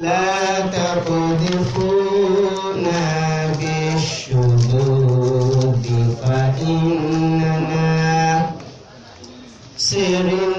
لا تقذفونا بالشذوذ فإننا سرنا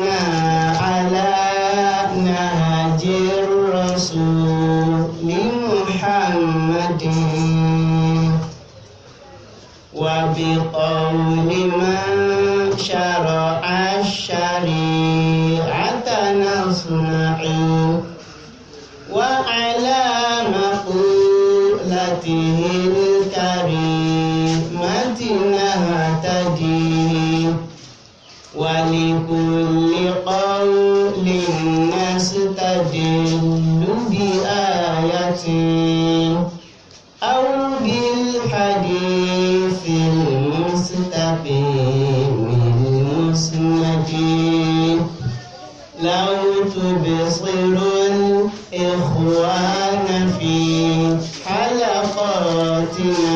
الإخوان في حلقاتنا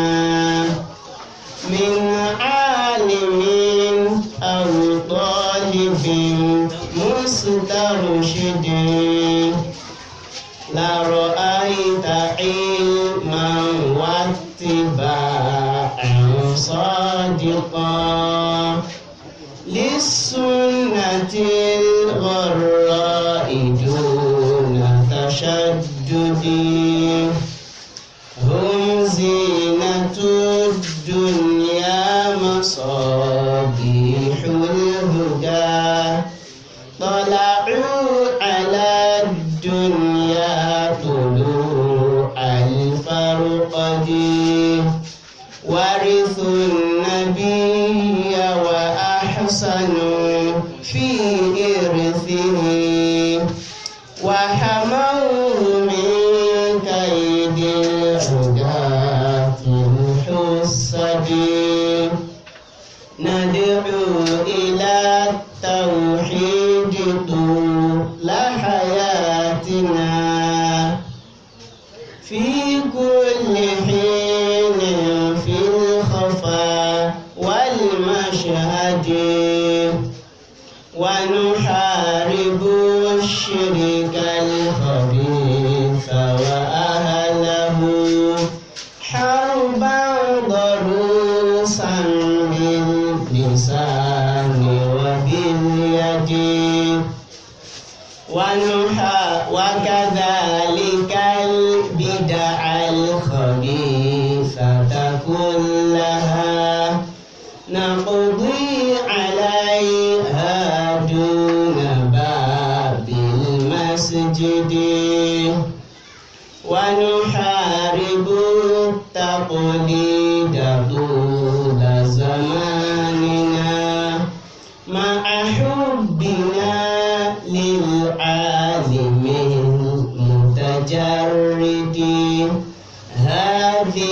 jarri tin hadhi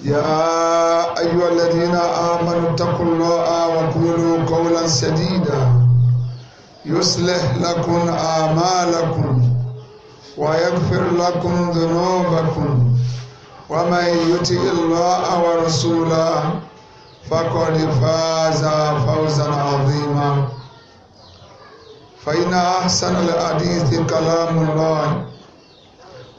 يا أيها الذين آمنوا اتقوا الله وقولوا قولا سديدا يصلح لكم أعمالكم ويغفر لكم ذنوبكم ومن يطع الله ورسوله فقد فاز فوزا عظيما فإن أحسن الحديث كلام الله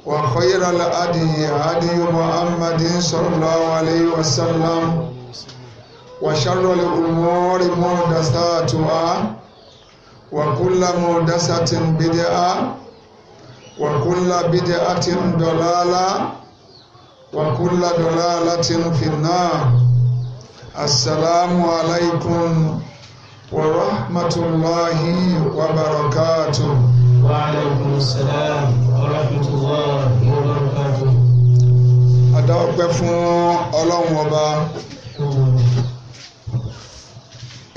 وخير الأدي هدي محمد صلى الله عليه وسلم وشر الأمور محدثاتها وكل محدثة بدعة وكل بدعة ضلالة وكل ضلالة في النار السلام عليكم ورحمة الله وبركاته وعليكم السلام ورحمة الله وبركاته. Adá ọpẹ́ fún Ọlọ́run ọba.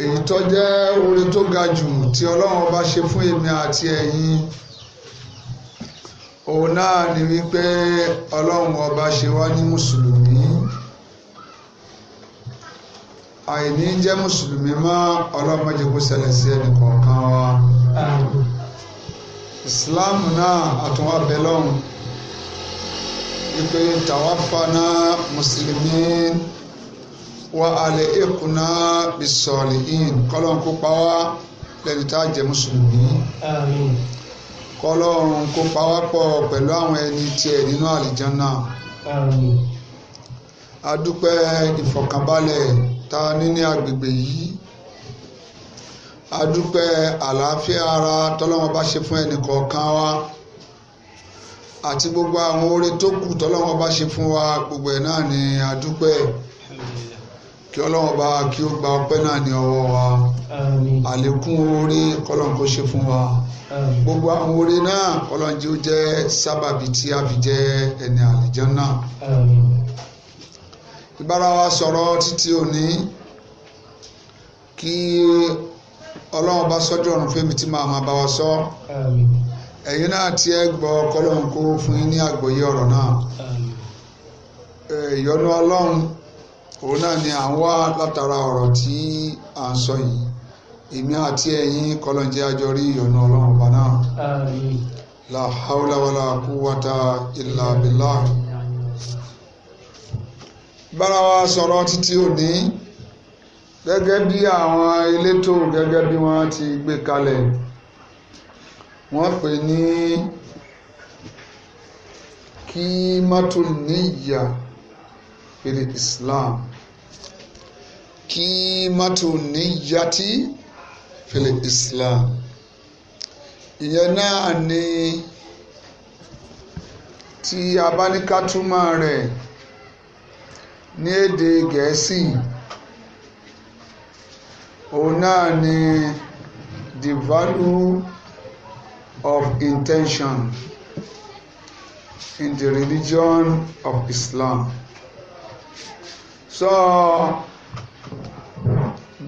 Èyí tó jẹ́ oore tó ga jù tí Ọlọ́run ọba ṣe fún èmi àti ẹ̀yin. Òun náà ni wípé Ọlọ́run ọba ṣe wá ní Mùsùlùmí àìní jẹ́ mùsùlùmí mọ́ ọlọ́mọdé kó ṣẹlẹ̀ sí ẹnì kọ̀ọ̀kan wa islam náà àtúnwá belong, ipe tawafana muslimin wa alẹ́ ekuna bisọ̀lìhìn kọ́lọ́n kó pa wá lẹ́ni tá a jẹ́ mùsùlùmí àmín kọ́lọ́n kó pa wá pọ̀ pẹ̀lú àwọn ẹni tiẹ̀ nínú àlìjánná àmín adúpẹ́ ìfọ̀kànbalẹ̀ ta ní ní agbègbè adúpẹ́ àlàáfíà ara tọ́lọ́wọ́n bá ṣe fún ẹnì kọ̀ọ̀kan wa àti gbogbo àwọn oore tó kù tọ́lọ́wọ́n ṣe fún wa gbogbo ẹ̀ náà ni adúpẹ́ kí ọlọ́wọ́n bá kí ó gba ọpẹ́ náà ní ọwọ́ wa àlékún oore kọ́lọ́n kó ṣe fún wa gbogbo àwọn oore náà kọ́lọ́n jẹ́ ó jẹ́ sábàbí tí a fi jẹ́ ẹni àlìjánnà ìbára wa sọ̀rọ̀ títí òní kí ọlọ́run bá sọ́jọ́ ọ̀run fẹ́mi tí màá máa bá wa sọ ẹ̀yin náà tí ẹ gbọ́ kọ́lọ́run kó fún yín ní àgbọ́yé ọ̀rọ̀ náà ìyọ́nú ọlọ́run òun náà ni à ń wá látara ọ̀rọ̀ tí à ń sọ yìí èmi àti ẹ̀yin kọ́lọ́njẹ́ àjọ rí ìyọ́nú ọlọ́run ọba náà la haula wala quwwata illa billah bára wa sọ̀rọ̀ títí òní gẹ́gẹ́ bí àwọn elétò gẹ́gẹ́ bí wọ́n ti gbé kalẹ̀ wọ́n pè ní kí mọ́tò níyà fèrè Islam kí mọ́tò níyà tí fèrè Islam ìyẹn náà ni tí abáníkátúmọ̀ rẹ̀ ní èdè gẹ̀ẹ́sì. Si òun náà ni the value of intention in the religion of Islam so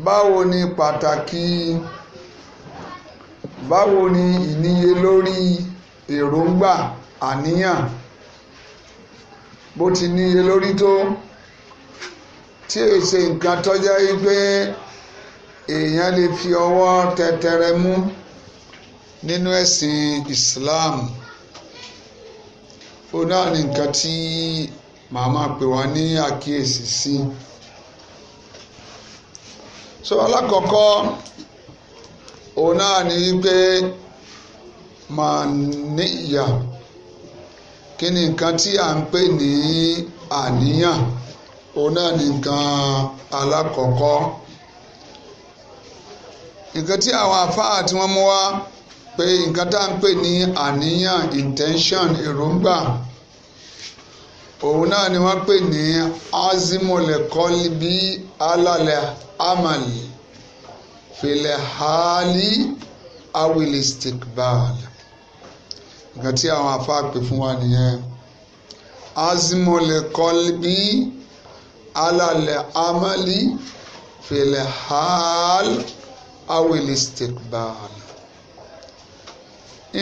báwo ni pàtàkì báwo ni ìníyelórí èròǹgbà àníyàn bó ti níye lórí tó tí èsè nǹkan tọ́já yí pé èèyàn lè fi ọwọ́ tẹ̀tẹ̀rẹ̀ mú nínú ẹ̀sìn Islam ó náà ní nǹkan tí màá máa pè wá ní àkíyèsí sí so alákọ̀ọ́kọ́ òun náà ní wípé màá níyà kí ni nǹkan tí à ń pè ní àníyàn òun náà ní nǹkan alákọ̀ọ́kọ́ nǹkan tí àwọn àfáà tí wọ́n mú wá pé nǹkan tá à ń pè ní àníyàn intention èròǹgbà òun náà ni wọ́n pè ní azimolekoli bí alalẹ̀ amali filẹ̀ haali awilistic ball nǹkan tí àwọn àfáà pè fún wa nìyẹn azimolekoli bí alalẹ̀ amali filẹ̀ haali. How awele stekbaan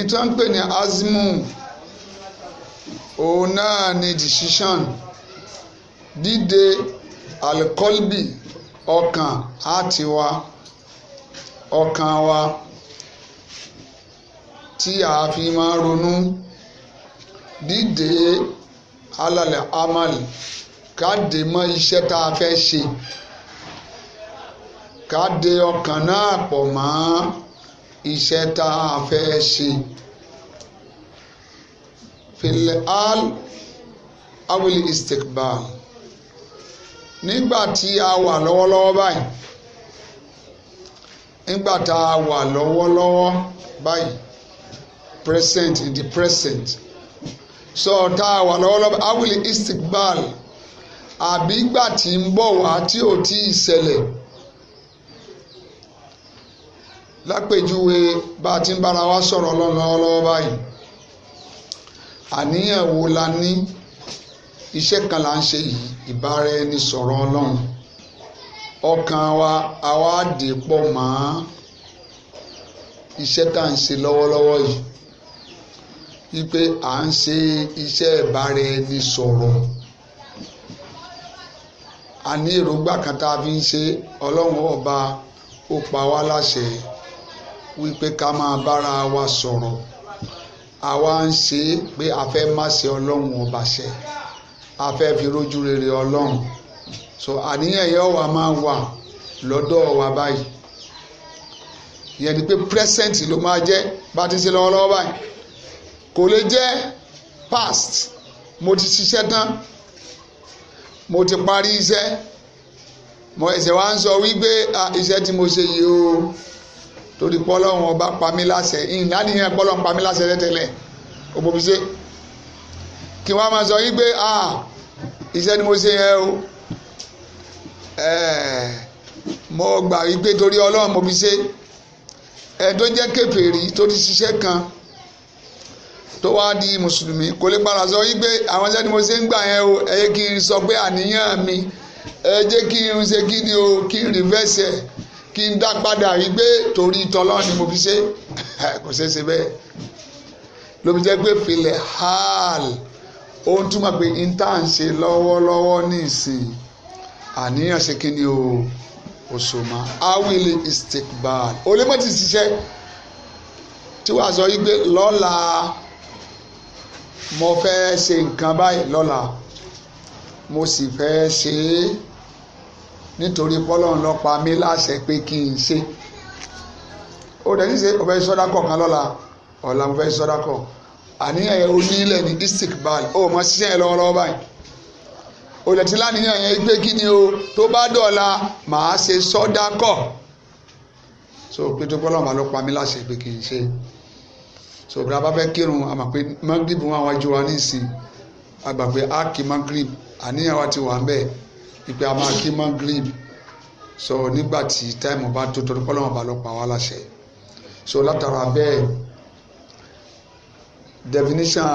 ìtàn pè ni azimu òun náà ni decision dídé alikọlbi ọkàn àti wa ọkàn wa tí a fi máa ronú dídé alalẹ amal ká dè mọ́ tá a fẹ́ ṣe ká de ọkàn náà pọ̀ mọ́ iṣẹ́ tá a fẹ́ ṣe filial awili istikbal nígbà tí a wà lọ́wọ́lọ́wọ́ báyìí nígbà tá a wà lọ́wọ́lọ́wọ́ báyìí present in the present so tá a wà lọ́wọ́lọ́wọ́ awili istikbal àbígbà tí ń bọ̀ wá tí ò tí ì ṣẹlẹ̀ lápèjúwe bá a ti ń bára wa sọ̀rọ̀ lọ́wọ́lọ́wọ́ báyìí àníyàn wo la ní iṣẹ́ kan là ń ṣe yìí ìbára ẹni sọ̀rọ̀ ọlọ́run ọkàn wa àwa dè pọ̀ mọ́ iṣẹ́ tá à ń ṣe lọ́wọ́lọ́wọ́ yìí wípé à ń ṣe iṣẹ́ ìbára ẹni sọ̀rọ̀ a èròǹgbà kan tá a fi ń ṣe ọlọ́run ọba ó pa wá láṣẹ wípé ká máa bára wa sọ̀rọ̀ àwa ń ṣe é pé a fẹ́ má ṣe ọlọ́run ọba ṣe a fẹ́ fi rójú rere ọlọ́run so àníyàn yẹn wà máa wà lọ́dọ̀ wa báyìí ìyẹn ni pé present ló máa jẹ́ bá ti ṣe lọ́wọ́lọ́wọ́ báyìí kò lè jẹ́ past mo ti ṣiṣẹ́ tán mo ti parí iṣẹ́ mo ẹsẹ̀ wa ń sọ wípé iṣẹ́ tí mo ṣe yìí o torí pọ́lọ́run ọba pamí láṣẹ ìyìn láníyàn tẹ́tẹ́lẹ̀ òbòbíṣe kí wọ́n máa sọ yí pé ah iṣẹ́ ni mo ṣe yẹn o mo gbà yí pé torí ọlọ́run mo fi ṣe ẹ tó jẹ́ kèfèrí tó ti ṣiṣẹ́ kan tó wá di mùsùlùmí kò lè padà sọ yí pé àwọn iṣẹ́ ni mo ṣe ń gbà yẹn o ẹ yẹ kí n sọ pé àníyàn mi ẹ jẹ́ kí n ṣe kí ni o kí n rìvẹ́sẹ̀ kí n dá padà rí gbé torí ìtọ́lọ́ ni mo fi ṣe kò ṣeé ṣe bẹ́ẹ̀ ló fi jẹ́ pé filẹ̀ hàl ó ń túmọ̀ pé n tá à ń ṣe lọ́wọ́lọ́wọ́ ní ìsìn àníyàn ṣe kí ni o òṣòmá awele istikbal olémọ̀tì ṣiṣẹ́ tí wàá sọ yìí pé lọ́la mo fẹ́ ṣe nǹkan báyìí lọ́la mo sì fẹ́ ṣe é nítorí pọ́lọ́run ló pa mí láṣẹ pé kí n ṣe ó dẹ̀ níṣe ọ̀fẹ́ sọ́dákọ̀ kan lọ́la ọ̀la mo fẹ́ sọ́dákọ̀ àníyàn yẹn onílẹ̀ ní istikbal ó mọ ṣiṣẹ́ yẹn lọ́wọ́lọ́wọ́ báyìí òdẹ̀tí láníyàn yẹn gbé kí ni o tó bá dọ̀la màá ṣe sọ́dákọ̀ so pé tó pọ́lọ́run bá ló pa mí láṣẹ pé kí n ṣe so bí a bá fẹ́ kírun àmọ̀ pé magrib wọn àwọn àjọ wa ní ìsìn àgbà pé ìpè a máa kí so nígbà tí táìmù bá tó torí pé Ọlọ́run bá lọ pa wá láṣẹ so látara bẹ́ẹ̀ definition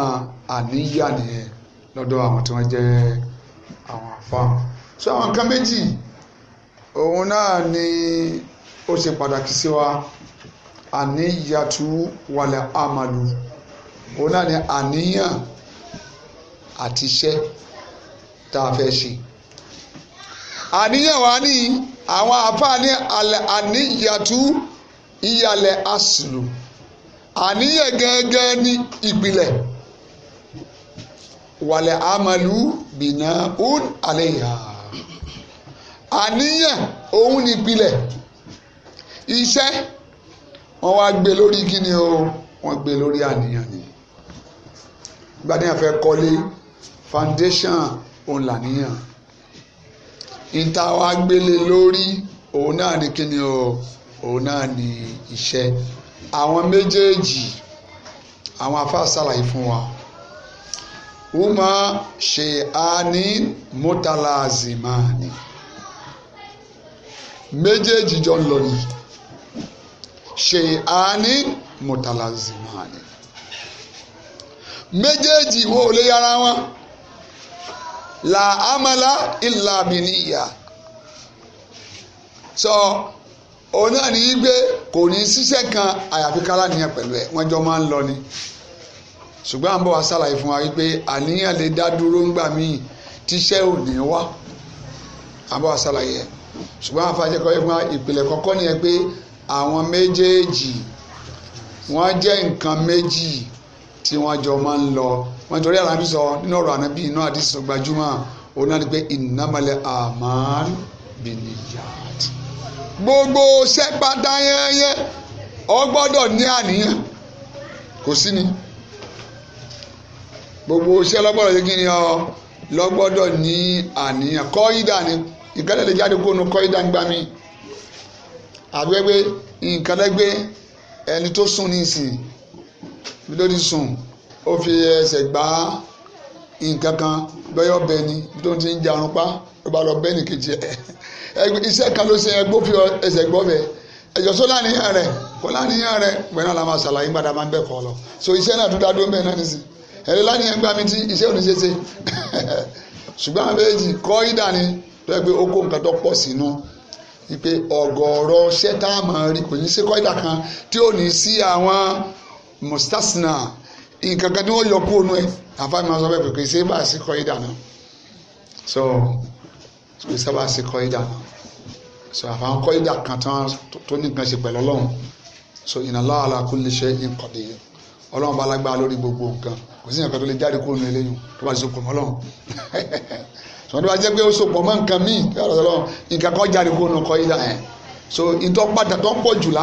àníyàn nìyẹn lọ́dọ̀ àwọn tí wọ́n jẹ́ àwọn àfáà so àwọn nǹkan méjì òun náà ni ó ṣe pàtàkì sí wa àníyàtú wàlẹ̀ àmàlù òun náà ni àníyàn àti iṣẹ́ tá a fẹ́ ṣe àníyàn wa ní àwọn àfáà ní àníyàtú ìyàlẹ̀ àsìlù àníyàn gẹ́gẹ́ ní ìpìlẹ̀ wàlẹ̀ amalu bìnà ún àlẹ́yà àníyàn òun ní ìpìlẹ̀ iṣẹ́ wọ́n wá gbé lórí kíni o wọ́n gbé lórí àníyàn ni gbadé yẹn fẹ́ kọ́lé foundation òun làníyàn ìta wa gbélé lórí òun náà ni kíni o òun náà ni iṣẹ́ àwọn méjèèjì àwọn afáà ṣàlàyé fún wa wúmọ ṣe àní mútàlázìmáàní méjèèjì jọ ń lọ ni ṣe àní mútàlázìmáàní méjèèjì wo lè yára wọn la amala illa biniya so òun náà ní í gbé kò ní ṣiṣẹ́ kan àyàfi kára nìyẹn pẹ̀lú ẹ̀ wọ́n jọ máa ń lọ ni ṣùgbọ́n à ń bọ̀ wá ṣàlàyé fún wa wípé àníyàn lè dá dúró ńgbà míì tíṣẹ́ ò ní wá à ń bọ̀ wá ṣàlàyé ẹ̀ ṣùgbọ́n àfàjẹ́ kọ́ ẹ̀gbọ́n ìpìlẹ̀ kọ́kọ́ nìyẹn pé àwọn méjèèjì wọ́n jẹ́ nǹkan méjì tí wọ́n jọ máa ń lọ wọ́n torí àràbí sọ nínú ọ̀rọ̀ ànábì inú àdìsí sọ gbajúmọ̀ òun náà ni pé ìnámalẹ̀ àmàlù bìnnìyàtì gbogbo sẹ́gbàdá yẹ́yẹ́ ọ ní àníyàn kò sí ni gbogbo iṣẹ́ lọ́gbọ́dọ̀ yẹ kí ni ọ lọ́gbọ́dọ̀ ní àníyàn kọ́ ni ìkẹ́lẹ́ lè jáde kó nu kọ́ ń gbá mi àgbẹ̀gbẹ̀ nǹkan lẹ́gbẹ̀ ẹni tó sùn ní ìsìn ibi tó ti sùn ó fi ẹsẹ̀ gbá nǹkan kan bẹ́yọ̀ bẹ́ẹ̀ ni ibi tó ti ń jarun pa ló bá lọ bẹ́ẹ̀ ni kejì ẹ̀ iṣẹ́ kan ló ṣe ẹgbó fi ẹsẹ̀ gbọ́ bẹ́ẹ̀ ẹ̀jọ̀ sọ láníyàn rẹ̀ kó láníyàn rẹ̀ gbẹ̀rẹ̀ la máa ṣàlàyé gbàdá máa ń bẹ̀ kọ́ lọ so iṣẹ́ náà tó dá dúró bẹ́ẹ̀ náà nìsín ẹ̀rẹ́ láníyàn gbà mí tí iṣẹ́ òní ṣe ṣe ṣùgbọ́n àwọn kọ́ ìdá ni tó yẹ pé ó kó nǹkan tó pọ̀ sínú wípé ọ̀gọ̀ọ̀rọ̀ ṣẹ́ tá a máa rí kò ní ṣe kọ́ ìdá kan tí ò ní sí àwọn mustasna nǹkan kan tí wọ́n yọ kúrò nù ẹ̀ àfáàmì máa sọ bẹ́ẹ̀ pé kò sí bá a sì kọ́ yìí dànù so kò sí bá a sì kọ́ yìí dànù so àfáàmì kọ́ yìí dà kan tó ní nǹkan ṣe pẹ̀lú ọlọ́run so inna Allah ala kulli shay'in qadir ọlọ́run bá lágbára lórí gbogbo nǹkan kò sí nǹkan tó lè jáde kúrò nínú eléyìí tó bá ti sopọ̀ mọ́ ọlọ́run sọ ní wàá pé ó sopọ̀ mọ́ nǹkan míì nǹkan kan jáde kúrò nínú kọ́ yìí dà so ìtọ́ pàtàkì tó ń pọ̀ jù là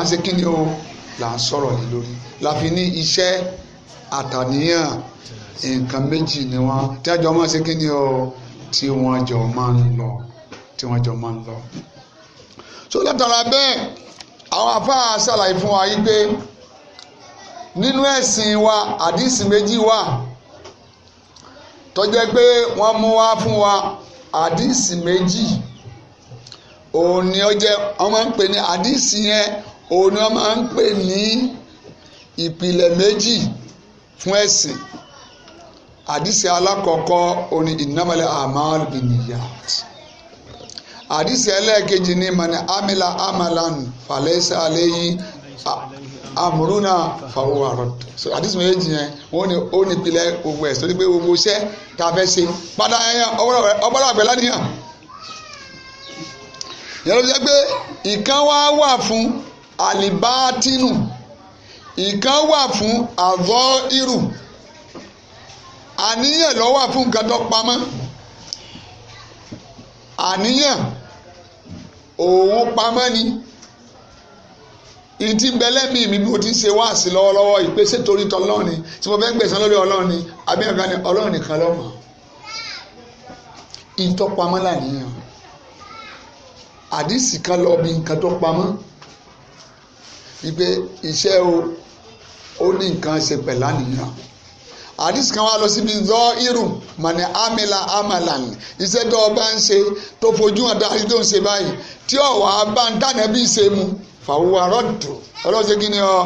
là ń sọ̀rọ̀ yìí lórí la fi ní iṣẹ́ àtàníyàn nǹkan méjì ni wọ́n tí wọ́n jọ máa ṣe kí ni o tí wọ́n jọ máa ń lọ tí wọ́n jọ máa ń lọ. so látara bẹ́ẹ̀ àwọn afáà ṣàlàyé fún wa yí pé nínú ẹ̀sìn wa àdìsí méjì wà tó jẹ́ pé wọ́n mú wá fún wa àdìsí méjì òun ni ó jẹ́ wọ́n ń pè ní àdìsí yẹn òun ni wọ́n máa ń pè ní ìpìlẹ̀ méjì fún ẹ̀sìn àdìsí alákọ̀ọ́kọ́ òní ìnámalẹ̀ àmàlù bìnnìyàt àdìsí ẹlẹ́ẹ̀kejì ní mani amila amalan falẹ́sẹ̀ alẹ́yìn amúrúnà fàwọn àròd àdìsí méjì yẹn wọ́n ní ó ní ìpìlẹ̀ gbogbo ẹ̀ sórí pé gbogbo iṣẹ́ tá a fẹ́ ṣe padà ẹ̀yàn ọgbọ́dọ̀ àgbẹ̀ lánìyàn yẹn ló pé ìkan wá wà fún àlìbátínù ìkan wà fún àvọ́ irù àníyàn ló wà fún nǹkan tó pamọ́ àníyàn òun pamọ́ ni ìdí bẹlẹ́mì mi bí mo ti ń ṣe wáàsí lọ́wọ́lọ́wọ́ ìpèsè torí tọ́ ni tí mo fẹ́ ń gbẹ̀sán lórí ọlọ́run ni àbí ọ̀gá ni ọlọ́run nìkan lọ́mọ ìtọ́pamọ́ làníyàn àdìsí kan lọ bí nǹkan tó pamọ́ ipe iṣẹ́ o ó ní nǹkan ṣe pẹ̀lú àníyàn àdìs kan wá lọ síbi zọ irun mọ̀nà amila amalan iṣẹ́ tó o bá ń ṣe tó fojú hàn dáhìí tó ń ṣe báyìí tí ọ̀wà bá ń dáná bí ṣe mu fàwọn arọ́dù ọlọ́run kí ni ọ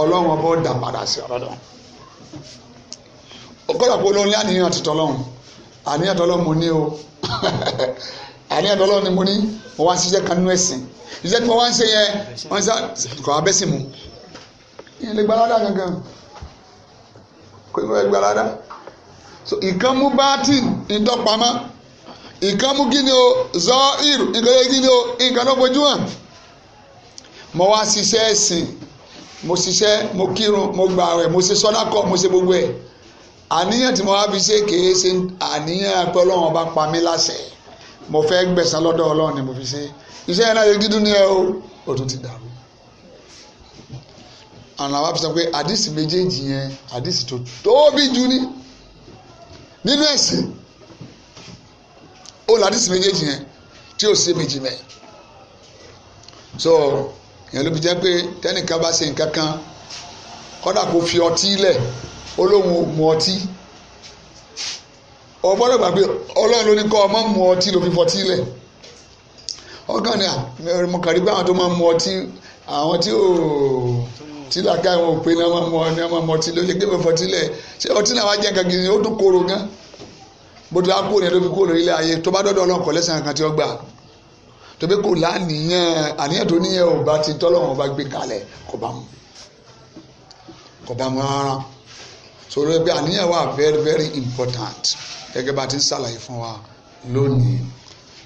ọlọ́run ọba ọ̀dà padà sí ọ̀rọ̀dọ̀ ọgọ́dà pé olórin àníyàn ti tọ́lọ́run àníyàn tọ́lọ́run mo ní o àníyàn tọ́lọ́run ni mo ní mo wá ṣiṣẹ́ kan nú ẹ̀sìn iṣẹ́ tí wọ́n wá ń ṣe yẹn wọ́n sá kọ́ abẹ́sìn mu ìyẹn lè gbalada gangan kò ní wọ́n gbalada so ìkan mú bátìn ìdọ́pamọ́ ìkan mú gíní o zọ́ ìrù nǹkan yẹn gíní o nǹkan náà bójú hàn mo wá ṣiṣẹ́ ẹ̀sìn mo ṣiṣẹ́ mo kírun mo gbààwẹ̀ mo ṣe sọ́dákọ̀ mo ṣe gbogbo ẹ̀ àníyàn tí mo wá fi ṣe kìí ṣe àníyàn pé ọlọ́run ọba pa mí láṣẹ mo fẹ́ gbẹ̀san lọ́dọ̀ ọlọ́run ni mo fi ṣe é iṣẹ́ yẹn náà yẹ gídú ni ẹ o ó tún ti dàrú àwọn àwọn àfisàn pé àdìsí méjèèjì yẹn àdìsí tó tóbi jù ní nínú ẹ̀sìn ó là àdìsí méjèèjì yẹn tí ò sí méjì mẹ́ so yẹn ló fi jẹ́ pé tẹ́nìkan bá ṣe nǹkan kan kọ́dà kó fi ọtí lẹ̀ olóhùn mu ọtí ọgbọ́dọ̀ gbàgbé ọlọ́run ló ní kọ́ ọmọ mu ọtí ló fi fọtí lẹ̀ ọkàn ni mo kàn rí pé àwọn tó máa ń mu ọtí àwọn tí ò tí làákà ìwọ̀n ò pé ní wọ́n máa mu ọtí ló yẹ kí wọ́n fọtí lẹ̀ ṣé ọtí náà wá jẹ́ nǹkan gidi ó tún kóró gan bóde wá kúrò ní ẹni tó fi kúrò lórí ilé ayé tó bá dọ́dọ̀ ọlọ́run kọ̀ lẹ́sàn kan tí ó gbà tóbi kò láníyàn àníyàn tó níyàn ò bá ti tọ́lọ́run bá gbé kalẹ̀ kò bá mu kò bá mu rárá sọ̀rọ̀ pé àníyàn wà very very important gẹ́gẹ́ bá ti ń ṣàlàyé fún wa lónìí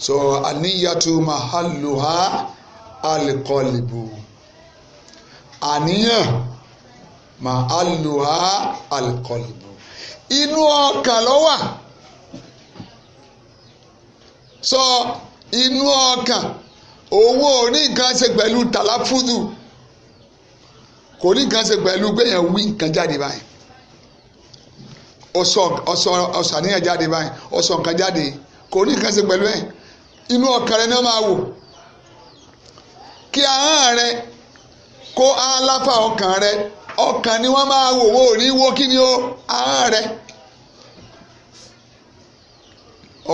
so àníyàtú mahaluha alikọlìbù àníyàn mahaluha alikọlìbù inú ọkàn ló wà so inú ọkàn owó orí nǹkan ṣe pẹ̀lú tàlàfúdù kò ní nǹkan ṣe pẹ̀lú gbẹ̀yàn wí nǹkan jáde báyìí ọ̀sọ̀ ọ̀sọ̀ ọ̀sọ̀ jáde báyìí ọ̀sọ̀ nǹkan jáde kò ní nǹkan ṣe pẹ̀lú ẹ̀ inú ọkàn rẹ náà máa wò kí ahọ́n rẹ kó aláfà ọkàn rẹ ọkàn ni wọ́n máa wò wọ́n ní wo kí ni ó ahọ́n rẹ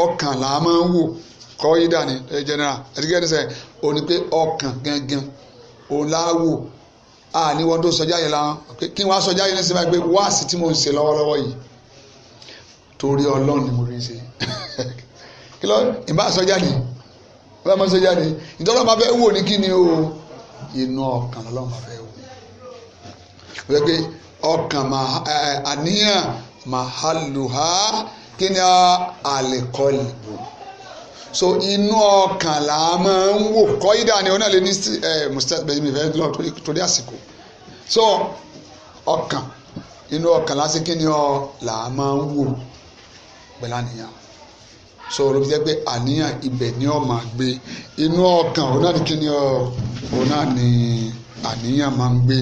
ọkàn là á máa ń wò kọ́ yí dání eh, ẹ general ẹ̀dígẹ́ni sẹ́yìn ò ní pé ọkàn gangan òun là á wò á ní wọ́n tó sọjá yẹn láwọn kí wọ́n á sọjá yẹn lẹ́sìn báyìí pé wáàsí tí mo ń ṣe lọ́wọ́lọ́wọ́ yìí torí ọlọ́run ni mo rí ṣe kílọ̀ ìbá sọ́jáde ìbá máa sọ́jáde ìtọ́lọ́ máa fẹ́ wò ní kí ni o inú ọkàn lọ́lọ́ máa fẹ́ wò. ó yẹ pé ọkàn máa àníyàn máa ha lù ha kí ni àlèkọ́lì bò so inú ọkàn là á máa ń wò kọ́ ìdá ni ọ̀nà lè ní mùsítẹ́bẹ̀yìn ìfẹ́ lọ torí àsìkò so ọkàn inú ọkàn lásìkò ni ọ là á máa ń wò pẹ̀lú àníyàn sọ̀rọ̀ bí jẹ́ pé àníyàn ibẹ̀ ni ó máa gbé inú ọkàn òun náà ni kí ni ọ òun náà ni àníyàn máa ń gbé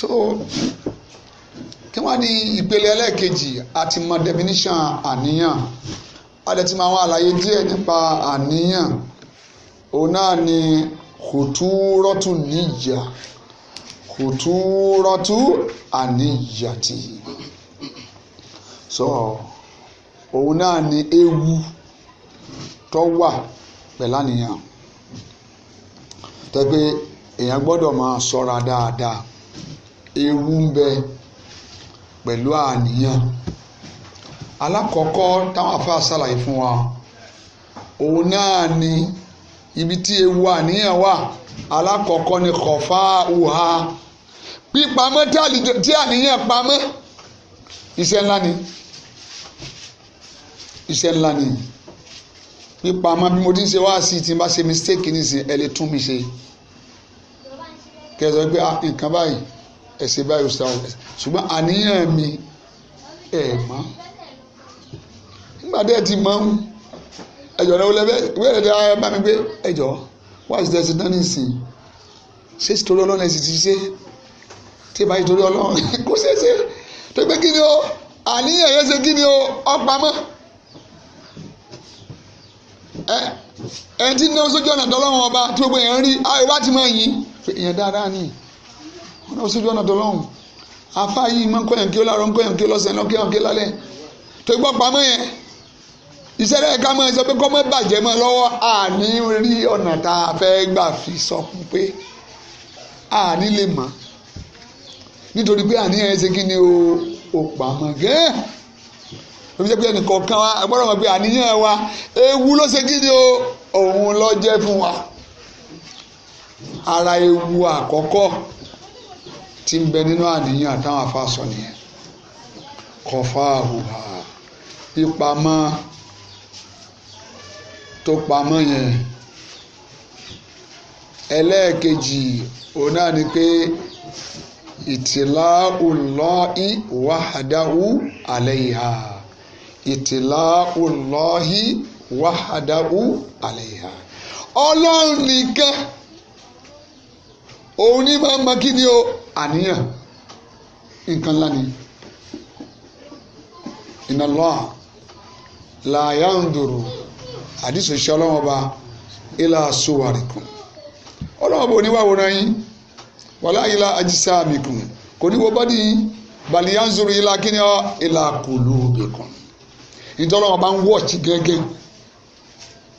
so kí wọ́n ní ìpele ẹlẹ́ẹ̀kejì àti mọ definition àníyàn adẹ̀tí máa wọ́n àlàyé díẹ̀ nípa àníyàn òun náà ni kòtúrọ́tù níyà kòtúrọ́tù àníyàtì so òun náà ni ewu tó wà pẹ̀lú àníyàn tẹ́gbẹ́ èèyàn gbọ́dọ̀ máa ṣọ́ra dáadáa ewu ń bẹ pẹ̀lú àníyàn alákọ̀ọ́kọ́ táwọn afáà ṣàlàyé fún wa òun náà ni ibi tí ewu àníyàn wà alákọ̀ọ́kọ́ ni kọ̀fà uha pípamọ́ tí àníyàn pamọ́ iṣẹ́ ńlá ni. Kopha, iṣẹ́ ńlá ni pípa àmọ́ bí mo ti ń ṣe wáàsí tí n bá ṣe mistake nísìn ẹ lè tún mi ṣe kẹsàn án pé ah, nǹkan báyìí ẹ̀sìn báyìí ọ̀sán ṣùgbọ́n àníyàn mi ẹ̀ mọ́ nígbà tí ẹ ti mọ́ ẹjọ́ náà wọlé bẹ́ẹ̀ tí ẹ bá mi gbé ẹjọ́ wáàsí tẹ̀sí náà nísìn ṣé torí ọlọ́run ẹ̀ sì ti ṣe tí ẹ bá yìí torí ọlọ́run kò ṣeé ṣe tó gbé kí ni o àníyàn yẹn ṣe kí ni o ọ̀pamọ́ ẹ ẹ ti náwó sójú ọ̀nà tọ́lọ́run ọba tí gbogbo èèyàn rí àwọn ìbá ti máa yìn èèyàn dáadáa ni wọn náwó sójú ọ̀nà tọ́lọ́run afa yìí máa ń kọ́yàn kí ó láàárọ̀ ń kọ́yàn kí ó lọ́sàn-án lọ́kẹ́ ọ̀kẹ́ lálẹ́ tó gbọ́ pamọ́ yẹn iṣẹ́ rẹ̀ ká máa sọ pé kọ́ mọ́ bàjẹ́ mọ́ lọ́wọ́ àní rí ọ̀nà tá a fẹ́ gbà fi sọ fún pé àní lè mọ̀ nítorí pé àní ẹ̀ ṣe kí ni o ò pamọ́ gẹ́ẹ́ lóbi jẹ́ pé ẹnìkan kan wa agbọ́dọ̀ mọ̀ pé àníyàn wa ewu ló ṣe kí ni o òun ló jẹ́ fún wa ara ewu àkọ́kọ́ tí ń bẹ nínú àníyàn àtàwọn afáàsọ nìyẹn kọfà àhùhà ìpamọ́ tó pamọ́ yẹn ẹlẹ́ẹ̀kejì òun náà ni pé ìtìlá ùlọ́ ìwàhádàú àlẹ́ ìhà ìtìláhùnlọ́hí wàhádàú àlẹ́yà ọlọ́run nìkan òun ní máa ń mọ kí ni o àníyàn nǹkan ńlá ni ìnàlọ́ làyà ń dòrò àdìsò iṣẹ́ ọlọ́run ọba ilà sùwárìkùn ọlọ́run ọba oníwàwòrán yín wàlá ilà ajísàmìkùn kò ní wo bọ́dí yín bàlíyà ń zòrò ilà kí ni ọ ilà kùlù bìkùn ìtọ́lọ́ wọn bá ń wọ̀ọ̀tì gẹ́gẹ́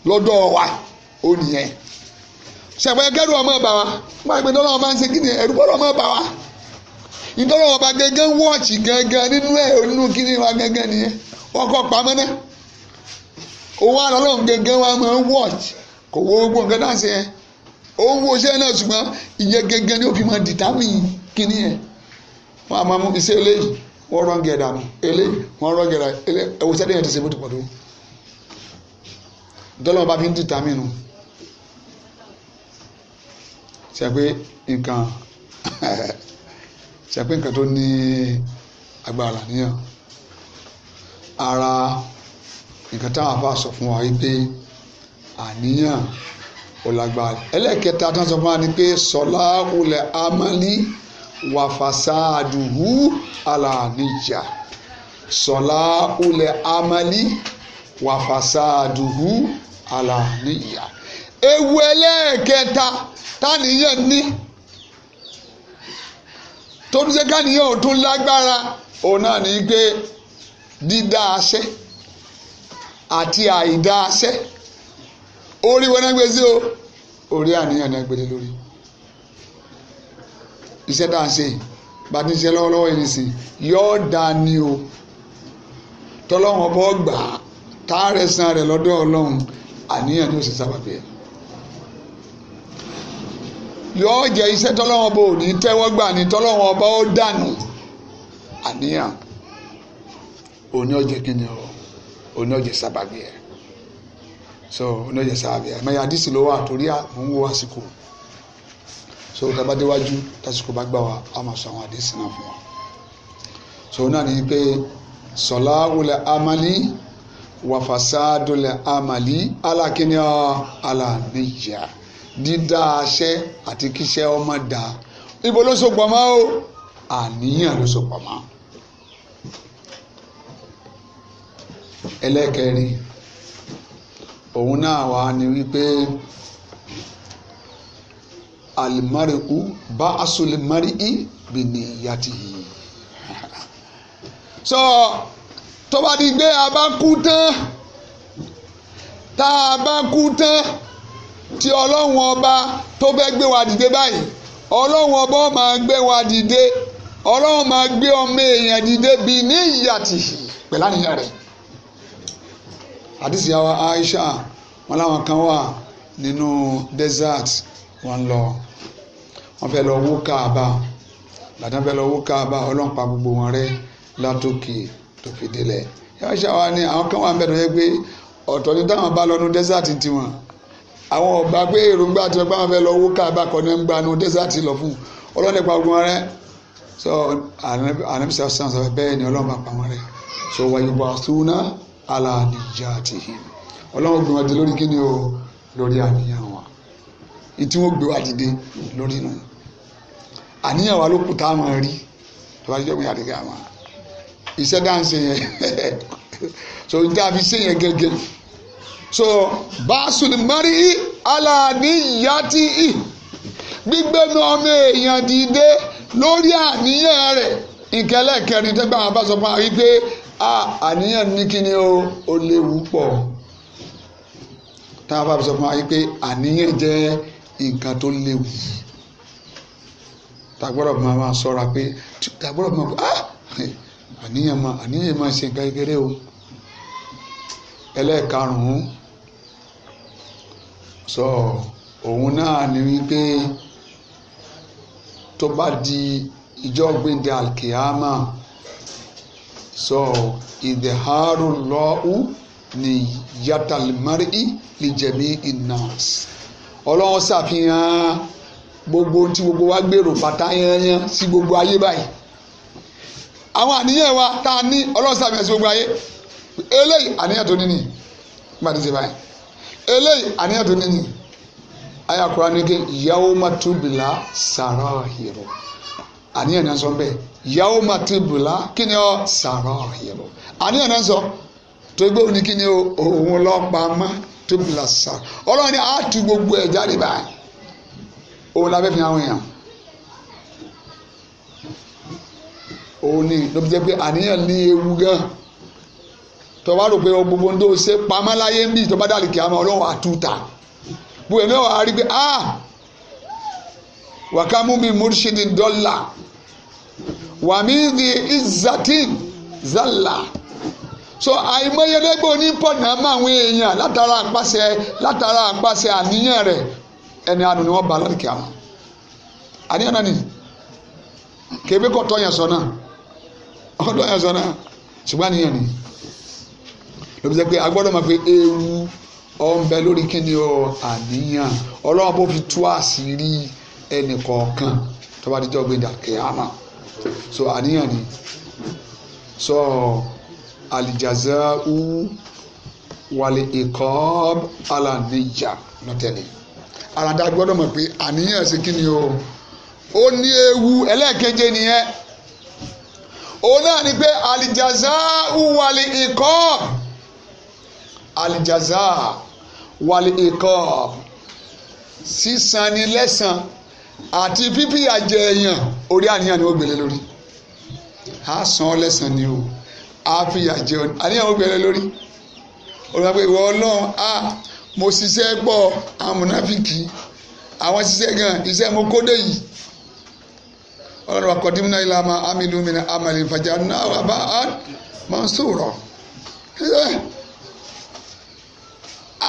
lọ́dọ̀ wa ó nìyẹn ṣàpẹ́ ẹgẹ́rù ọmọ ọba wa wọ́n á gbé ìtọ́lọ́ wọn bá ń ṣe kí ni ẹ̀rú bọ́lọ́ ọmọ ọba wa ìtọ́lọ́ wọn bá gẹ́gẹ́ wọ̀ọ̀tì gẹ́gẹ́ nínú ẹ̀ onínú kí ni wa gẹ́gẹ́ nìyẹn wọ́n kọ́ pamọ́ náà òun àlọ́lọ́ gẹ́gẹ́ wa máa ń wọ̀ọ̀tì kò wo gbogbo nǹkan náà ṣe yẹn wo iṣẹ́ náà ṣùgbọ́n ìyẹn gẹ́gẹ́ ni ó fi máa dìtámì kíní yẹn wọ́n á máa mú wọ́n rọ́ǹgì ẹ̀dá nù eléyìí wọ́n rọ́ǹgì ẹ̀dá eléyìí ẹ̀wò sẹ́dẹ̀ yẹn ti ṣe bó ti pọ̀ tó dọ́lọ́mọba fi ń dìtà mí nù ṣàpé nǹkan ṣàpé nǹkan tó ní agbára níyàn ara nǹkan táwọn afa sọ fún wa wípé àníyàn ò lágbára ẹlẹ́kẹta tó ń sọ fún wa ni pé sọlá kulẹ̀ amálí wàfàsáàdùhù àlàníjà sọlá ulẹ̀ amali wàfàsáàdùhù àlàníjà. ewu ẹlẹ́ẹ̀kẹta táníyàn ní tó ń ṣe káníyàn ò tún lágbára òun náà ní pé dídá aṣẹ́ àti àìdá aṣẹ́ orí wọn náà gbé sí o orí àníyàn náà gbélé lórí iṣẹ́ tá à ń ṣe bá a ti ń ṣe lọ́wọ́lọ́wọ́ yìí nìsín yóò dá a ní o tọ́lọ́run ọbọ̀ gbà á tá a rẹ̀ san rẹ̀ lọ́dọ̀ ọlọ́run àníyàn yóò ṣe sábàbí ẹ̀ yóò jẹ́ iṣẹ́ tọ́lọ́run ọbọ̀ ò ní tẹ́wọ́ gbà ní tọ́lọ́run ọbọ̀ ó dànù àníyàn òní ọjẹ kí ni o òní ọjẹ sábàbí ẹ so òní ọjẹ sábàbí ẹ mẹyà dísì ló wà torí à ń wo àsìkò so tabadéwájú tásìkò bá gbà wá a máa sọ àwọn àdìsí náà fún wa so náà ni pé sọlá wulẹ amali wàfàsádùlẹ amali alákíní alàníyà dídá aṣẹ àti kíṣẹ ọmọ dá ibo ló so pamọ́ o àníyàn ló so pamọ́ ẹlẹ́kẹrin òun náà wà ní wípé alimariku bá asolimari i bi niyati yìí. sọ tó di gbé abá kú tán tá a bá kú tán tí ọlọ́run ọba tó fẹ́ gbé wa dìde báyìí ọlọ́run ọba máa gbé wa dìde ọlọ́run máa gbé ọmọ èèyàn dìde bí ní ìyàtì pẹ̀lú àníyàn rẹ̀ àdìsí àwa Aisha wọn làwọn kan wà nínú desert wọn lọ wọ́n fẹ́ lọ wó káàbà gbàtà fẹ́ lọ wó káàbà ọlọ́run pa gbogbo wọn rẹ́ látòkè tó fi délẹ̀ yàrá ṣàwa ni àwọn kan wà ń bẹ̀ tó yẹ pé ọ̀tọ̀ ni táwọn bá lọ́nu dẹ́sẹ̀tì tiwọn àwọn ọ̀gbà pé èròǹgbà tí wọ́n fẹ́ lọ wó káàbà kọ́ ní gbà nu dẹ́sẹ̀tì lọ fún ọlọ́run gbogbo wọn rẹ́ so anamisa san sọ bẹ́ẹ̀ ni ọlọ́run pa wọn rẹ́ so wàyí wàásùnà alàníjà tìhìn ọlọ́run gbìyànjú lórí kíni o lórí àníyàn wa ìtí wọ́n gbé wa dìde lórí náà àníyàn wa ló kù tá a máa rí tọ́ba jẹ́ ìgbìyànjú kí a iṣẹ́ dáhùnsẹ̀ yẹn so n ta fi ṣe yẹn gẹ́gẹ́ so báṣùlùmọ́rí aláàníyàtì ì gbígbénu ọmọ èèyàn dìde lórí àníyàn rẹ̀ ìkẹlẹ kẹrin tẹgbà wọn bá sọ fún wa wípé àníyàn ní kíni o ò léwu pọ̀ táwọn bá sọ fún wa wípé àníyàn jẹ́ nǹkan tó léwu ta gbọ́dọ̀ máa máa sọ́ra pé ta gbọ́dọ̀ máa ah àníyàn máa àníyàn máa ṣe nǹkan kékeré o ẹlẹ́ẹ̀karùn-ún sọ òun náà ni wípé tó bá di ìjọ gbẹ̀ndẹ̀ alkiyama sọ ìdẹ̀hárù lọ́hù ni yàtàlmárì lìjẹ̀mí ìnàs ọlọ́run ṣàfihàn gbogbo tí gbogbo wa gbèrò pátá yanyan sí gbogbo ayé báyìí àwọn àníyàn wa tá a ní ọlọ́run sàmì ẹ̀sìn gbogbo ayé eléyìí àníyàn tó níní nígbà tó ṣe báyìí eléyìí àníyàn tó níní ayé àkùrá ní kí yàwó má túbìlà sàrọ̀ hìrò àníyàn náà sọ bẹ́ẹ̀ yàwó má túbìlà kí ni ọ sàrọ̀ hìrò àníyàn náà sọ tó gbé òní kí ni òun lọ́ọ́ pa má túbìlà sàrọ̀ ọlọ́run ni a tu gbogbo ẹ̀ jáde báyìí òun la fẹ́ fi àwọn èèyàn òun ni ló fi jẹ́ pé àníyàn ní ewu gan tó bá rò pé gbogbo tó ṣe pamọ́ láyé ń bì tó dàlí kí a máa ọlọ́run àtúntà gbogbo ẹ̀mí ọ̀hún arí pé ah wàkàmú mi múrṣídì dọ́là wàmí di izatin zala so àìmọye lẹ́gbẹ̀ẹ́ onípọ̀nà máa ń wé èèyàn látara àpàṣẹ látara àpàṣẹ àníyàn rẹ̀ ẹni àánú ni wọ́n bá láti kí àwọn àníyàn náà ni kébé kọ́ tọ́yàn sọ náà ọ̀ tọ́yàn sọ náà ṣùgbọ́n àníyàn ni lóbi jẹ́ pé a gbọ́dọ̀ máa pe ewu ọ̀nbẹ lórí kíni o àníyàn ọlọ́run bó fi tú àṣírí ẹnì kọ̀ọ̀kan tó bá dijọ́ gbẹ̀dà kẹ́hámà so àníyàn ni so alijaza u wàlẹ̀ ìkọ́ alàníyà lọ́tẹ̀lẹ̀ àràdá gbọ́dọ̀ mọ̀ pé àníyàn ṣe kí ni o ó ní ewu ẹlẹ́ẹ̀keje nìyẹn òun náà ni pé àlìjàzá wàlì ikọ́ àlìjàzá wàlì ikọ́ sísan ni lẹ́san àti pípí àjẹ èèyàn orí àníyàn ni ó gbélé lórí a san lẹ́san ni o a fi àjẹ àníyàn ó gbélé lórí olùwàgbé ìwọ ọlọ́run a. Ah mo ṣiṣẹ́ gbọ́ àwọn àwọn ṣiṣẹ́ gan iṣẹ́ mo kódé yìí ọlọ́run akọ̀dínmínà ìlànà amílù mi ní amàlè ìfàjà náà bàbá máa ń sòrọ̀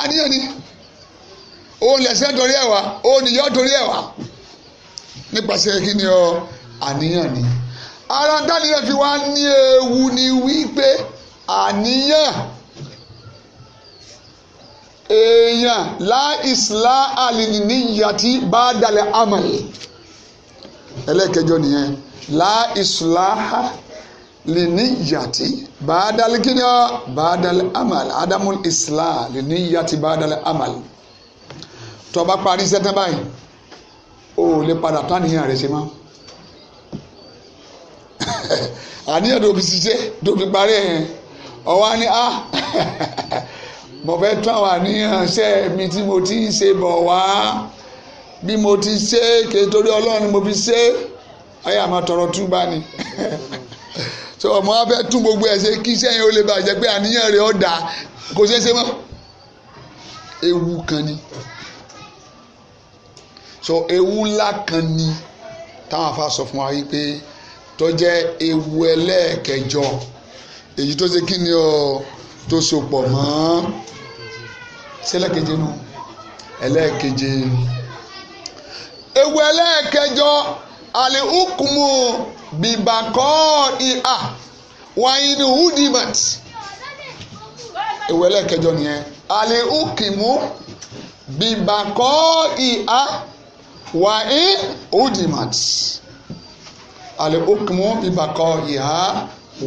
àníyàn ni òun lẹ̀sẹ̀ torí ẹ̀ wá òun torí ẹ̀ wá nípasẹ̀ kí ni ọ àníyàn ara dáníyàn fi wá ní ewu ni wípé àníyàn. èèyàn la isla aliniyati bá dalẹ̀ amal ẹlẹ́kẹjọ nìyẹn la isla liniyati bá dalẹ̀ kí ni ọ bá amal adamu isla liniyati bá dalẹ̀ amal tó bá parí sẹ́tẹ́ báyìí o ò lè padà tán nìyẹn rẹ̀ ṣe máa àníyàn tó fi ṣiṣẹ́ tó fi parí ẹ̀ ọ̀wá ni a mo fẹ́ tán wà níyànṣẹ́ mi tí mo ti ń ṣe bọ̀ wá bí mo ti ṣe kì í torí ọlọ́run ni mo fi ṣe ayé àmọ́ tọrọ túbá ni so ọmọ wa fẹ́ tún gbogbo ẹ̀ ṣe kí iṣẹ́ yẹn ó lè bàjẹ́ pé àníyàn rẹ̀ ó dà kò ṣeé ṣe mọ́ ewu kan ni so ewu ńlá kan ni táwọn afa sọ fún wa wípé tó jẹ́ ewu ẹlẹ́ẹ̀kẹjọ èyí tó ṣe kí ni o tó sopọ̀ mọ́ sẹ́lẹ̀keje nù ẹlẹ́ẹ̀keje ewu ẹlẹ́ẹ̀kẹjọ alihukumu bibakọ́ ìhà wàyíní hudimat ewu ẹlẹ́ẹ̀kẹjọ nìyẹn alihukumu bibakọ́ ìhà wàyíní hudimat alihukumu bibakọ́ ìhà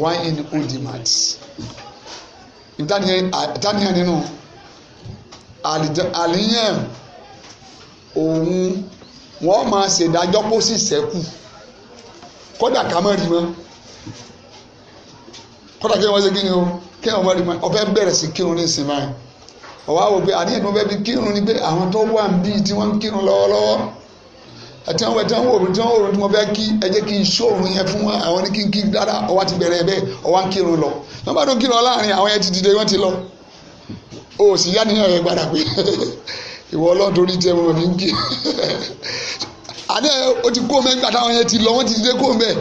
wàyíní hudimat ìtànìyàn nínú àníyàn òun wọ́n máa ṣèdájọ́ kó sì ṣẹ́kù kódà ká mọ̀ rí mọ́ kódà kí wọ́n ṣe kí ni o kí wọ́n mọ̀ rí mọ́ ọ̀fẹ́ bẹ̀rẹ̀ sí kírun ní ìsìn báyìí ọ̀wá wò pé àníyàn tó fẹ́ fi kírun ni pé àwọn tó wà ń bí tí wọ́n ń kírun lọ́wọ́lọ́wọ́ àti àwọn ẹ̀tàn òòrùn tí wọ́n òòrùn tí wọ́n fẹ́ kí ẹ jẹ́ kí n ṣó òòrùn yẹn fún wa àwọn ní kí n kí dára ọwọ́ ti bẹ̀rẹ̀ bẹ́ẹ̀ ọwọ́ ń kírun lọ wọ́n bá tó kírun láàrin àwọn yẹn ti dìde wọ́n ti lọ o sì yá nínú ẹ̀ gbàdà pé ìwọ ọlọ́run torí tiẹ̀ mo fi ń kí àdéhà o ti kó mẹ́gbà táwọn yẹn ti lọ wọ́n ti dìde kó mẹ́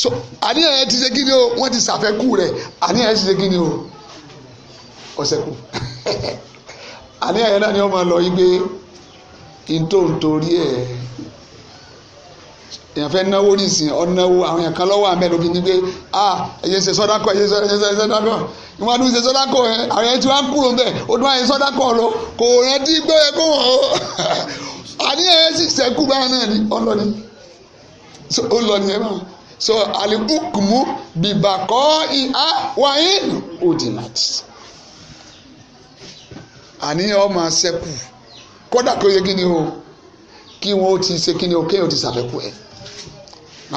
so àdéhà yẹn ti ṣe kí ni o wọ́n ti ṣàfẹ́kù rẹ̀ àdéhà yẹn ti ṣe kí ni o ọ̀sẹ̀kù àdéhà yẹn náà ni wọ́n máa lọ yí pé ntòǹtòrí ẹ̀ èèyàn fẹ́ náwó nísìnyí ọ̀nàwó àwọn èèyàn kan lọ́wọ́ àmẹ́lò fi ní pé a ẹ̀yẹ ṣe sọ́dákọ̀ ẹ̀yẹ ṣe sọ́dákọ̀ ìwọ́n adúlù ṣe sọ́dákọ̀ ẹ̀ àwọn ẹ̀yẹ tí wọ́n á kúrò bẹ́ẹ̀ ó dún àyè sọ́dákọ̀ lọ kò rántí pé ẹ kó wọ́n o àníyàn ẹ̀ sì ṣẹ́kù báyìí náà ni ọlọ́ni ọlọ́ni so alibukumu bibakọ́ ìhà wáyé odinat àníyàn máa ṣẹ́kù kódà kó yẹ kí ni o kí wọn ó ti ṣe kí ni o kéèyàn ti ṣàfẹ́kù ẹ̀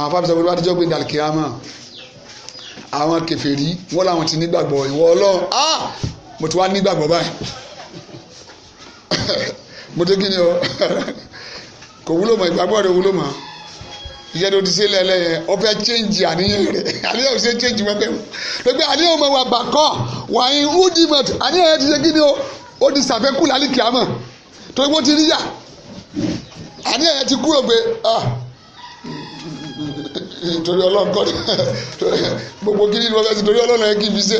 àwọn afábí sọ pé bá dijọ́ gbé dàlkìyàmà àwọn kèfèrí wọ́n làwọn ti nígbàgbọ́ ìwọ ọlọ́run ah mo ti wá nígbàgbọ́ báyìí mo ti kí ni o kò wúlò mọ́ ìgbàgbọ́ rẹ̀ wúlò mọ́ iṣẹ́ tó ti ṣe lẹ́lẹ́ yẹn ó fẹ́ change àníyàn rẹ̀ àníyàn ò ṣe change wẹ́pẹ́ o pẹ̀pẹ́ àníyàn ọmọ wa bàkọ́ wàá ń hú di mọ̀t àníyàn yẹn ti ṣe kí ni o ó ti sàfẹ́kù lálẹ́ kìámọ̀ tó ń wọ́n ti rí yà àníyàn yẹn ti kúrò pé ah torí ọlọ́run kọ́ gbogbo kí ni wọ́n fẹ́ sí torí ọlọ́run ẹ̀ kì í fi ṣe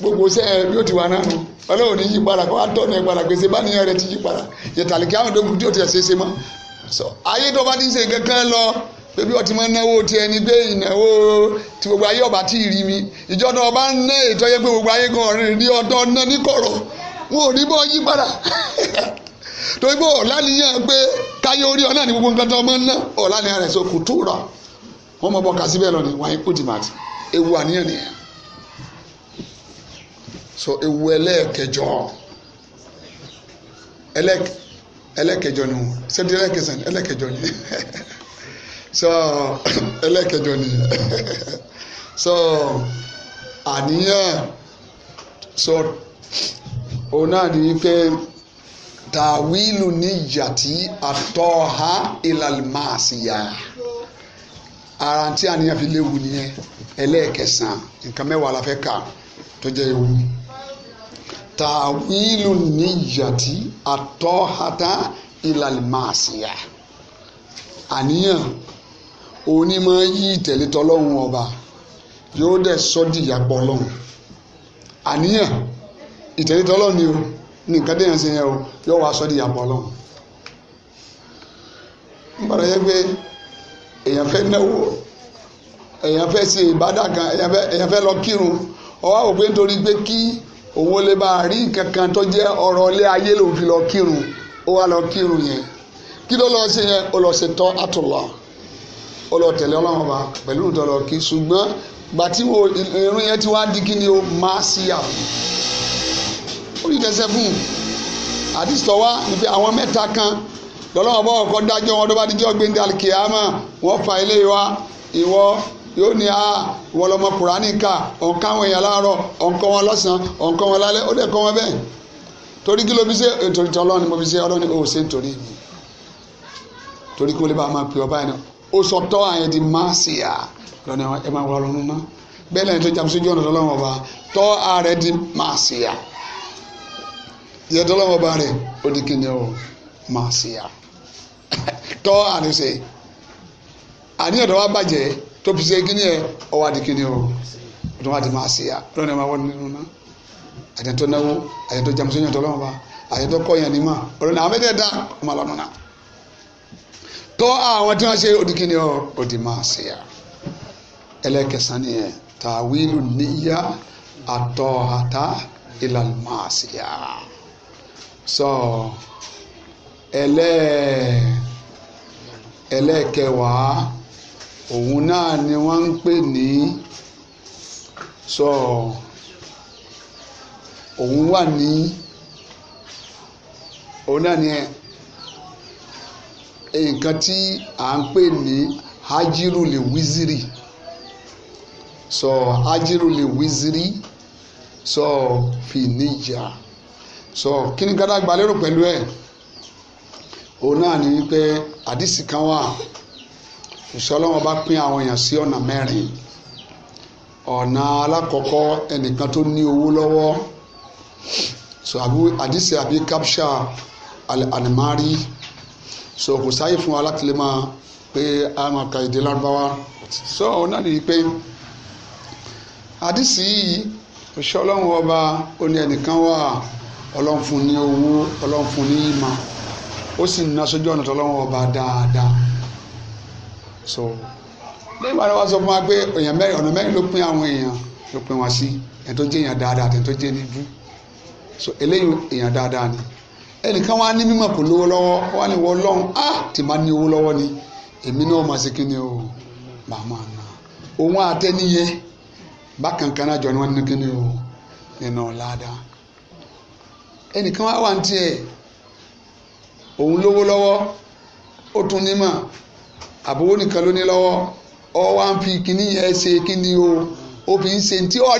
gbogbo sẹ́ ẹ bí ó ti wà náà nù ọlọ́run ní yí padà kó wá tọ́nu ẹ̀ padà gbèsè báníyàn rẹ ti yí padà yẹtàlíkì àwọn ìdókòwò tí ó ti ẹ̀ ṣe é ṣe mọ́ so ayé tó bá ti ń ṣe kankan lọ bébí ọtí máa ń náwó ti ẹni gbé ìnáwó tí gbogbo ayé ọba tí ì rí mi ìjọ náà ọba ń ná ètò yẹ pé gbogbo ayé gan ọ̀rìn ní ọdún ọ̀nà níkọ̀rọ̀ wọn ò ní bọ́ yí padà torí pé ọ̀làníyàn pé káyé orí ọ̀nà ní gbogbo nǹkan tó ọmọ ń ná ọ̀làníyàn rẹ̀ so kùtù rọ̀ wọ́n mọ̀ bọ́ kà síbẹ̀ lọ ni wáyé ultimate ewu àníyàn nìyẹn so ewu ẹlẹ́ẹ̀kẹjọ ẹlẹ́ẹ̀kẹjọ ni wọn ṣẹ́ni ẹlẹ́ẹ̀kẹsàn ẹlẹ́ẹ̀kẹjọ ni so ẹlẹ́ẹ̀kẹjọ ni so àníyàn so òun náà ni pé tàwílù níyàtí àtọ́ ha ìlàlmáàsì yá ara tí àníyàn fi léwu nìyẹn ẹlẹ́ẹ̀kẹsàn nǹkan mẹ́wàá la fẹ́ kà tó jẹ́ ewu tàwílù níyàtí àtọ́hátá ìlàlímàṣíà àníyàn òní máa yí ìtẹ̀lé tọlọ́run ọba yóò dẹ̀ sọ́dí ìyàpọ̀ àníyàn ìtẹ̀lé tọlọ́run ni o nǹkan déyàn sí yẹn o yóò wá sọ́dí ìyàpọ̀ èèyàn fẹ́ náwó èèyàn fẹ́ ṣe ìbádà kan èèyàn fẹ́ lọ kírun ọwọ́ àwọn òpin torí pé kí òun lè bá rí nǹkan kan tó jẹ́ ọ̀rọ̀ ilé ayé lòun fi lọ kírun ó wá lọ kírun yẹn kí ló lọ ṣe yẹn ó lọ ṣe tọ́ àtúlọ̀ ó lọ tẹ̀lé ọlọ́run ọba pẹ̀lú ìtọ́lọ̀ kí ṣùgbọ́n gbàtí irun yẹn ti wá di kí ni ó máa ṣí àwọn orí tẹsẹ̀ fún àdìsọ wa ni pé àwọn mẹ́ta kan lọ́lọ́wọ́n bọ́ ọ̀kọ́ dájọ́ wọn tó bá dijọ́ gbé ní alikiyama wọ́n fa ilé wa ìwọ yóò ní a ìwọ lọmọ pùránì ká ọ̀ǹkà àwọn èèyàn láàárọ̀ ọ̀ǹkọ́ wọn lọ́sàn-án ọ̀ǹkọ́ wọn lálẹ́ ó dẹ̀ kọ́ wọn bẹ́ẹ̀ torí kí ló fi ṣe torí tí ọlọ́run mo fi ṣe ọlọ́run ò ṣe nítorí mi torí kí wọ́n lè bá máa pè ọ báyìí ó sọ tọ́ àyẹn di máṣíà lọ́nà ẹ máa wà lọ́run náà bẹ́ẹ̀ lẹ́yìn tó jà sójú ọ̀nà tọ́lọ́wọ́n ọba tọ́ tọ́ àníṣe àníyàn tó wá bàjẹ́ tó fi ṣe kíní ẹ ọwọ́ àdìkíní o tó wá di máa ṣe ya lọ́nà máa wọ́n nínú náà àyẹ̀ tó náwó àyẹ̀ tó jamuso yàn tó lọ́wọ́ bá àyẹ̀ tó kọ́ yàn ní mà ọ̀rọ̀ náà àwọn mẹ́tẹ̀ẹ̀ta ọmọ àlọ́nà náà tọ́ àwọn tí wọ́n ṣe òdìkíní o ó di máa ṣe ya ẹlẹ́kẹsàn nìyẹn tàwílù níyà àtọ̀hàtà ìlànà máa ṣe ya sọ. So, ele ẹlẹ́ẹ̀kẹwàá òun náà ni wọ́n ń pè ní sọ òun wà ní òun náà ni nǹkan tí à ń pè ní hajiru lè wiziri sọ hajiru lè wiziri sọ fìníjà sọ kí ni gádà gbalérò pẹ̀lú ẹ̀. òun náà ní wípé àdìsí kan wà ìṣọlọ́wọ́n bá pín àwọn èèyàn sí ọ̀nà mẹ́rin ọ̀nà alákọ̀ọ́kọ́ ẹnìkan tó ní owó lọ́wọ́ so àdìsí àbí capsha ànàmárì so kò sáyé fún wa láti lè máa pé a máa ka lárúbáwá so òun náà nìyí pé àdìsí yìí ìṣọlọ́wọ́n ọba ó ní ẹnìkan wà ọlọ́run fún ní owó ọlọ́run fún ní ìmọ̀ ó sì ná sójú ọ̀nà tọ́lọ́wọ́n ọba dáadáa so lẹ́yìn ìgbà wa sọ fún wa pé èèyàn mẹ́rin ọ̀nà mẹ́rin ló pín àwọn èèyàn ló pín wọn sí ẹni tó jẹ́ èèyàn dáadáa àti ẹni tó jẹ́ níbú so eléyìí èèyàn dáadáa ni ẹnìkan wá ní mímọ̀ kò lówó lọ́wọ́ wá ní wọ́n lọ́hùn á tì máa ní owó lọ́wọ́ ni èmi náà máa ṣe kí ni o màá máa ná òun àtẹniyẹ bákan náà jọ ni wọ́n ní kí ni o nínú ọ̀làdá ẹnìkan wá wà ní tiẹ̀ òun lówó lọ́wọ́ ó tún nímọ̀ àbówó nìkan ló ní lọ́wọ́ ọ wá ń fi kíní yẹn ṣe kíní o ó fi ń ṣe tí ó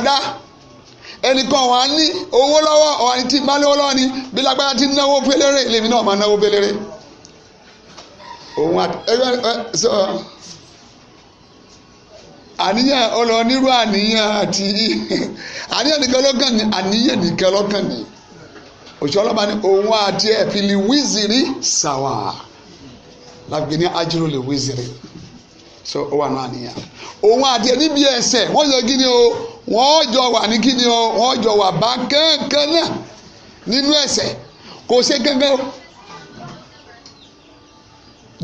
ẹnìkan wà ní owó lọ́wọ́ ọ̀hún àti tí lówó lọ́wọ́ ni bí lágbára ti náwó fẹ́lẹ́rẹ́ lèmi náà máa náwó fẹ́lẹ́rẹ́ òun àti àníyàn àníyàn àti àníyàn nìkan òṣìṣẹ́ ni ní òun àti ẹ̀fìlì wíìzìrì sàwà lágbè ní ajírò lè wíìzìrì so ó wà náà nìyà òun àti ẹni bí ẹsẹ̀ wọ́n jọ kí ni o wọ́n jọ wà ní kí ni o wọ́n jọ wà bá kankan náà nínú ẹsẹ̀ kò ṣe kankan o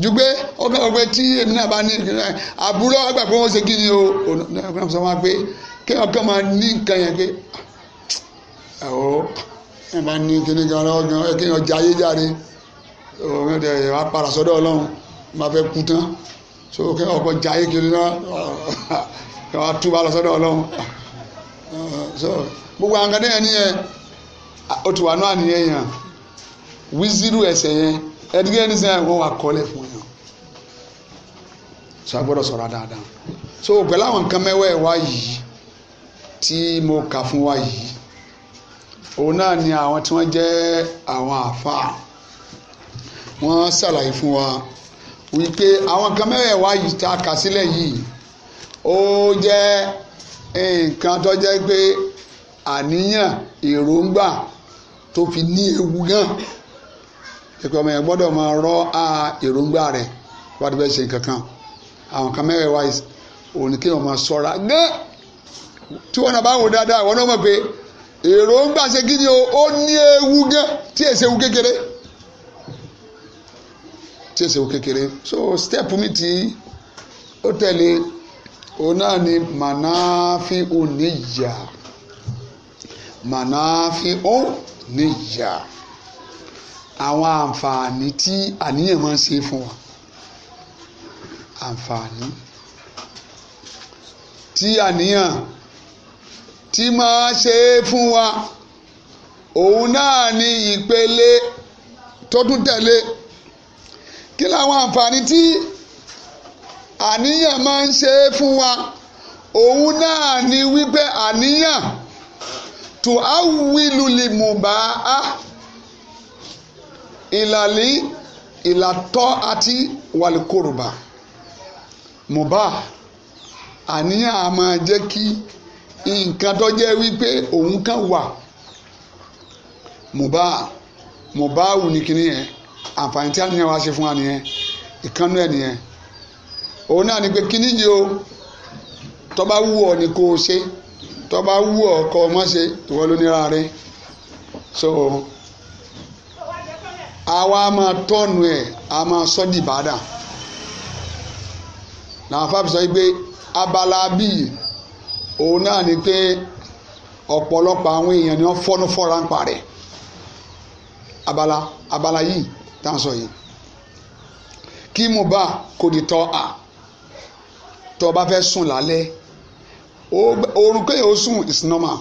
ju pé ọkàn ọgbẹ tí èmi náà bá ní àbúrò àgbà pé wọ́n ṣe kí ni o ọ̀nà ọ̀nà pé kí ọkàn máa ní nǹkan yẹn pé ọ̀ ah, ẹ bá ní kíní gan lọ́wọ́ gan ẹ kéèyàn jẹ ayé jáde òun ẹ̀ wá para sọ́dọ̀ ọlọ́run máa fẹ́ kú tán so kẹ́ ọkọ̀ jẹ ayé kiri náà kẹ́ wá túbà lọ sọ́dọ̀ ọlọ́run so gbogbo àwọn kan náà nìyẹn ó ti wà náà nìyẹn yàn wíṣírù ẹ̀sẹ̀ yẹn ẹ̀dígẹ́ ní sẹ́yìn wọ́n wà kọ́lẹ̀ fún yàn so a gbọ́dọ̀ sọ̀rọ̀ dáadáa so pẹ̀lú àwọn nǹkan mẹ́wẹ́ẹ̀ wá yìí tí mo kà fún wa yìí òun náà ni àwọn tí wọ́n jẹ́ àwọn àáfàá wọ́n ṣàlàyé fún wa wípé àwọn kan mẹ́rẹ̀ẹ̀wá yìí tá a kà sílẹ̀ yìí ó jẹ́ nǹkan tó jẹ́ pé àníyàn èròǹgbà tó fi ní ewu gan ìpè ọmọ yẹn gbọ́dọ̀ máa rọ a èròǹgbà rẹ̀ wá ti fẹ́ ṣe nǹkan kan àwọn kan mẹ́rẹ̀ẹ̀wá yìí òun ni kéèyàn máa ṣọ́ra gán tí wọ́n náà bá wò dáadáa wọ́n náà mọ̀ pé èròǹgbà ṣe kí ni o ó ní ewu gán tí èsè ewu kékeré tí èsè ewu kékeré so step mi tí ó tẹ̀lé òun náà ni mànáfi oníyà mànáfi oníyà àwọn àǹfààní tí àníyàn máa ń ṣe fún wa àǹfààní tí àníyàn tí máa ṣe é fún wa òun náà ni ìpele tó tún tẹ̀lé kí làwọn àǹfààní tí àníyàn máa ń ṣe é fún wa òun náà ni wípé àníyàn tù á wílù lè mú bá a ìlàlí ìlàtọ́ àti wàlíkòròbà mú bá àníyàn á máa jẹ́ kí nǹkan tó jẹ́ wípé òun kan wà mùbá mùbá wù ní kinní yẹn àǹfààní tí àníyàn wá ṣe fún wa nìyẹn ìkànnú nìyẹn òun náà ni pé kinní yìí o tó bá wù ọ́ ni kó ṣe tó wù ọ́ kó o má ṣe ìwọ ló nira rẹ so àwa máa tọ́nu ẹ̀ a máa sọ́ dìbàdà làwọn fábísọ̀ yìí pé abala bíi òun náà ni pé ọ̀pọ̀lọpọ̀ àwọn èèyàn ni wọ́n fọ́nú fọ́ra ń parẹ́ abala abala yìí tá à ń sọ yìí kí mo bá kò di tọ́ à tó o bá fẹ́ sùn lálẹ́ oorun kéèyàn ó sùn is normal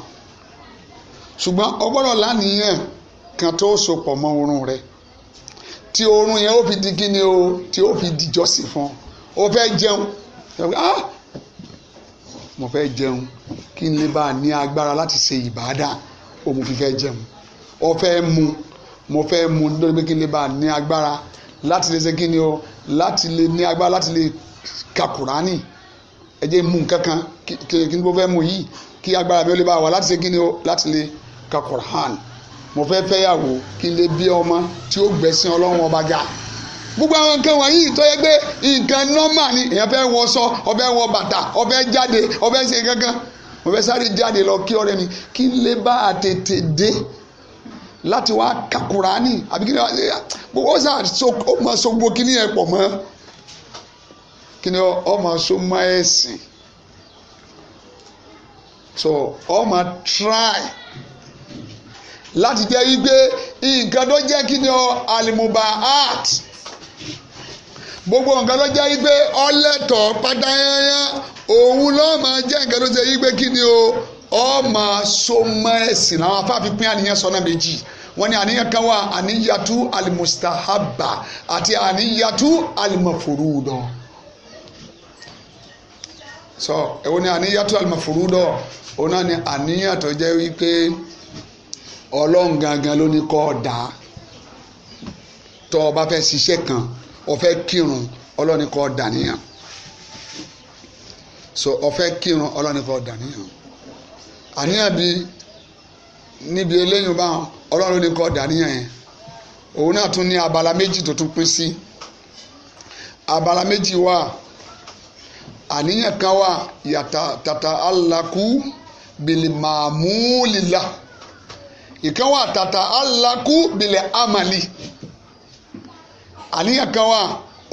ṣùgbọ́n o gbọ́dọ̀ lánìyàn kan tó so mọ́ oorun rẹ tí oorun yẹn ó fi di kíni o tí ó fi di jọ́sìn fún ọ fẹ́ jẹun ah mo fẹ́ jẹun kí n lè bá a ní agbára láti ṣe ìbádà ó mo fi fẹ́ jẹun ó fẹ́ mu mo fẹ́ mu nítorí pé kí n lè bá a ní agbára láti lè ṣe kí ni o láti lè ní agbára láti lè ka Kùránì ẹ jẹ́ mu nǹkan kan kí n bó fẹ́ mu yìí kí agbára mi ó lè bá a wà láti ṣe kí ni o láti lè ka Kùránì mo fẹ́ fẹ́yàwó kí n lè bí ọmọ tí ó gbẹ̀sìn Ọlọ́run ọba jà gbogbo àwọn nǹkan wọ̀nyí tó yẹ pé nǹkan nọ́mà ni èèyàn fẹ́ wọṣọ ó fẹ́ wọ bàtà ó jáde ó ṣe kankan ó sáré jáde lọ kí ọ̀rẹ́ mi kí n lè bá a tètè dé láti wá ka Kùránì àbí kí ni ó sà ó mọ sogbo kí ni ẹ pọ̀ mọ́ kí ni ọ mọ so mọ́ ẹ̀sìn so ọ mọ try láti jẹ́ wípé nǹkan tó jẹ́ kí ni ọ alimuba art gbogbo nǹkan ló jẹ́ wípé ọlẹ́tọ̀ pátáyáyá òun ló máa jẹ́ nǹkan ló jẹ́ wípé kí ni o ọmọ sọmọ ẹ̀sìn làwọn afáàfin pín àníyàn sọ́nà méjì wọ́n ní àníyàn kan wà àníyàtú alimustahaba àti àníyàtú alimafuruudọ so èwo ni àníyàtú alimafuruudọ òun náà ni àníyàn tó jẹ́ wípé ọlọ́run gangan ló ní kọ́ ọ̀dà tó o bá fẹ́ ṣiṣẹ́ kan ọ̀fẹ́ kírun ọlọ́ni kọ́ dàníyàn so ọ̀fẹ́ kírun ọlọ́ni kọ́ dàníyàn àníyàn bíi níbi eléyìí bá ọlọ́run ní kọ́ dàníyàn yẹn òun náà tún ní abala méjì tó tún pín sí abala méjì wà àníyàn kan wà yàtà tàtà alákú bìlì màmúlìlà ìkan wà tàtà alákú bìlì amàlì. àníyàn kan wà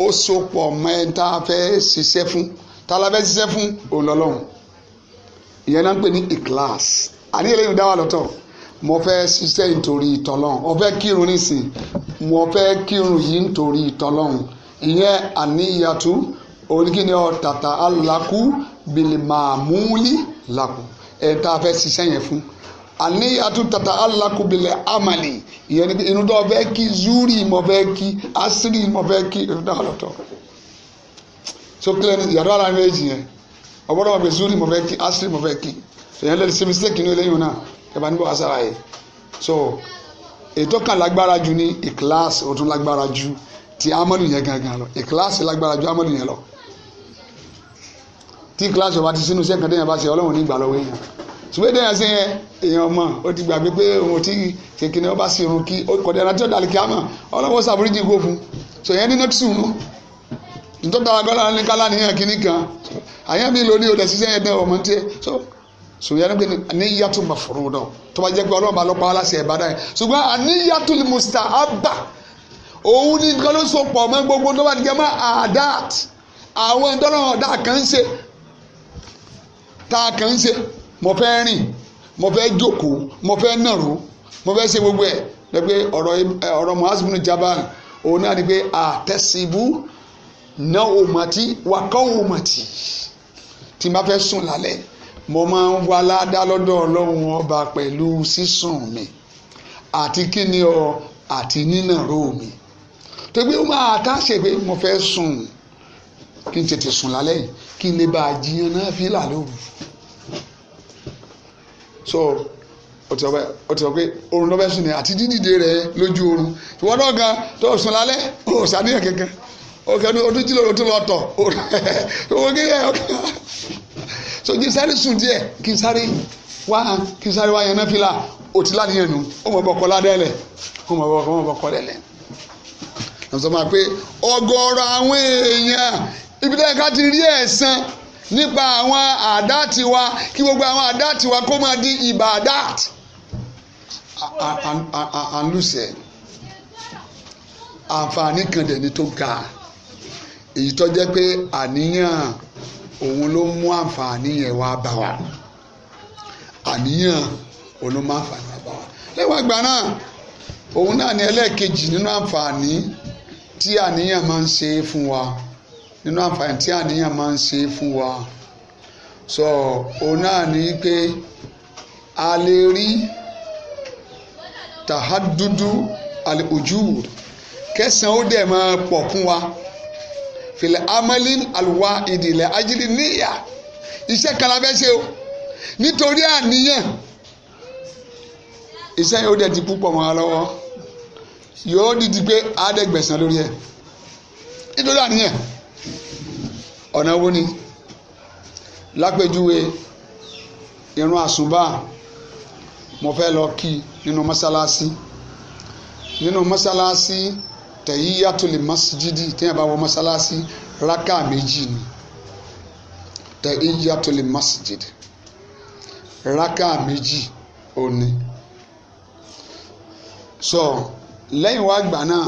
ó sopọ̀ mọ́ ẹni tá a fẹ́ ṣiṣẹ́ fún tá a la fẹ́ ṣiṣẹ́ fún òun lọ́lọ́run ìyẹn náà ń pè ní ìkíláàs àníyàn lẹ́yìn dáwà lọ́tọ̀ mo fẹ́ ṣiṣẹ́ nítorí ìtọ́lọ́run mo fẹ́ kírun nísìn mo fẹ́ kírun yìí nítorí ìtọ́lọ́run ìyẹn àníyàtú oníkíni ọ̀tàtà alákú bìlìmàmúlì làkù ẹ̀ tá a fẹ́ ṣiṣẹ́ yẹn fún àníyàtú tata kubile amali ìyẹn ni inú tó fẹ́ zuri mo fẹ́ kí asiri mo fẹ́ kí inú tó lọ́tọ̀ so kílẹ̀ ni yàrá ara méjì yẹn ọ̀bọ̀dọ̀ wọn bẹ zuri mo fẹ́ kí asiri mo fẹ́ kí èyàn lẹ́nu sẹ́mi sẹ́kì ní eléyìí náà ni níbo asára yẹ so ètò kan lágbára ju ní ìkíláàsì ó tún lágbára ju ti amadu yẹn gangan lọ ìkíláàsì e lágbára ju amadu yẹn lọ tí ìkíláàsì ọba ti sínú sẹ́kàn ṣùgbọ́n ìdẹ́yà sí yẹn èèyàn mọ̀ ó ti gbàgbé pé òun ò tí kékeré ni wọ́n bá sí irun kí ó kọ̀dé ẹran tí ó dàlí kí á mọ̀ ọlọ́wọ́ sàbúrìjì gbó fún so yẹn ní nẹ́tù nù nítorí dára gbọ́dọ̀ ní kálá níyàn kínní kan àyàn mi lórí òde ṣiṣẹ́ yẹn dẹ́wọ̀ mọ́ tiẹ̀ so ṣùgbọ́n yẹn ní yàtú màfúrú náà tó bá jẹ́ pé ọlọ́run bá lọ pa aláṣẹ ìbádá yẹn ṣùgbọ́n àníyàtú mùsítà ábà òun ní nǹkan ló so pọ̀ mọ́ gbogbo tó bá ti jẹ́ mọ́ àdáàt àwọn ìtọ́nà ọ̀dà kan a kan mo fẹ́ rìn mo fẹ́ jókòó mo fẹ́ nàró mo fẹ́ ṣe gbogbo ẹ̀ lẹ́gbẹ́ ọ̀rọ̀ ọ̀rọ̀ muhasibunu jabal òun náà ni pé àtẹ̀síbú ná òmàtí wàkọ́ òmàtí tí n bá fẹ́ sùn lálẹ́ mo máa ń wá ládá lọ́dọ̀ ọlọ́run ọba pẹ̀lú sísùn mi àti kíni ọ àti nínàró mi tó gbé ó máa pé mo fẹ́ sùn kí n tètè sùn lálẹ́ kí n lè bá a jiyàn náà fi là so ó ti sọ pé oorun lọ́bẹ̀ sùn ni àti dídìde rẹ lójú oorun ìwọ́n náà gan tó sùn lálẹ́ kò sàníyàn kankan òkè ní ojú jìlọ tó lọ tọ̀ owó kí ẹ ọkà so kí n sáré sùn díẹ̀ kí n sáré wá kí n sáré wá yẹn náà fi la òtí láníyàn nù ó mọ̀ bọ̀ kọ́ ládẹ́lẹ̀ ó mọ̀ bọ̀ kọ́ mọ̀ bọ̀ kọ́ lẹ́lẹ̀ àwọn sọ ma pé ọgọ́rọ̀ àwọn èèyàn ibi tẹ́ka ti rí ẹ̀san nípa àwọn àdáàtì wa kí gbogbo àwọn àdáàtì wa kó máa di ìbà àdáàtì àǹlùsẹ̀ àǹfààní kan dẹ̀ ni tó ga èyí tó jẹ́ pé àníyàn òun ló mú àǹfààní yẹn wá bá wa àníyàn òun ló mú àǹfààní wá bá wa lẹ́wọ̀n àgbà náà òun náà ni ẹlẹ́ẹ̀kejì nínú àǹfààní tí àníyàn máa ń ṣe fún wa nínú àǹfààní tí àníyàn máa ń ṣe fún wa sọ òun náà ni pé a lè rí tàhádúdú àlùjú kẹsàn ó dẹ̀ máa pọ̀ fún wa fìlẹ̀ amalin aluwa ìdìlẹ̀ ajílẹ̀ níyà iṣẹ́ kan la fẹ́ ṣe o nítorí àníyàn iṣẹ́ yóò dẹ̀ ti púpọ̀ mọ́ wa lọ́wọ́ yóò dìdí pé àádẹ́gbẹ̀sán lórí ẹ̀ nítorí àníyàn ọ̀nà wo ni lápèjúwe irun àsùnbà mo fẹ́ lọ kí nínú mọ́sálásí nínú mọ́sálásí tẹ̀yí yàtò lè masjidi téèyàn bá wọ mọ́sálásí rákà méjì ni tẹ̀yí yàtò lè masjidi rákà méjì òní so lẹ́yìn wá gbà náà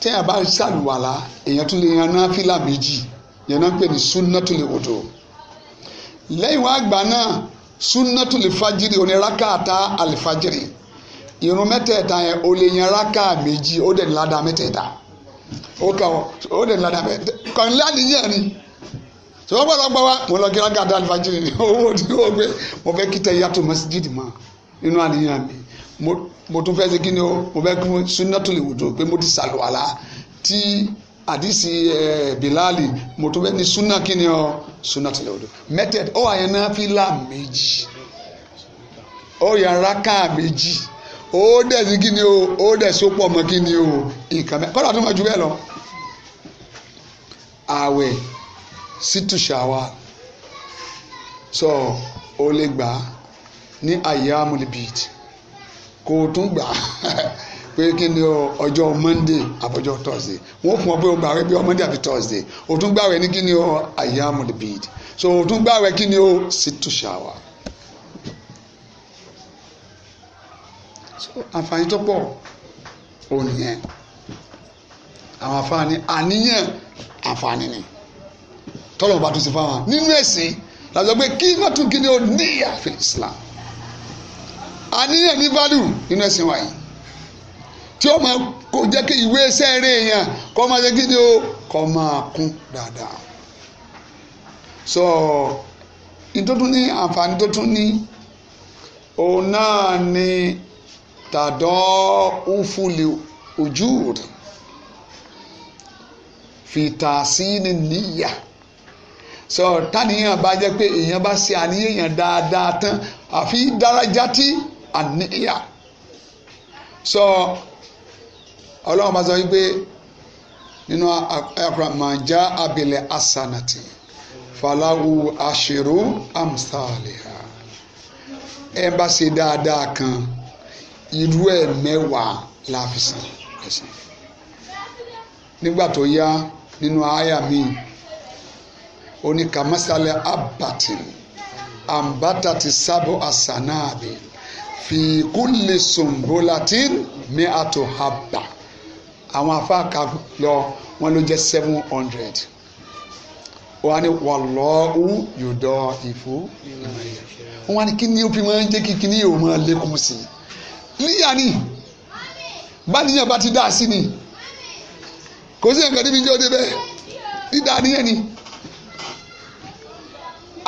téèyàn bá ṣàlùwàlá èèyàn tún lè yan náfìlà méjì yẹn náà ń pè ní sunnatul wudu lẹ́yìn wá gbà náà sunnatul fajiri onírakata alifajiri irun mẹ́tẹ̀ẹ̀ta yẹn o lè yan raka méjì ó dẹ̀ ní ládàá mẹ́tẹ̀ẹ̀ta ó kà ó ó dẹ̀ ní ládàá mẹ́tẹ̀ẹ̀ta kàn láti yẹ̀ ni sọ wọn lọ gbọ wa mo lọ kí rakata alifajiri ni owó tí o gbé mo fẹ́ kí tẹ̀yàtò masjid ma nínú àníyàn mi mo tún fẹ́ ṣe kí ni o mo fẹ́ kí sunnatul wudu pé mo ti sàlùwàlà tí àdìsí ẹ bilali mo tún fẹ́ ní sunna kí ni ọ sunna tilẹ̀ odò mẹ́tẹ̀ẹ̀d ó wà yẹn náfìlà méjì ó yẹ raka méjì ó dẹ̀ sí kí ni o ó dẹ̀ mọ́ kí o nǹkan mẹ́ kọ́dà tó máa ju bẹ́ẹ̀ lọ àwẹ̀ sítúṣàwà sọ ó lè gbà ní àyè amúlẹ̀bìtì kò tún gbà pé kí ni ọjọ́ monday àbọ̀jọ́ thursday wọ́n fún ọ pé o gbàwé bí ọ monday àbí thursday o tún gbàwé ní kí ni o the bid so o tún gbàwé kí ni o to shower. so àǹfààní tó pọ̀ ò nìyẹn àwọn àǹfààní àníyàn àǹfààní ni tọ́lọ̀ bá tún sí fáwọn nínú ẹ̀sìn làwọn sọ pé kí má tún kí ni o níyà fil Islam àníyàn ní value nínú ẹ̀sìn wáyé tí ó máa kó jẹ́ kí ìwé sẹ́ẹ̀rẹ́ èèyàn kọ́ máa jẹ́ kí o kọ́ máa kún dáadáa. sọ ìtótún ní àǹfààní tó tún ní òun náà ni tàdọ́ ufuli ojú rẹ̀ fìtàsí ni níyà sọ tánìyàn bá jẹ́ pé èèyàn bá ṣe àníyàn dáadáa tán àfi dárájá tí àníyà sọ. So, ọlọ́run bá sọ wípé nínú àkùràmọ̀já abilẹ̀ asanati falawu aṣèrò amsaliha ẹ bá ṣe dáadáa kan irú ẹ̀ mẹ́wàá la fi san ẹ̀sìn nígbà tó yá nínú àyà mi oní kàmásálẹ̀ abatin àǹbátà ti sábọ̀ àṣà náà bẹ̀ fi kulli sumbulatin mi'atu habba àwọn afáàkà lọ wọn ló jẹ́ seven hundred wọ́n á ní wàlọ́ọ̀hù yòdọ̀ ìfú wọ́n á ní kí ni ó fi máa ń jẹ́ kí kí ni yóò máa lékún sí i níyà ni báníyàn bá ti dá sí ni kò sí nǹkan níbi jẹ́ òde bẹ́ẹ̀ dídá níyàn ni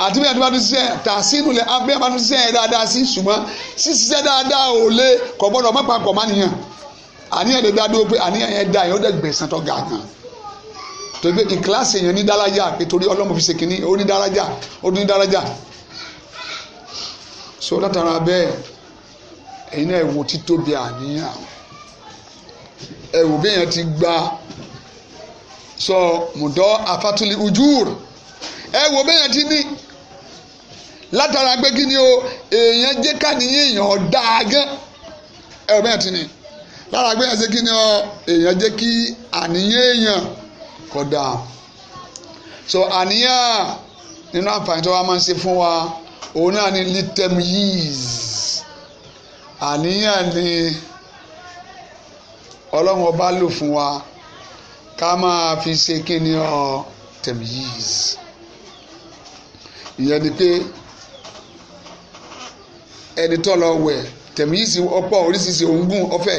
àti bẹ́ẹ̀ tó bá tún ṣiṣẹ́ tà sínú lẹ̀ abẹ́ẹ̀ bá tún ṣiṣẹ́ yẹn dáadáa sí ṣùgbọ́n ṣíṣiṣẹ́ dáadáa ò lé kọ̀ gbọ́dọ̀ mọ́pàá kọ̀ má àníyàn lè dádúró pé àníyàn yẹn dá yẹn ó dẹ̀ gbẹ̀sán tó ga kan tó gbé ìkíláàsì èèyàn ní dárájà pé torí ọlọ́mọ fi ṣe kínní ó ní dárájà ó ní dárájà so látara bẹ́ẹ̀ ẹ̀yin náà wò títóbi àníyàn ẹ wò bí èèyàn ti gba sọ mùdọ́ àfàtúlì ujúr ẹ wò bí èèyàn ti ní látara pé kí ni o èèyàn jẹ́ káníyàn èèyàn dáa gan ẹ ti ní lára pé ẹsẹ kí ni ọ èèyàn jẹ́ kí àníyàn èèyàn kódà so àníyàn nínú àǹfààní tó wá máa ń ṣe fún wa òun náà ni litem years àníyàn ni ọlọ́run ọba lò fún wa ká máa fi ṣe kí ni ọ tem years ìyẹn ni pé ẹni tó lọ wẹ̀ tẹ̀mí yìí oríṣiríṣi òǹgùn ọ̀fẹ́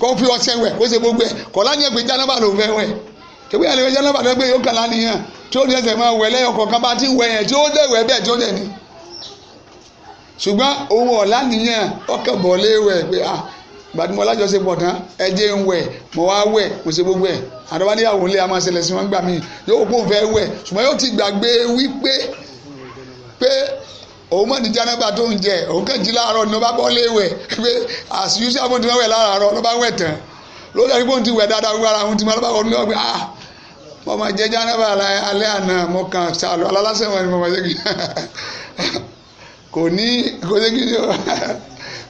kó fi ọṣẹ wẹ̀ kó ṣe gbogbo ẹ̀ kọ́ láyé ẹgbẹ́ jánábà ló fẹ́ wẹ̀ tẹ̀wé àlejò jánábà ló gbé yóò kàn láníyàn tí ó ní ẹsẹ̀ máa wẹ̀ lẹ́yìn ọkọ̀ kan bá ti wẹ̀ yẹn tí ó dẹ̀ wẹ̀ bẹ́ẹ̀ tí ó dẹ̀ ní. ṣùgbọ́n òun ọ̀la nìyẹn ọkọ̀ bọ̀ lé wẹ̀ pé à ah, gbàdúmọ̀ lájọṣepọ̀ tán ẹjẹ́ ń wẹ̀ mọ̀ wá wẹ̀ mo ṣe gbogbo ẹ̀ àdọ́bá níyàwó ńlẹ̀ a máa ṣẹlẹ̀ sí wọn gbà mí yóò pò fẹ́ wẹ̀ ṣùgbọ́n yóò ti gbàgbé wípé pé òun mọ̀ ní jánábà tó ń jẹ òun kàn jí láàárọ̀ ní ọba bọ́ léwẹ̀ pé àṣìṣe àwọn tí wọ́n wẹ̀ láàárọ̀ lọ́ba wẹ̀ tán lórí àdúgbò tí wẹ̀ dáadáa wíwá ara ohun tí wọ́n lọ́ba wọ̀ níwọ̀n pé ah mo máa jẹ jánábà alẹ́ àná mo kàn sàlù alálàsẹ̀ wọn ni mo máa ṣe kì í kò ní kò ṣe kì í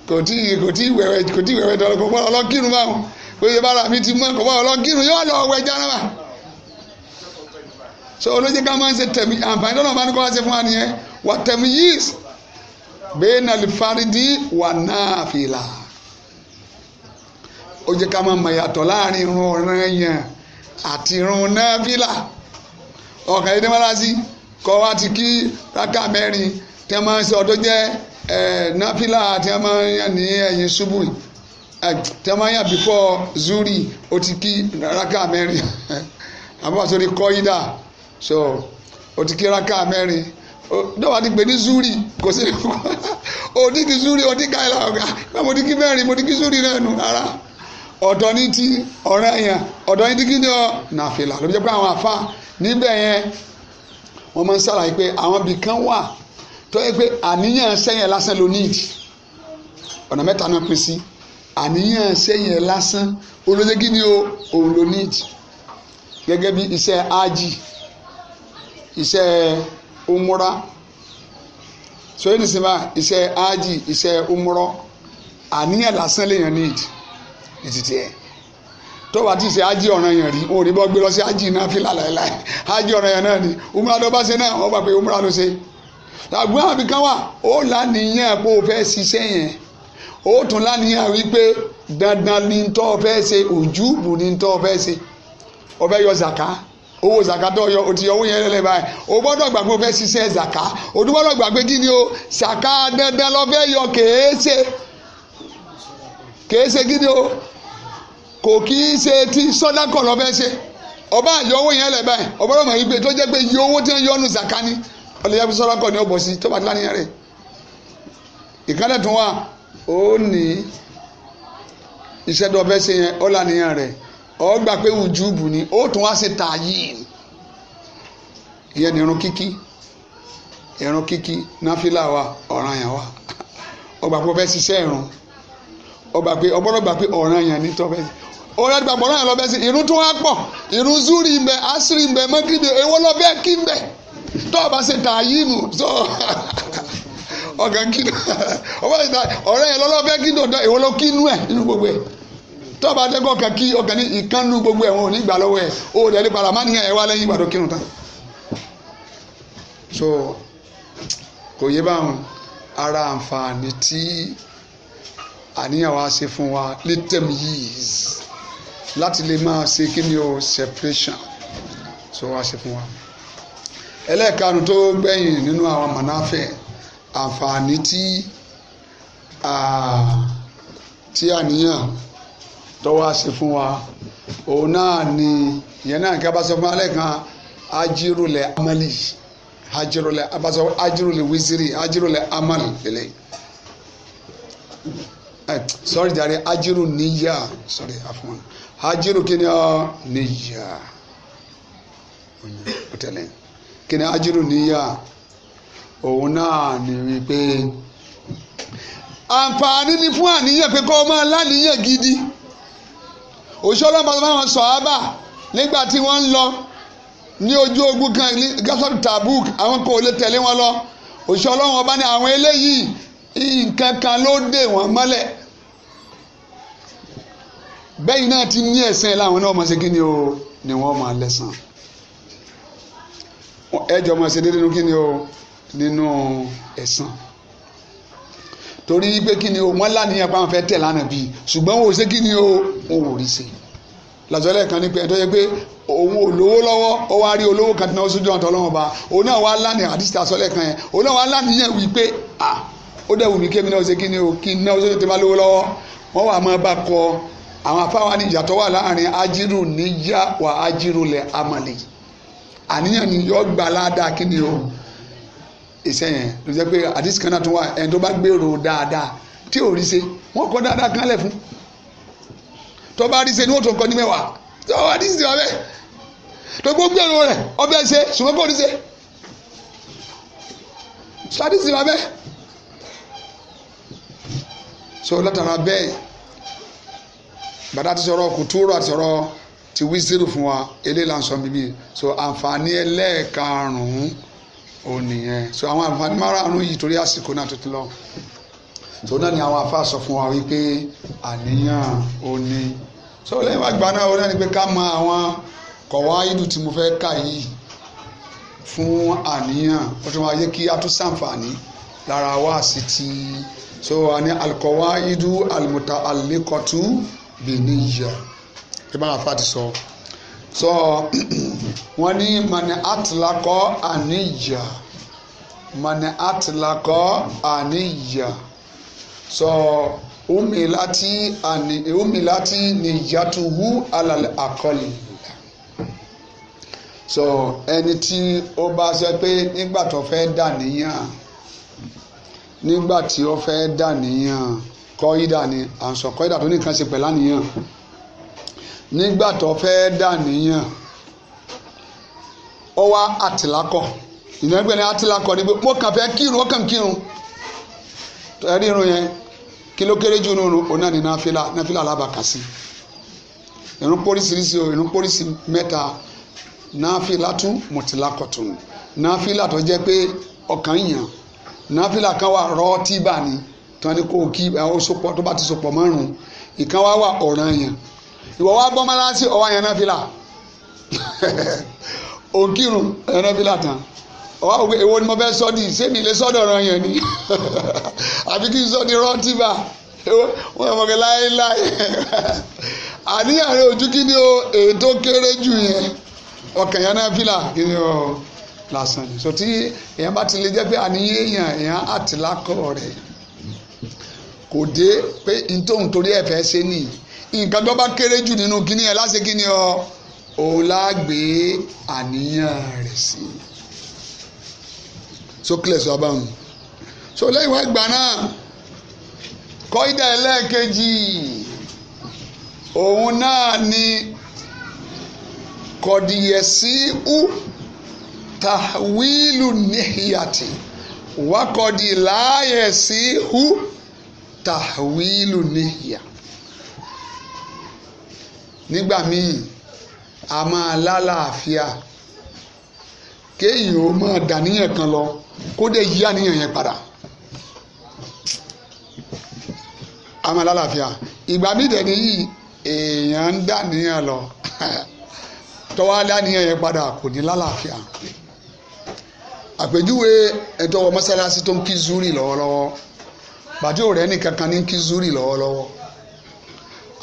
kò tí kò tí wẹ̀wẹ̀ kò tí wẹ̀wẹ̀ dọ̀rọ̀ kò bọ́ ọlọ́kìrun wàtẹ̀mí yìí bẹ́ẹ̀ náà lè fárídì wà náà fìlà ó jẹ́ ká máa mọ̀ yàtọ̀ láàrin irun ọ̀ràn yẹn àti irun náà fìlà ọ̀kan yìí ní wọ́n lásì kọ́ wa ti kí rákà mẹ́rin tẹ́ máa ń sọ tó jẹ́ náà fìlà tẹ́ máa ń yàn ní ẹ̀yìn ṣubú yìí tẹmanya before zuri o ti kí raka mẹ́rin àbúrò àti orí kọ́ídà so o ti kí raka mẹ́rin dọ́wà ti pè ní zuri kò sí òní ti zuri òní káyọ̀lá ọ̀gá náà mo di kí mẹ́rin mo di kí zuri náà nù rárá ọ̀dọ́ ní ti ọ̀rẹ́ yẹn ọ̀dọ́ ní ti kí ni ọ nàfìlà ló jẹ́ pé àwọn àfa níbẹ̀ yẹn wọ́n máa ń ṣàlàyé pé àwọn ibì kan wà tó yẹ pé àníyàn sẹ́yìn lásán ló níìdì ọ̀nà mẹ́ta náà pín sí àníyàn sẹ́yìn lásán olóṣè kí ni o òun ló níìdì gẹ́gẹ́ bí iṣẹ́ ájì iṣẹ́ umura so yìí nìsín báyìí iṣẹ́ ájì iṣẹ́ umurọ àníyàn lásán lèèyàn need ìtìtì ẹ̀ tó bá ti ṣe ájì ọ̀ràn yẹn rí òun ò ní bọ́ gbé lọ sí ájì náà fi lálẹ́ láì ájì ọ̀ràn yẹn náà ni umura ló bá ṣe náà wọ́n gbà pé umura ló ṣe àgbọn àbíkan wà ó lánìyàn pé o fẹ́ ṣiṣẹ́ yẹn ó tún lánìyàn wípé dandan ni tó fẹ́ ṣe òjú bù ni tó fẹ́ ṣe o fẹ́ yọ zaka owó zaka tó yọ òtí owó yẹn lẹ́lẹ́ báyìí o gbọ́dọ̀ gbàgbé o fẹ́ ṣiṣẹ́ zaka o tún gbọ́dọ̀ gbàgbé kí ni o zaka dandan lọ fẹ́ yọ kèése kèése kí ni o kò kí í ṣe ti sọ́dákọ̀ lọ fẹ́ ṣe ọba àyọ owó yẹn lẹ́ báyìí ọba ọmọ yìí pé tó jẹ́ pé iye owó tí wọ́n yọ ọ́nù zaka ni ọlẹ́yà fi sọ́dákọ̀ ni ó bọ̀ sí tó bá ti láníyàn rẹ̀ ìkálẹ̀ tún wà ó ní iṣẹ́ tó fẹ́ ṣe yẹn ó láníyàn rẹ̀ ọ gbà pé wùjúbù ni ó tún wá ṣe tààyìn ìyẹn ni irun kíkí irun kíkí náfìlà wa ọ̀ranyàn wa ó gbà pé ó fẹ́ ṣiṣẹ́ irun ó gbà pé ó gbọ́dọ̀ gbà pé ọ̀ranyàn ni tó fẹ́ ọ̀rẹ́ gbà pọ̀ ọ̀ranyàn lọ bẹ́ẹ̀ sí irun tó wá pọ̀ irun zuri ń asiri ń bẹ mọ́kìrì èwo lọ bẹ́ẹ̀ kí ń tó o bá ṣe tààyìmù tó ọ̀gá kí ọ̀rẹ́ yẹn lọ́lọ́ bẹ́ẹ̀ kí ń dòdò èwo ló kí inú ẹ̀ nínú gbogbo ẹ̀ tọ́ba tẹ́kọ̀ kan kí ọkàn ní ìkànnú gbogbo ẹ̀ wọn ò ní gbà lọ́wọ́ ẹ̀ ó dẹ̀lé padà má nìyẹn ẹ̀ wá lẹ́yìn ìgbà kírun tán. so kò yé báwọn ara àǹfààní tí àníyàn wa ṣe fún wa little years láti lè máa ṣe kí ni o separation so wá ṣe fún wa. ẹlẹ́ẹ̀kanu tó gbẹ̀yìn nínú àwọn mọ̀náfẹ́ àǹfààní tí àníyàn tó wá ṣe fún wa òun náà ni ìyẹn náà nǹkan bá sọ fún alẹ́ kan ajírùlẹ̀ amali ajírùlẹ̀ abasọ ajírùlẹ̀ wiziri ajirule amali lele eh, sorry sọrí jàre ajírù níyà sọrí àfọwọn ajírù kí ni ọ níyà ọtẹlẹ kí ni ajírù níyà òun náà ni wípé àǹfààní ni fún àníyàn pé kó o máa láníyàn gidi òṣìṣẹ́ ọlọ́pàá máa sọ ábà nígbà tí wọ́n ń lọ ní ojú ogun kan ní gásọ́tù Tabuk àwọn kan ò lè tẹ̀lé wọn lọ òṣìṣẹ́ ọlọ́wọ́n ọba ní àwọn eléyìí nǹkan kan ló dè wọ́n mọ́lẹ̀ bẹ́yìn náà ti ní ẹ̀sẹ̀ láwọn náà máa ṣe kí ni o ni wọ́n máa lẹ́sàn ẹjọ́ máa ṣe déédéé nínú kí ni o nínú ẹ̀sàn. No, torí pé kí ni o wọ́n lánìyàn pé àwọn fẹ́ tẹ̀ lánàá bíi ṣùgbọ́n wò ó ṣe kí ni o wọn ò rí ṣe làtọ́lẹ̀ kan ní pé ẹ̀ tó yẹ pé òun ò lówó lọ́wọ́ ó wá rí olówó kan tí wọ́n sójú ọ̀tọ̀ ọlọ́wọ́n ba òun náà wá lánàá àdìsítà sọ́lẹ̀ kan yẹn òun náà wá lánìyàn wí pé a ó dẹ̀ wù mí kémi náà ṣe kí ni o kí n náà sójú tó bá lówó lọ́wọ́ wọ́n wà máa bá kọ àwọn afáwa ní ìjà tó wà láàrin ajírù níyà wà ajírù lẹ̀ amàlè àníyàn ni yọ gbà ládàá kí ni o iṣẹ́ yẹn ló jẹ́ pé àdìsí kan náà tún wà ẹni tó bá gbèrò dáadáa tí ò rí ṣe wọ́n kọ́ dáadáa kan lẹ̀ fún tó bá rí ṣe ni wọ́n tó kọ́ ní mẹ́wàá tó wà àdìsí wa bẹ́ẹ̀ tó gbó gbèrò rẹ̀ ọbẹ̀ ṣe ṣùgbọ́n kò rí ṣe àdìsí wa bẹ́ẹ̀ so látara bẹ́ẹ̀ bàtà ti sọ̀rọ̀ kùtùrù àti sọ̀rọ̀ ti wíṣírù fún wa eléyìí là ń sọ bíbí so àǹfààní ẹlẹ́ẹ̀karùn òun nìyẹn so àwọn àǹfààní márààrún yìí torí àsìkò náà tuntun lọ so náà ni àwọn afá sọ fún wa wípé àníyàn òní so lẹ́yìn wá gbaná òun náà ni pé ká mọ àwọn kọ̀wá ìdù tí mo fẹ́ kà yìí fún àníyàn ó tún wá yé kí a tún sàǹfààní lára wá sí ti so àní alkọ̀wá ìdù almuta alikọ̀tù bìníyà ìbára afá ti sọ. So, so wọ́n ní mani atilakọ àníyà mani atilakọ àníyà so umilati ani umilati niyatuhu alali akọli so ẹni tí ó bá sọ pé nígbà tó fẹ́ dà níyàn nígbà tí ó fẹ́ dà níyàn kọ́ ìdà ni à ń sọ kọ́ ìdà tó ní nǹkan ṣe pẹ̀lú àníyàn nígbà tó fẹ́ dàníyàn ó wá àtìlákọ̀ ìnáwó ní àtìlákọ̀ ni pé mo kàn fẹ́ kírun ó kàn kírun ẹ̀rí irun yẹn kí ló kéré jù nínú òun náà ní náfìlà náfìlà alábàkàsí irun póríṣiríṣi o irun póríṣi mẹ́ta náfìlà tún mọ̀tìlákọ̀ tún náfìlà tó jẹ́ pé ọkàn yàn náfìlà kan wà rọ́ọ̀tì bá ní tí wọ́n ní kó kí àwọn sopọ̀ tó bá ti sopọ̀ márùn-ún ìkan wá wà ọ̀ranyàn ìwọ wa bọ́ mọ́láṣí ọwọ́ yẹn náà fìlà òǹkìrùn yẹn náà fìlà tán ọwọ́ àwọn èwo ni mo fẹ́ sọ ní sẹ́mi ilé sọ́dọ̀ ọ̀rọ̀ yẹn ni àfi kí n sọ ní rọ́ńtìbà wọ́n mọ̀ kí láéláé àníyàn rẹ̀ ojú kí ni o ètò kéré jù yẹn ọkàn yẹn náà fìlà kí ni o lásán ni so tí èèyàn bá ti lè jẹ́ pé àníyàn èèyàn èèyàn àtìlákọ̀ rẹ̀ kò dé pé ntòhùn torí ẹ̀ fẹ́ ṣe nìyí nǹkan tó bá kéré jù nínú kíní ẹ láṣẹ kíní ọ òun lágbé àníyàn rẹ̀ sí sókèlè sọ abáwọn so lẹ́yìn wá gbà náà kọ́ ìdá ẹlẹ́ẹ̀kejì òun náà ni kọ̀dìyẹ̀sí u tàwílù níhìyàtì wákọ̀dì láàyẹ̀sí u tàwílù níhìyà nígbà míì a máa lálàáfíà kéèyàn ó máa dàníyàn kan lọ kó dé yí àníyàn yẹn padà a máa lálàáfíà ìgbà míì dẹ̀ níyì èèyàn ń dàníyàn lọ tọ́wọ́ dàníyàn yẹn padà kò ní lálàáfíà àpèjúwe ẹ̀tọ́ wọ mọ́sálásí tó ń kí zuri lọ́wọ́lọ́wọ́ bàjẹ́ òrẹ́ nìkan kan ní kí zuri lọ́wọ́lọ́wọ́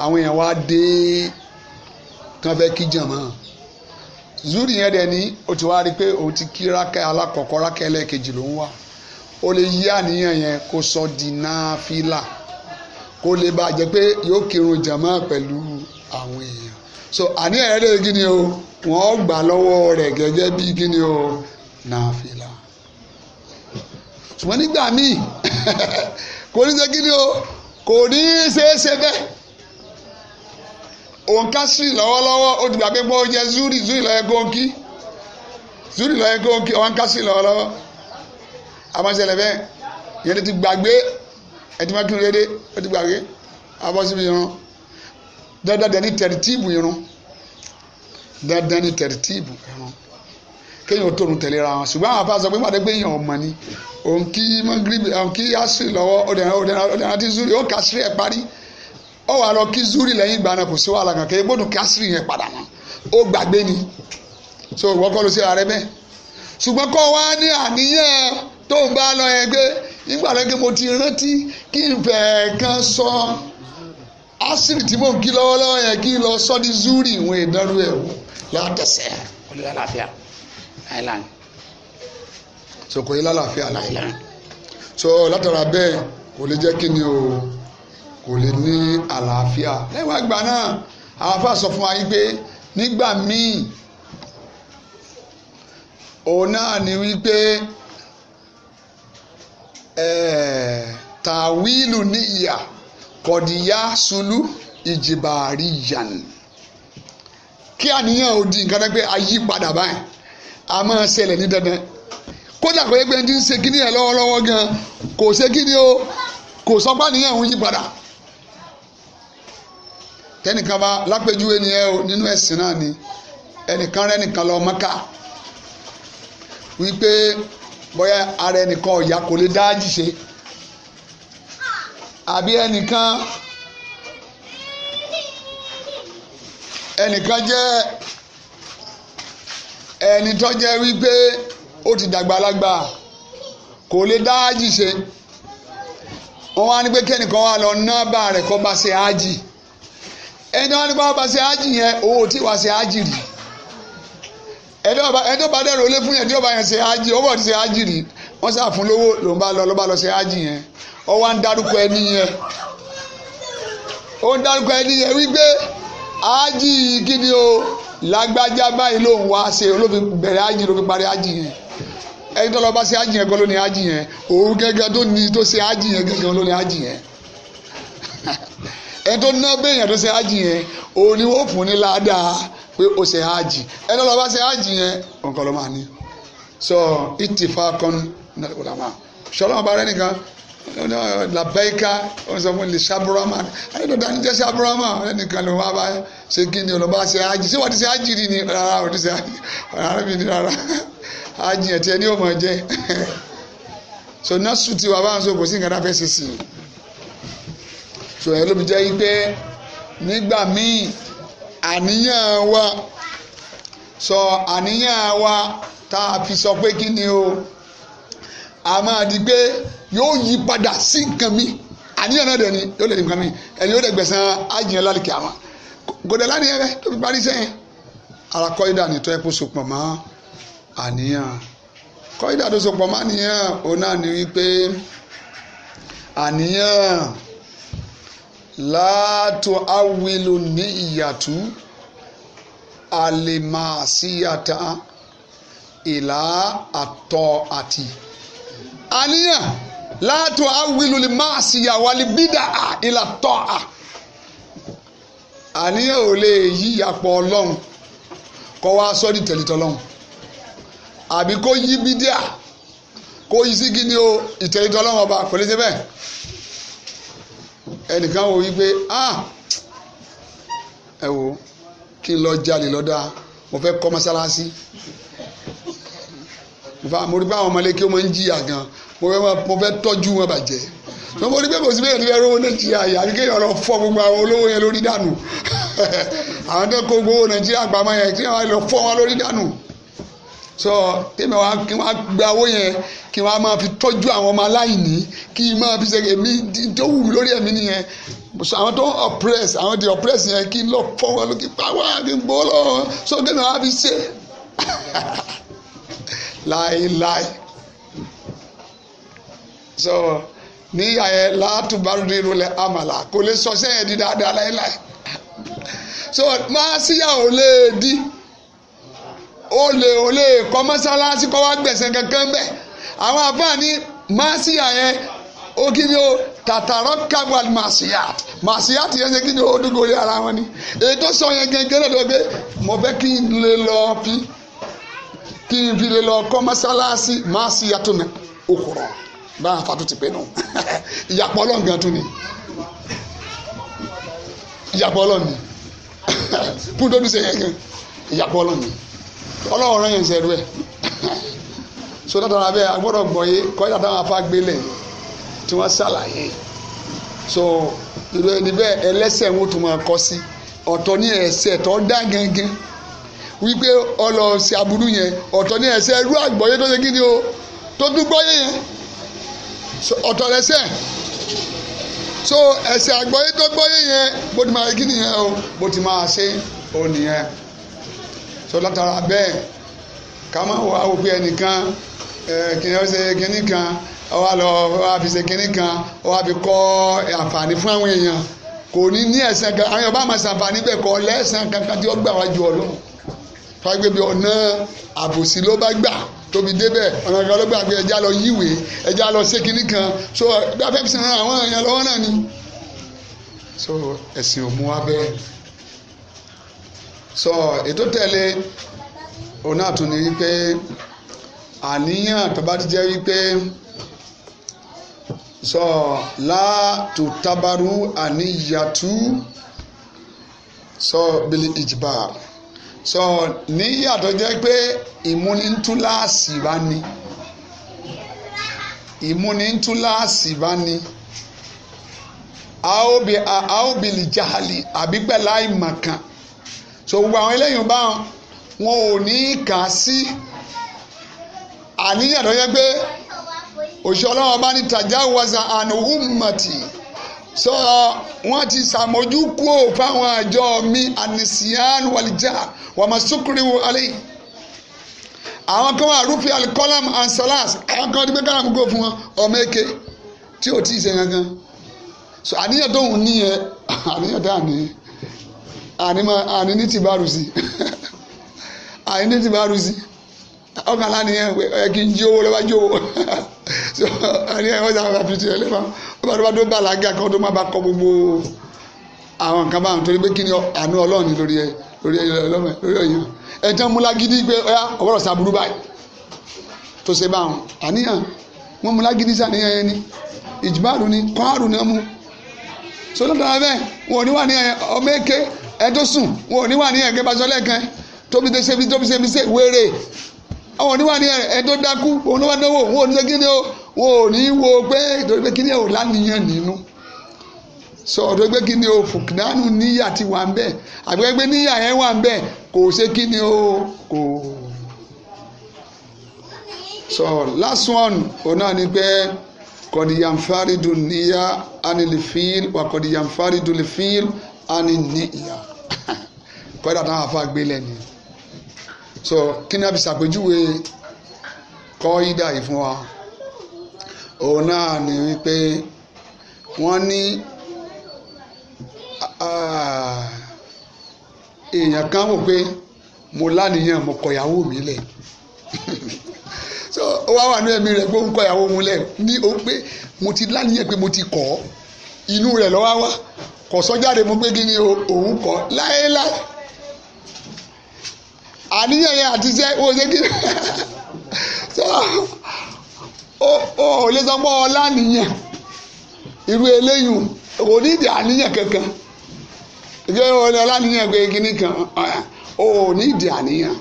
àwọn èèyàn wá dé. De kan fẹ́ kí jàmá zuri yẹn ni o ti wá rí i pé o ti kí ló o lè yí àníyàn yẹn kó sọ di náfìlà kó lè bá a jẹ pé yóò kírun jàmá pẹ̀lú àwọn èèyàn so àníyàn yẹn kí ni o wọn gbà bí kí ni o ṣùgbọ́n nígbà kò ní o kò ní ṣe é òǹkà sí lọ́wọ́lọ́wọ́ ó ti gbàgbé pé ó jẹ zuri zuri lọ́yẹ góńkì zuri lọ́yẹ góńkì òǹkà sí lọ́wọ́lọ́wọ́ àmọ́sẹ̀lẹ̀ bẹ́ẹ̀ yẹn ti gbàgbé ẹtí máa kí n lédè ó ti gbàgbé abọ́síbi irun dandan ní tẹ̀rìtìbù irun dandan ní tẹ̀rìtìbù irun kéèyàn tóorun tẹ̀lé ra wọn ṣùgbọ́n àwọn afáàsọ pé pàdé pé èèyàn ọmọ ni òun kí mọ́gírìbì òun kí yásírì lọ́wọ́ ó dẹ̀ ó dẹ̀ ó dẹ̀ àti zuri ó kásírì ẹ̀ parí ọ wà lọ kí zuri lẹ́yìn ìgbà náà kò sí wàhálà kankan egbòdùn kásìrì yẹn padà mọ́ ó gbàgbé ni so wọ́n kọ́ ló sí ara rẹ bẹ́ẹ̀ ṣùgbọ́n kọ́ ní àníyàn tó ń bá lọ yẹn pé nígbà mo ti rántí kí n kan sọ tí mò ń kí lọ́wọ́lọ́wọ́ yẹn kí n lọ sọ ní zuri ìwọ̀n ìdánwò ẹ̀ wò so kò lálàáfíà láìláì so látara bẹ́ẹ̀ kò jẹ́ kí o. kò lè ní àlàáfíà lẹ́wọ̀n àgbà náà àwọn sọ fún wa yí pé nígbà míì òun náà ni wípé eh, tàwílù ní ìyà kọ̀díyá sulú ìjìbàárí yàn kí àníyàn ò di nǹkan náà pé ayípadà báyìí a máa ṣẹlẹ̀ ní dandan kódà kò yẹ pé ẹni tí ń ṣe kíní ẹ̀ lọ́wọ́lọ́wọ́ gan kò ṣe kíní o kò sọ pé àníyàn òun yípadà tẹnìkan bá lápèjúwe ni ẹ o nínú ẹ̀sìn náà ni ẹnìkan rẹ nìkan lọ mọ́kà wípé bóyá ara ẹnìkan ọ̀yà kò lè dáájì ṣe àbí ẹnìkan ẹnìkan jẹ́ ẹni tó jẹ́ wípé ó ti dàgbà lágbà kò lè dáájì ṣe wọ́n wá ní pé kẹ́nìkan wá lọ ná bá kọ́ bá ṣe ájì. ẹni wọn ni bá bá ṣe ájì yẹn òun tí wá ṣe ájì rí ẹni bá fún yẹn tí ó bá yẹn ṣe ájì ti ṣe ájì rí sà fún lówó lọ bá lọ ṣe ájì yẹn wá ń ẹni yẹn ó ń ẹni yẹn wípé ájì kí ni o lágbájá báyìí ló ń wá ṣe olófin bẹ̀rẹ̀ ájì parí ájì yẹn ẹni tó lọ bá ṣe ájì yẹn kọ́ ló ní ájì yẹn òun gẹ́gẹ́ tó ní tó ṣe ájì yẹn gẹ́gẹ́ ló ní ájì yẹn ẹni tó ná béèyàn tó ṣe hajj yẹn òun ni wọ́n fún ní ládàá pé ó ṣe hajj ẹni tó lọ bá ṣe hajj yẹn òun kọ́ ló máa ní. sọ ittifaqan ulama sọlá ọba rẹ nìkan labaika ó sọ fún lisaburama ẹni tó dání jẹ́ saburama ẹnìkan ló wá bá ṣe kí ni olùbá ṣe hajj ṣé wọ́n ti ṣe hajj rí ni rárá ò ti ṣe hajj rárá mi ni rárá hajj yẹn tiẹ̀ ni ó mọ̀ jẹ́ so nasu ti wà bá ń so kò sí nǹkan tá fẹ́ ṣe sí i sòyẹ ló fi jẹ́ pé nígbà míì àníyàn wa sọ àníyàn wa tá a fi sọ pé kí ni o a máa di pé yóò yí padà sí nǹkan mi àníyàn náà dẹ̀ ni yóò lè di nǹkan mi ẹni yóò dẹ̀ gbẹ̀sán àjìyàn lálẹ́ kìámà gòdè lánìyàn rẹ tó fi parí sẹ́yìn ara kọ́ídà ni tó ẹ kó so pọ̀ mọ́ àníyàn kọ́ídà tó so mọ́ àníyàn òun náà ni wípé àníyàn láàtò awìlò ní ìyàtú àlèmàṣíyàtà ìlà àtọ̀ àti. àníyàn láàtò awìlò lè máa ṣìyàwó alìbídà à ìlà tọ̀ à. àníyàn ò lè yí ìyàpọ̀ ọlọ́run kọ́ wa sọ́ọ́dì tẹ̀lítọ́ ọlọ́run àbí kó yí bídíà kó yí sí kí o ìtẹ̀lítọ́ ọlọ́run ọba kò lè ṣe bẹ́ẹ̀ ẹnìkan wò wípé ah ẹ wo kí n lọ jalè lọ́dà mo fẹ́ kọ́ mọ́sálásí mo rí bá àwọn ọmọlé kí wọ́n máa ń jìyà gan mo fẹ́ tọ́jú wọn bàjẹ́ tó mo rí pé kò sí bẹ́ẹ̀ ní ẹ̀rọ owó nàìjíríà yà ní kéèyàn lọ fọ́ gbogbo àwọn olówó yẹn lórí dànù àwọn tó kó gbowó nàìjíríà gbàmọ́ yẹn kí wọ́n lọ fọ́ wọn lórí dànù sọ kéèmẹ wa kí wọn gba owó yẹn kí wọn máa fi tọ́jú àwọn ọmọ aláìní kí n máa fi ṣe èmi tó wù mí lórí ẹ̀mí nìyẹn so àwọn tó oppress àwọn di oppress yẹn kí n lọ fọ wọn lókè pàwọ́ kí n bọ́ lọ́wọ́ so kéèmẹ wa fi ṣe láéláé so ní ìyá yẹn látùbárúdé ìrọ̀lẹ́ àmàlà kò lè sọ sẹ́yìn di dáadáa láéláé so máa síyàwó lè di ó lè ó lè kọ́ mọ́sálásí kọ́ wá gbẹ̀sẹ̀ kankan bẹ́ẹ̀ àwọn àfààní máṣíà yẹn ó kí ni ó tàtàrọ́ kábọ̀ màṣíàt màṣíàt yẹn ṣe kí ni ó dúró lé ara wọn ni èyí tó sọ yẹn gẹ́gẹ́ lọ́dọ̀ pé mo fẹ́ kí n lè lọ fi kí n fi lè lọ kọ́ mọ́sálásí máṣíàt náà okùrọ̀ bá a ti pé nù ìyàpọ̀ ọlọ́ngàn tún ni ìyàpọ̀ ọlọ́ni púndọ́dún yẹn gan ìyàpọ̀ ọlọ́ni ọlọ́run rán yẹn sẹ́rú ẹ̀ so látara bẹ́ẹ̀ agbọ́dọ̀ gbọ́yé kọ́jà táwọn afá gbélé tí wọ́n ṣàlàyé so irú ẹni bẹ́ẹ̀ ẹlẹ́sẹ̀ ń tún máa kọ́ sí ọ̀tọ̀ ní ẹsẹ̀ tó dá gángan wípé ọlọ́ọ̀sẹ̀ aburú yẹn ọ̀tọ̀ ní ẹsẹ̀ irú àgbọ́yé tó ṣe kí ni o tó tún gbọ́yé yẹn ọ̀tọ̀ lẹ́sẹ̀ so ẹsẹ̀ àgbọ́yé tó gbọ́yé yẹn bó ti máa kí nìyẹn o bó ti máa ṣe òun nìyẹn tó látara bẹ́ẹ̀ ká má wá òpin ẹnìkan kìnìún ṣe kìnìún kan ọwọ́ àlọ́ ọwọ́ àfi ṣe kìnìún kan ọwọ́ àfi kọ́ àǹfààní fún àwọn èèyàn kò ní ní ẹ̀sán kan àwọn Yorùbá máa ṣàǹfààní bẹ́ẹ̀ kọ́ lẹ́sàn kankan tí ó gbà wájú Ọlọ́run fagbe bi ọ̀nà àbòsí ló bá gbà tóbi débẹ̀ ọ̀nà kan ló gbà pé ẹja lọ yíwè ẹja lọ ṣé kinní kan so gbàfẹ́ fi sàn àwọn èèyàn lọ́wọ́ náà ni so ẹ̀sìn ò bẹ́ẹ̀ so ètò tẹ̀lé òun náà tún ní wípé àníyàn tó bá ti jẹ́ wípé so láàtò tábàrú àníyàtú so bílí ìjìbá so níyà tó jẹ́ pé ìmúnitúláàsì bá ní ìmúnitúláàsì bá ní àóbìlì jahali àbí pẹ̀lú àìmọ̀kan so gbogbo àwọn eléyìí bá wọn ò ní í kà á sí àníyàn tó yẹ pé òṣìṣẹ́ ọlọ́wọ́n bá ní tàjà wàzà ànúhùmọ̀tì sọ wọn ti sàmójú fáwọn àjọ mi ànìsíyàn wàlìjà wàmásùkúrì wàlì àwọn kan wà rúfin alikọlam ansalas àwọn kan ti gbé káràmù kó fún wọn ọmọ èké tí ò tí ì ṣe gangan so àníyàn tó ń níyẹn àníyàn tó ń níyẹn ànímọ̀ àní ní tìbárù sí àní ní tìbárù sí ọkàn lánìyàn ẹ kì í jí owó lọ́wọ́ jí owó so àní ẹ wọ́n sábà fi tiẹ̀ lẹ́fà ó bá tó bá tó bá làágà kan tó má bá kọ gbogbo àwọn nǹkan báwọn torí pé kí ni àánú ọlọ́run ni lórí ẹ lórí ẹ lọ́mọ lórí ẹ̀yàn ẹ jẹ́ múlágídí pé ọ̀yá ọ̀bọ̀rọ̀ sàbúrú báyìí tó ṣe báwọn àníyàn wọn múlágídí sàníyàn yẹn ni ìjìbáàrú ni kọ́ọ̀rù ni wọ́n mú so lọ́dọ̀ abẹ́ wọn ni ní wà ní ọmọ ẹ tó sùn wọn ò ní wà ní ẹ̀kẹ́ bá sọ lẹ́ẹ̀kan tóbi tó ṣe bí tóbi ṣe bí ṣe wéré àwọn ò ní wà ní ẹ tó dákú òun ló wá dánwò wọn ò ní ṣe kí ni o wọn ò ní wo pé torí pé kí ni ò lánìyàn nínú sọ ọ̀dọ́ pé kí ni o fùkìdánù níyà ti wà ń bẹ̀ àbí pé níyà yẹn wà ń bẹ̀ kò ṣe kí ni o kò sọ last one òun náà ni pé kọ̀dìyànfàrídùn níyà anilifíl wà kọ̀dìyànfàrídùn lifíl ani ní ní ìyá kọ́dà táwọn afa gbé lẹ́nu so kí ni a fi ṣàpèjúwe kọ́ ìdá yìí fún wa òun náà ni wípé wọ́n ní èèyàn kan wò pé mo lánìyàn mo kọ̀yàwó mi lẹ̀ so ó wá wà ní ẹ̀mí rẹ̀ pé ó ń kọ̀yàwó mi lẹ̀ ní o pé mo ti lánìyàn pé mo ti kọ̀ ọ́ inú rẹ̀ lọ́wọ́ wá kò sọ jáde mo pé kí ni òun kọ láéláé àníyàn yẹn àti iṣẹ́ ó ṣe kí ni ó ò lè sọ pé ọlá nìyẹn irú eléyìí kò ní ìdí àníyàn kankan ìjọ ìwọlé ọlá nìyẹn pé kí ni kan ó ní ìdí àníyàn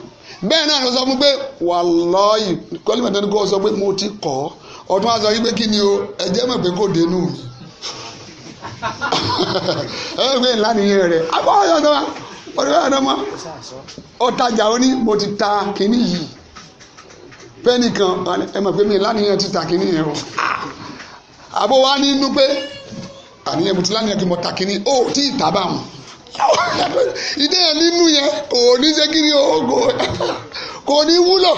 bẹ́ẹ̀ náà ló sọ fún pé wàlọ́ọ̀yì kọ́límọ̀tẹ́ni kò sọ pé mo ti kọ́ ọdún wa sọ yí pé kí ni o ẹ jẹ́ mọ̀ pé kò dénú mi ẹ ẹ gbé ńlá nìyẹn rẹ abọ́ ọ̀yọ́ tó wa ọ̀rẹ́ ọ̀dọ́ mọ́ ọ̀tajà ó ní mo ti ta kínní yìí pẹ́ẹ́nì kan ẹ mọ̀ pé mi lánìyàn ti ta kínní yẹn o àbó wa ní inú pé àníyàn mo ti lánìyàn kí mo ta kínní o tí ì tábà mu ìdí yẹn nínú yẹn kò ṣe kí ni kò ní wúlò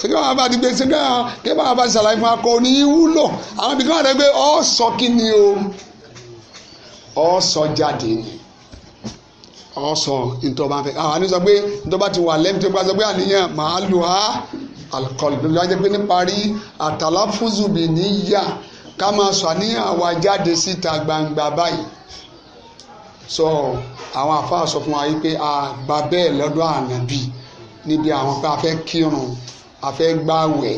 sèké bàbá bá ti gbé sèké ké bàbá bá ti sàlàyé fún akọ ní wúlò àwọn ibìkan wà lẹ́gbẹ́ ọ sọ kí ni o ọ sọ jáde ni ọ sọ ntọ́ba fẹ́ àwọn àti sọ pé ntọ́ba ti wà lẹ́nu tó gba sọ pé àníyàn màá lù á alikọlù lórí ajẹ́ pé ní parí àtàláfùzù bì níyà ká máa sọ àníyàn àwa jáde síta gbangba báyìí sọ àwọn àfáà sọ fún wa yìí pé àgbà bẹ́ẹ̀ lọ́dọ̀ ànábì níbi àwọn pé a fẹ́ kírun afẹ́ gbàwẹ̀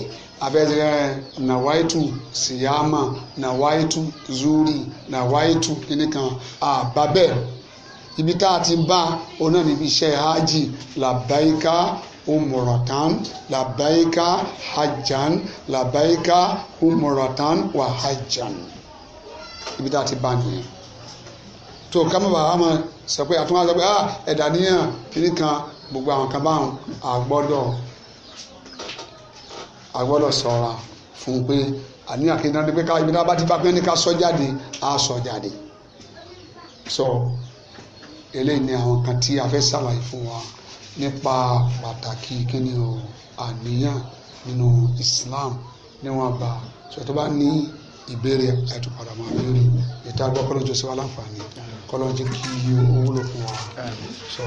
afẹ́ eh, nàwáìtù síyámà nàwáìtù zuri nàwáìtù kìnìkan àbábẹ́ ibi tá a ti bá òun náà níbi iṣẹ́ hajj làbáyíká umratan labaika hajjan labaika umratan wa hajjan ibi tá a ti bá nìyẹn tó ká má bàa máa sọ pé àtúntò àti ọgbẹ ẹ̀dá níyàn kiri kan gbogbo àwọn kan báwọn àgbọ́dọ̀ a gbọ́dọ̀ ṣọ́ra fún pé àníyàn kí n dáná pé ibi náà bá ti bá pé ní ká sọ jáde á sọ jáde sọ eléyìí ni àwọn kan tí a fẹ́ ṣàlàyé fún wa nípa pàtàkì kíni o àníyàn nínú Islam níwọ̀n bá sọ tó bá ní ìbéèrè ẹ̀tùpàdà máa béèrè ìta gbọ́ kọ́lọ́ jọ sí wa láǹfààní kọ́lọ́ jẹ́ kí iye owó lò fún wa sọ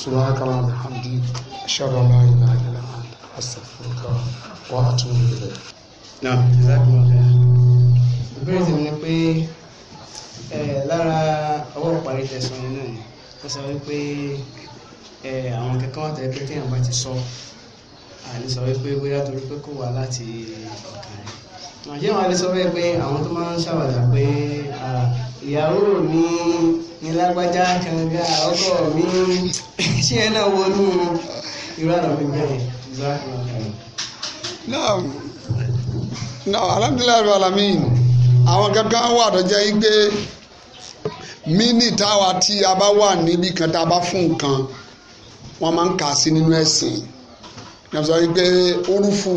subhanaka wa bihamdi ashhadu an la ilaha illa anta astaghfiruka wa atubu ilayk. náà ìzákùn ọ̀fẹ́ ìbéèrè tèmi ni pé lára ọwọ́ ìparí tẹ̀sán nínú ni wọ́n sọ wípé àwọn kẹ̀kẹ́ wà tẹ́lẹ̀ pé téèyàn bá ti sọ àní sọ wípé bóyá torí pé kò wá láti ọkàn rẹ̀ àjẹ́ wọn lè sọ bẹ́ẹ̀ pé àwọn tó máa ń ṣàwàdà pé ìyàwó mi ní lágbájá kànga ọkọ mi ṣé ẹ náà wọnú irú àdàbí bẹ́ẹ̀ naam naam alhamdulilayi alamin àwọn kankan wà tó jẹ́ igbe mini táwa tí a bá wà níbi kan tá a bá fún nǹkan wọ́n máa ń kà sí nínú ẹ̀sìn ní ọ̀sán yìí pé orúfù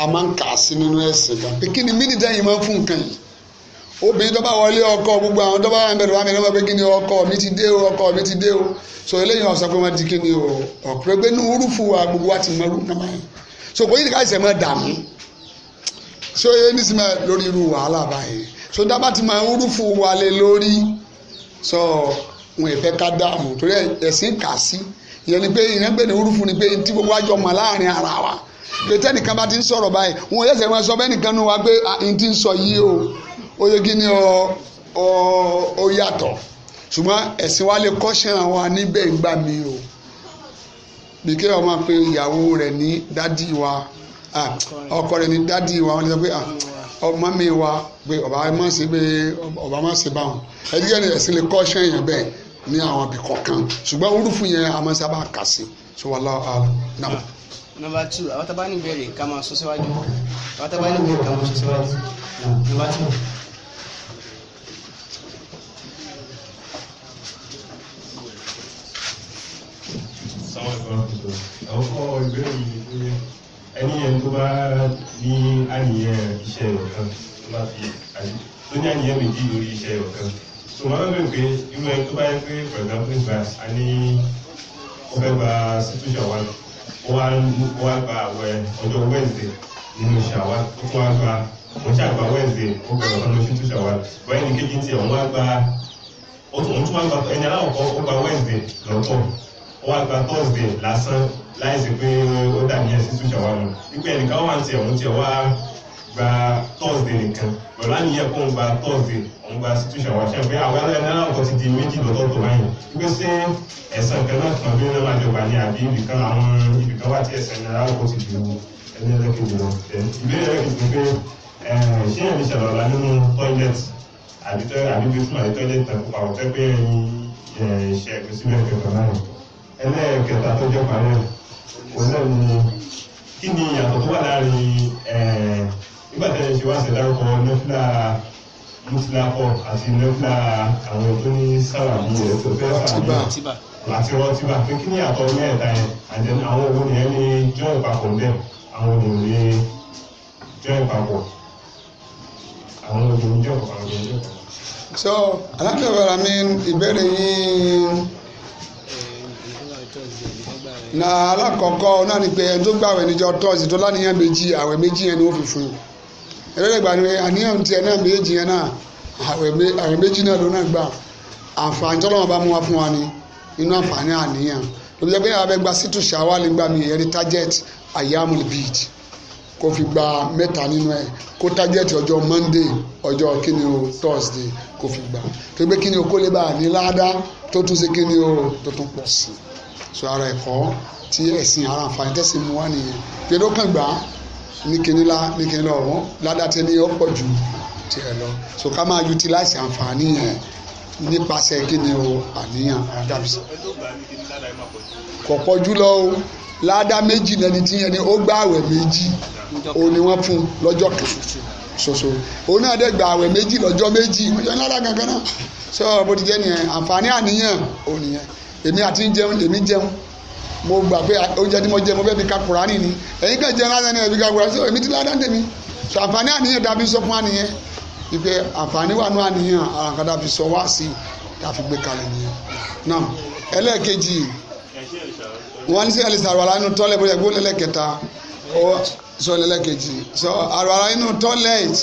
a máa ń kà sí nínú ẹ̀sìn kan pé kí ni mini tẹ́yìn máa ń fún nǹkan yìí obìnrin tó bá wọlé ọkọ gbogbo àwọn tó bá wà ń bẹ̀rù wà mí lọ́wọ́ pé kí ni ọkọ mi ti dé o ọkọ mi ti dé o so eléyìí wọn sọ pé wọn di kí ni o ọ̀pẹ pé ní urúfu wa gbogbo wa ti mọ irú náà báyìí so kò yí ni ká ṣe máa dààmú so yé ní sinmi lórí irú wàhálà báyìí so dábà ti máa urúfu wa lé lórí so wọn èfẹ́ ká dààmú torí ẹ̀sìn kà sí ìyẹn ni pé ìyẹn pé ní urúfu ni pé tí gbogbo àjọ mọ̀ láàrin ara wa pé tẹ́nìkan bá ti ń sọ̀rọ̀ báyìí wọn yẹ ó yẹ kí ni ọ ọ yàtọ̀ ṣùgbọ́n ẹ̀sìn wa lè kọ́ṣẹ́ àwọn aníbẹ̀ ìgbà mi o bí kí ọmọ pé ìyàwó rẹ̀ ní dádì wa ọkọ rẹ̀ ní dádì wa wọ́n lè sọ pé ọmọ mi wa pé ọba má ṣe pé ọba má ṣe báwọn ẹdíkẹ́ ni ẹ̀sìn lè kọ́ṣẹ́ yẹn bẹ́ẹ̀ ní àwọn ibì kọ̀ọ̀kan ṣùgbọ́n orúfù yẹn a máa sábà kà sí ṣé wàá lọ náà. nọ́mbà two àwọn tábà ní ìbéèrè ká máa sọ síwájú àwọn tábà ní ìbéèrè ká máa sọ síwájú nọ́mbà two. sáwọn ẹ̀kọ́ ọ̀tọ̀ àkọ́kọ́ ìbéèrè mi ni pé ẹni yẹn tó bá ní àníyàn iṣẹ́ ọ̀kan tó bá fi tó ní àníyàn méjì lórí iṣẹ́ ọ̀kan tó máa ń bẹ̀rù pé irú ẹni tó bá yẹ pé for example gba a ní ó fẹ́ gba situation wa ó wá gba àwẹ̀ ọjọ́ Wednesday nínú ṣàwá ó tún wá gba wọ́n ṣe àgbà Wednesday ó bẹ̀rẹ̀ ọ̀kan lóṣù tó ṣàwá bọ́ ẹni kejì tiẹ̀ wọ́n wá gba ó tún wá gba ẹni aláwọ̀ kan ó gba Wednesday lọ́tọ̀ wọ́n á gba thursday lásán láì sí pé ó dàbí ẹ̀sìn tó ṣàwá lọ wípé ẹnìkan wọ́n máa ń tiẹ̀ wọ́n tiẹ̀ wá gba thursday nìkan pẹ̀lú àníyàn kó ń gba thursday òun gba situation wa ṣẹ́ pé àwọn ẹlẹ́ni aláwọ̀ ti di méjì lọ́tọ̀ọ̀tọ̀ báyìí wípé ṣé ẹ̀sán kan náà kan bí wọ́n máa jọ wà ní àbí ibìkan àwọn ibìkan wà tí ẹ̀sán aláwọ̀ ti di ẹni ẹlẹ́kejì lọ ìbéèrè ẹlẹ́kejì pé ṣé èmi ṣàlọ́lá nínú toilet àbí àbí bí fún àbí toilet tàbí pàwọ́ tẹ́ pé ẹ̀yìn iṣẹ́ ìgbésílẹ̀ kẹfà náà ẹlẹ́ẹ̀kẹta tó jọ pàrọ̀ òun náà ni kí ni ìyàtọ̀ tó wà láàrin nígbà tí ẹ ṣe wá ṣe dárúkọ nọ́fìlà mùsùlùmí pọ̀ àti nọ́fìlà àwọn tó ní sàràmù rẹ̀ tó fẹ́ sàràmù àti rọtíbà pé kí ni àtọ̀ mẹ́ẹ̀ta yẹn àti àwọn owó yẹn ní jọ́ ìpapọ̀ bẹ́ẹ̀ àwọn obìnrin ní jọ́ ìpapọ̀ àwọn obìnrin jọ́ ìpapọ̀ bẹ́ẹ̀. so alákẹ́wàrà mi ìbéèrè yín na alákọ̀ọ́kọ́ náà ni pé ẹni tó gba àwẹ̀ níjọ tọ́sí tó láníyàn méjì àwẹ̀ méjì yẹn ni ó fi fún un ẹlẹ́dẹ̀gbà ni àníyàn tiẹ̀ náà méjì yẹn náà àwẹ̀ méjì náà ló náà gbà àǹfààní tọ́lọ́wọ́n bá mú wá fún wa ni inú àǹfààní àníyàn lóbi jẹ́ pé abẹ́ gba sítù ṣàwá lè gba mi ẹni e target ayamul bid kó fi gba mẹ́ta nínú ẹ̀ e, kó target ọjọ́ Monday ọjọ́ kíni o Thursday kó fi gbà tó gbé kíni o kó lè bá a ní tó tún ṣe kíni o tó tún pọ̀ sí i so ara ẹ̀kọ́ tí ẹ̀sìn ara àǹfààní tẹ̀sìn mu wá nìyẹn gbẹdọ́ kàn gbà ní kinní la ní kinní la ọ̀hún ládàtẹ́ ní ọ̀pọ̀ ju tiẹ̀ lọ so ká máa utilize àǹfààní yẹn nípasẹ̀ kíni o àníyàn àdàbísí. kò pọ̀jù lọ o ládá méjì lẹni tí yẹn ni ó gba àwẹ̀ méjì o ni wọ́n fún lọ́jọ́ kan ṣoṣo òun náà dẹ̀ gba àwẹ̀ méjì lọ́jọ́ méjì ọjọ́ ńlá gangan náà sọ bó ti jẹ́ nìyẹn àǹfààní àníyàn ò nìyẹn èmi àti jẹun lèmi jẹun mo gbà pé oúnjẹ tí mo jẹ mo fẹ́ fi ka Kùránì ni ẹ̀yin kẹ́ jẹun lásán ni ẹ̀ fi ka Kùránì so èmi ti ládàá tèmi so àǹfààní àníyàn dàbí sọ fún àníyàn ìpè àǹfààní wà nù àníyàn àràǹkàdà fi sọ wá sí káfi gbé kalẹ̀ nìyẹn náà ẹlẹ́ẹ̀kejì wọ́n ní sẹ́ ẹ̀lẹ́sì àrùwàlà nínú tọ́lẹ̀ bóyá gbó lẹ́lẹ́kẹta ó sọ lẹ́lẹ́kejì sọ àrùwàlà nínú tọ́lẹ̀t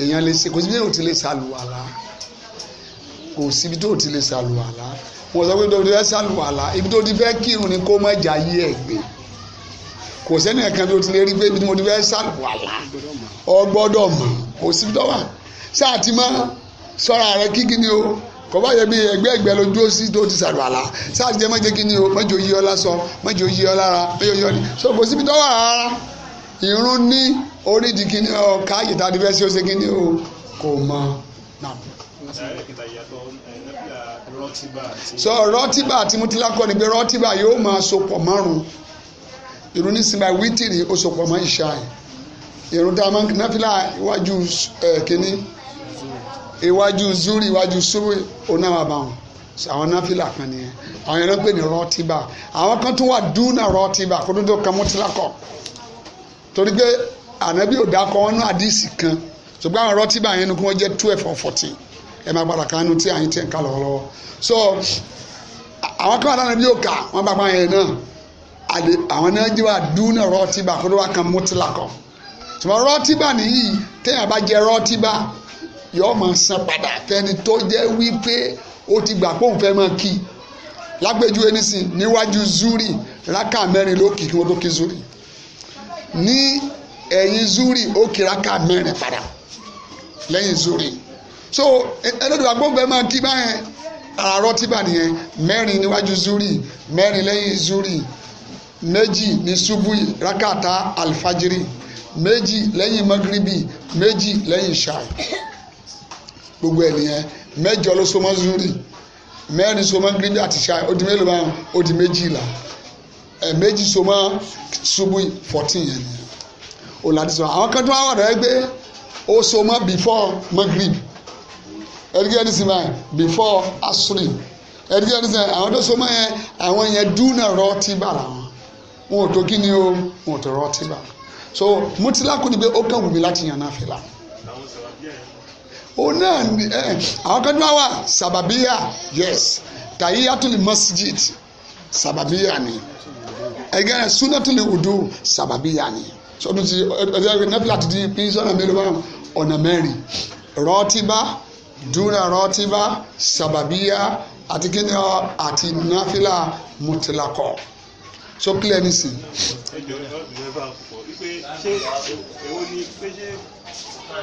èèyàn lè ṣe kò síbi tó ti lè ṣàlùwàlà kò síbi tó ti lè ṣàlùwàlà wọ́n sọ pé níbi tó fẹ́ sàlùwàlà ibi tó ti fẹ́ kírun ni kó má jà yí ẹ̀ gbé kò sẹ́ni ẹ̀kan tó ti lè rí pé ibi tí mo ti fẹ́ sàlùwàlà ọ gbọ́dọ̀ mọ̀ kò síbi tó wà sáà ti máa sọ́ra rẹ kíkí ni o kọba yẹ bi ẹgbẹ ẹgbẹ ló dúró sí tó ti sàdùn àlá sáà jẹ mẹjẹ kí ni o mẹjọ yí ọ lásọ mẹjọ yí ọ lára mẹjọ yí ọ ni so kò síbi tọwọ rárá irun ní orídìí kí ni ọ káyè tá a ti fẹ́ so rọtíbà àti mutila kọ́ ni pé rọtíbà yóò máa sopọ̀ márùn irun nísìnyí báyìí wítìrì ó sopọ̀ mọ́ ìṣá irun tá a máa ń náfìlà iwájú kínní iwájú zuri iwájú suri oná wa bá wọn àwọn náfìlà kan nìyẹn àwọn yẹn ló ń pè ní rọtíbà àwọn kan tún wà dúnà rọtíbà kó tó tó kan mutila kọ́ torí pé ànábì ò dákọ wọn náà àdìsí kan ṣùgbọ́n àwọn rọtíbà yẹn ni kí wọ́n jẹ́ twelve or fourteen ẹ máa padà kánú tí àyìn tiẹ̀ ń kà lọ́wọ́lọ́wọ́ so àwọn kan àtàwọn ẹbí yóò kà wọ́n bá pa yẹn náà àdè àwọn náà jẹ́ wà dúnà rọ́ọ̀tìbà kó ló wà kan mútìlá kọ́ ṣùgbọ́n rọ́ọ̀tìbà nìyí téèyàn bá jẹ rọ́ọ̀tìbà yóò máa san padà fẹ́ni tó jẹ́ wípé ó ti gbà pé òun fẹ́ máa kí lágbèjú ẹnìsìn níwájú zuri rákà mẹ́rin ló kì kí wọ́n tó kí zuri ní ẹ̀yìn zuri ó kì rákà mẹ́rin padà lẹ́yìn zuri so ẹlẹ́dọ̀dọ̀ agbóngbẹ máa kí báyẹn àárọ̀ tíbà nìyẹn mẹ́rin níwájú zuri mẹ́rin lẹ́yìn zuri méjì ní ṣubú rákàtà alifajiri méjì lẹ́yìn magribi méjì lẹ́yìn ṣáì gbogbo ẹ̀ nìyẹn mẹ́jọ ló so mọ́ zuri mẹ́rin so mọ́ magribi àti ṣáì ó di mélòó máa ó di méjìlá ẹ̀ méjì so mọ́ ṣubú fourteen yẹn nìyẹn ò ládìsọ àwọn kan tó wà wà rẹ gbé ó so mọ́ before magribi ẹ̀dígẹ́ ní sinmi before asri ẹ̀dígẹ́ ní sinmi àwọn tó so mọ́ yẹn àwọn yẹn dúnà rọ́ọ̀tì bà làwọn wọn ò tó kí ni o wọn ò tó rọ́ọ̀tì bà so mutilaku ni pé ó kàn wù mí láti yàn náà fìlà òun náà ni ẹ àwọn kan tó wà sàbàbíyà yes tahiyatul masjid sàbàbíyà ni ẹgẹ sunatul udu, sàbàbíyà ni sọdún ti ọjọ́ ìgbẹ́ nẹ́fìlà ti di pín sọ́nà mélòó ọ̀nà mẹ́rin rọ́ọ̀tì bá duna rotiba sàbàbíyà àti kíni ọ àti náfìlà mùtìlákọ so clear nísìn. ẹjọ ẹ bá fọ wípé ṣé èwo ni pé ṣé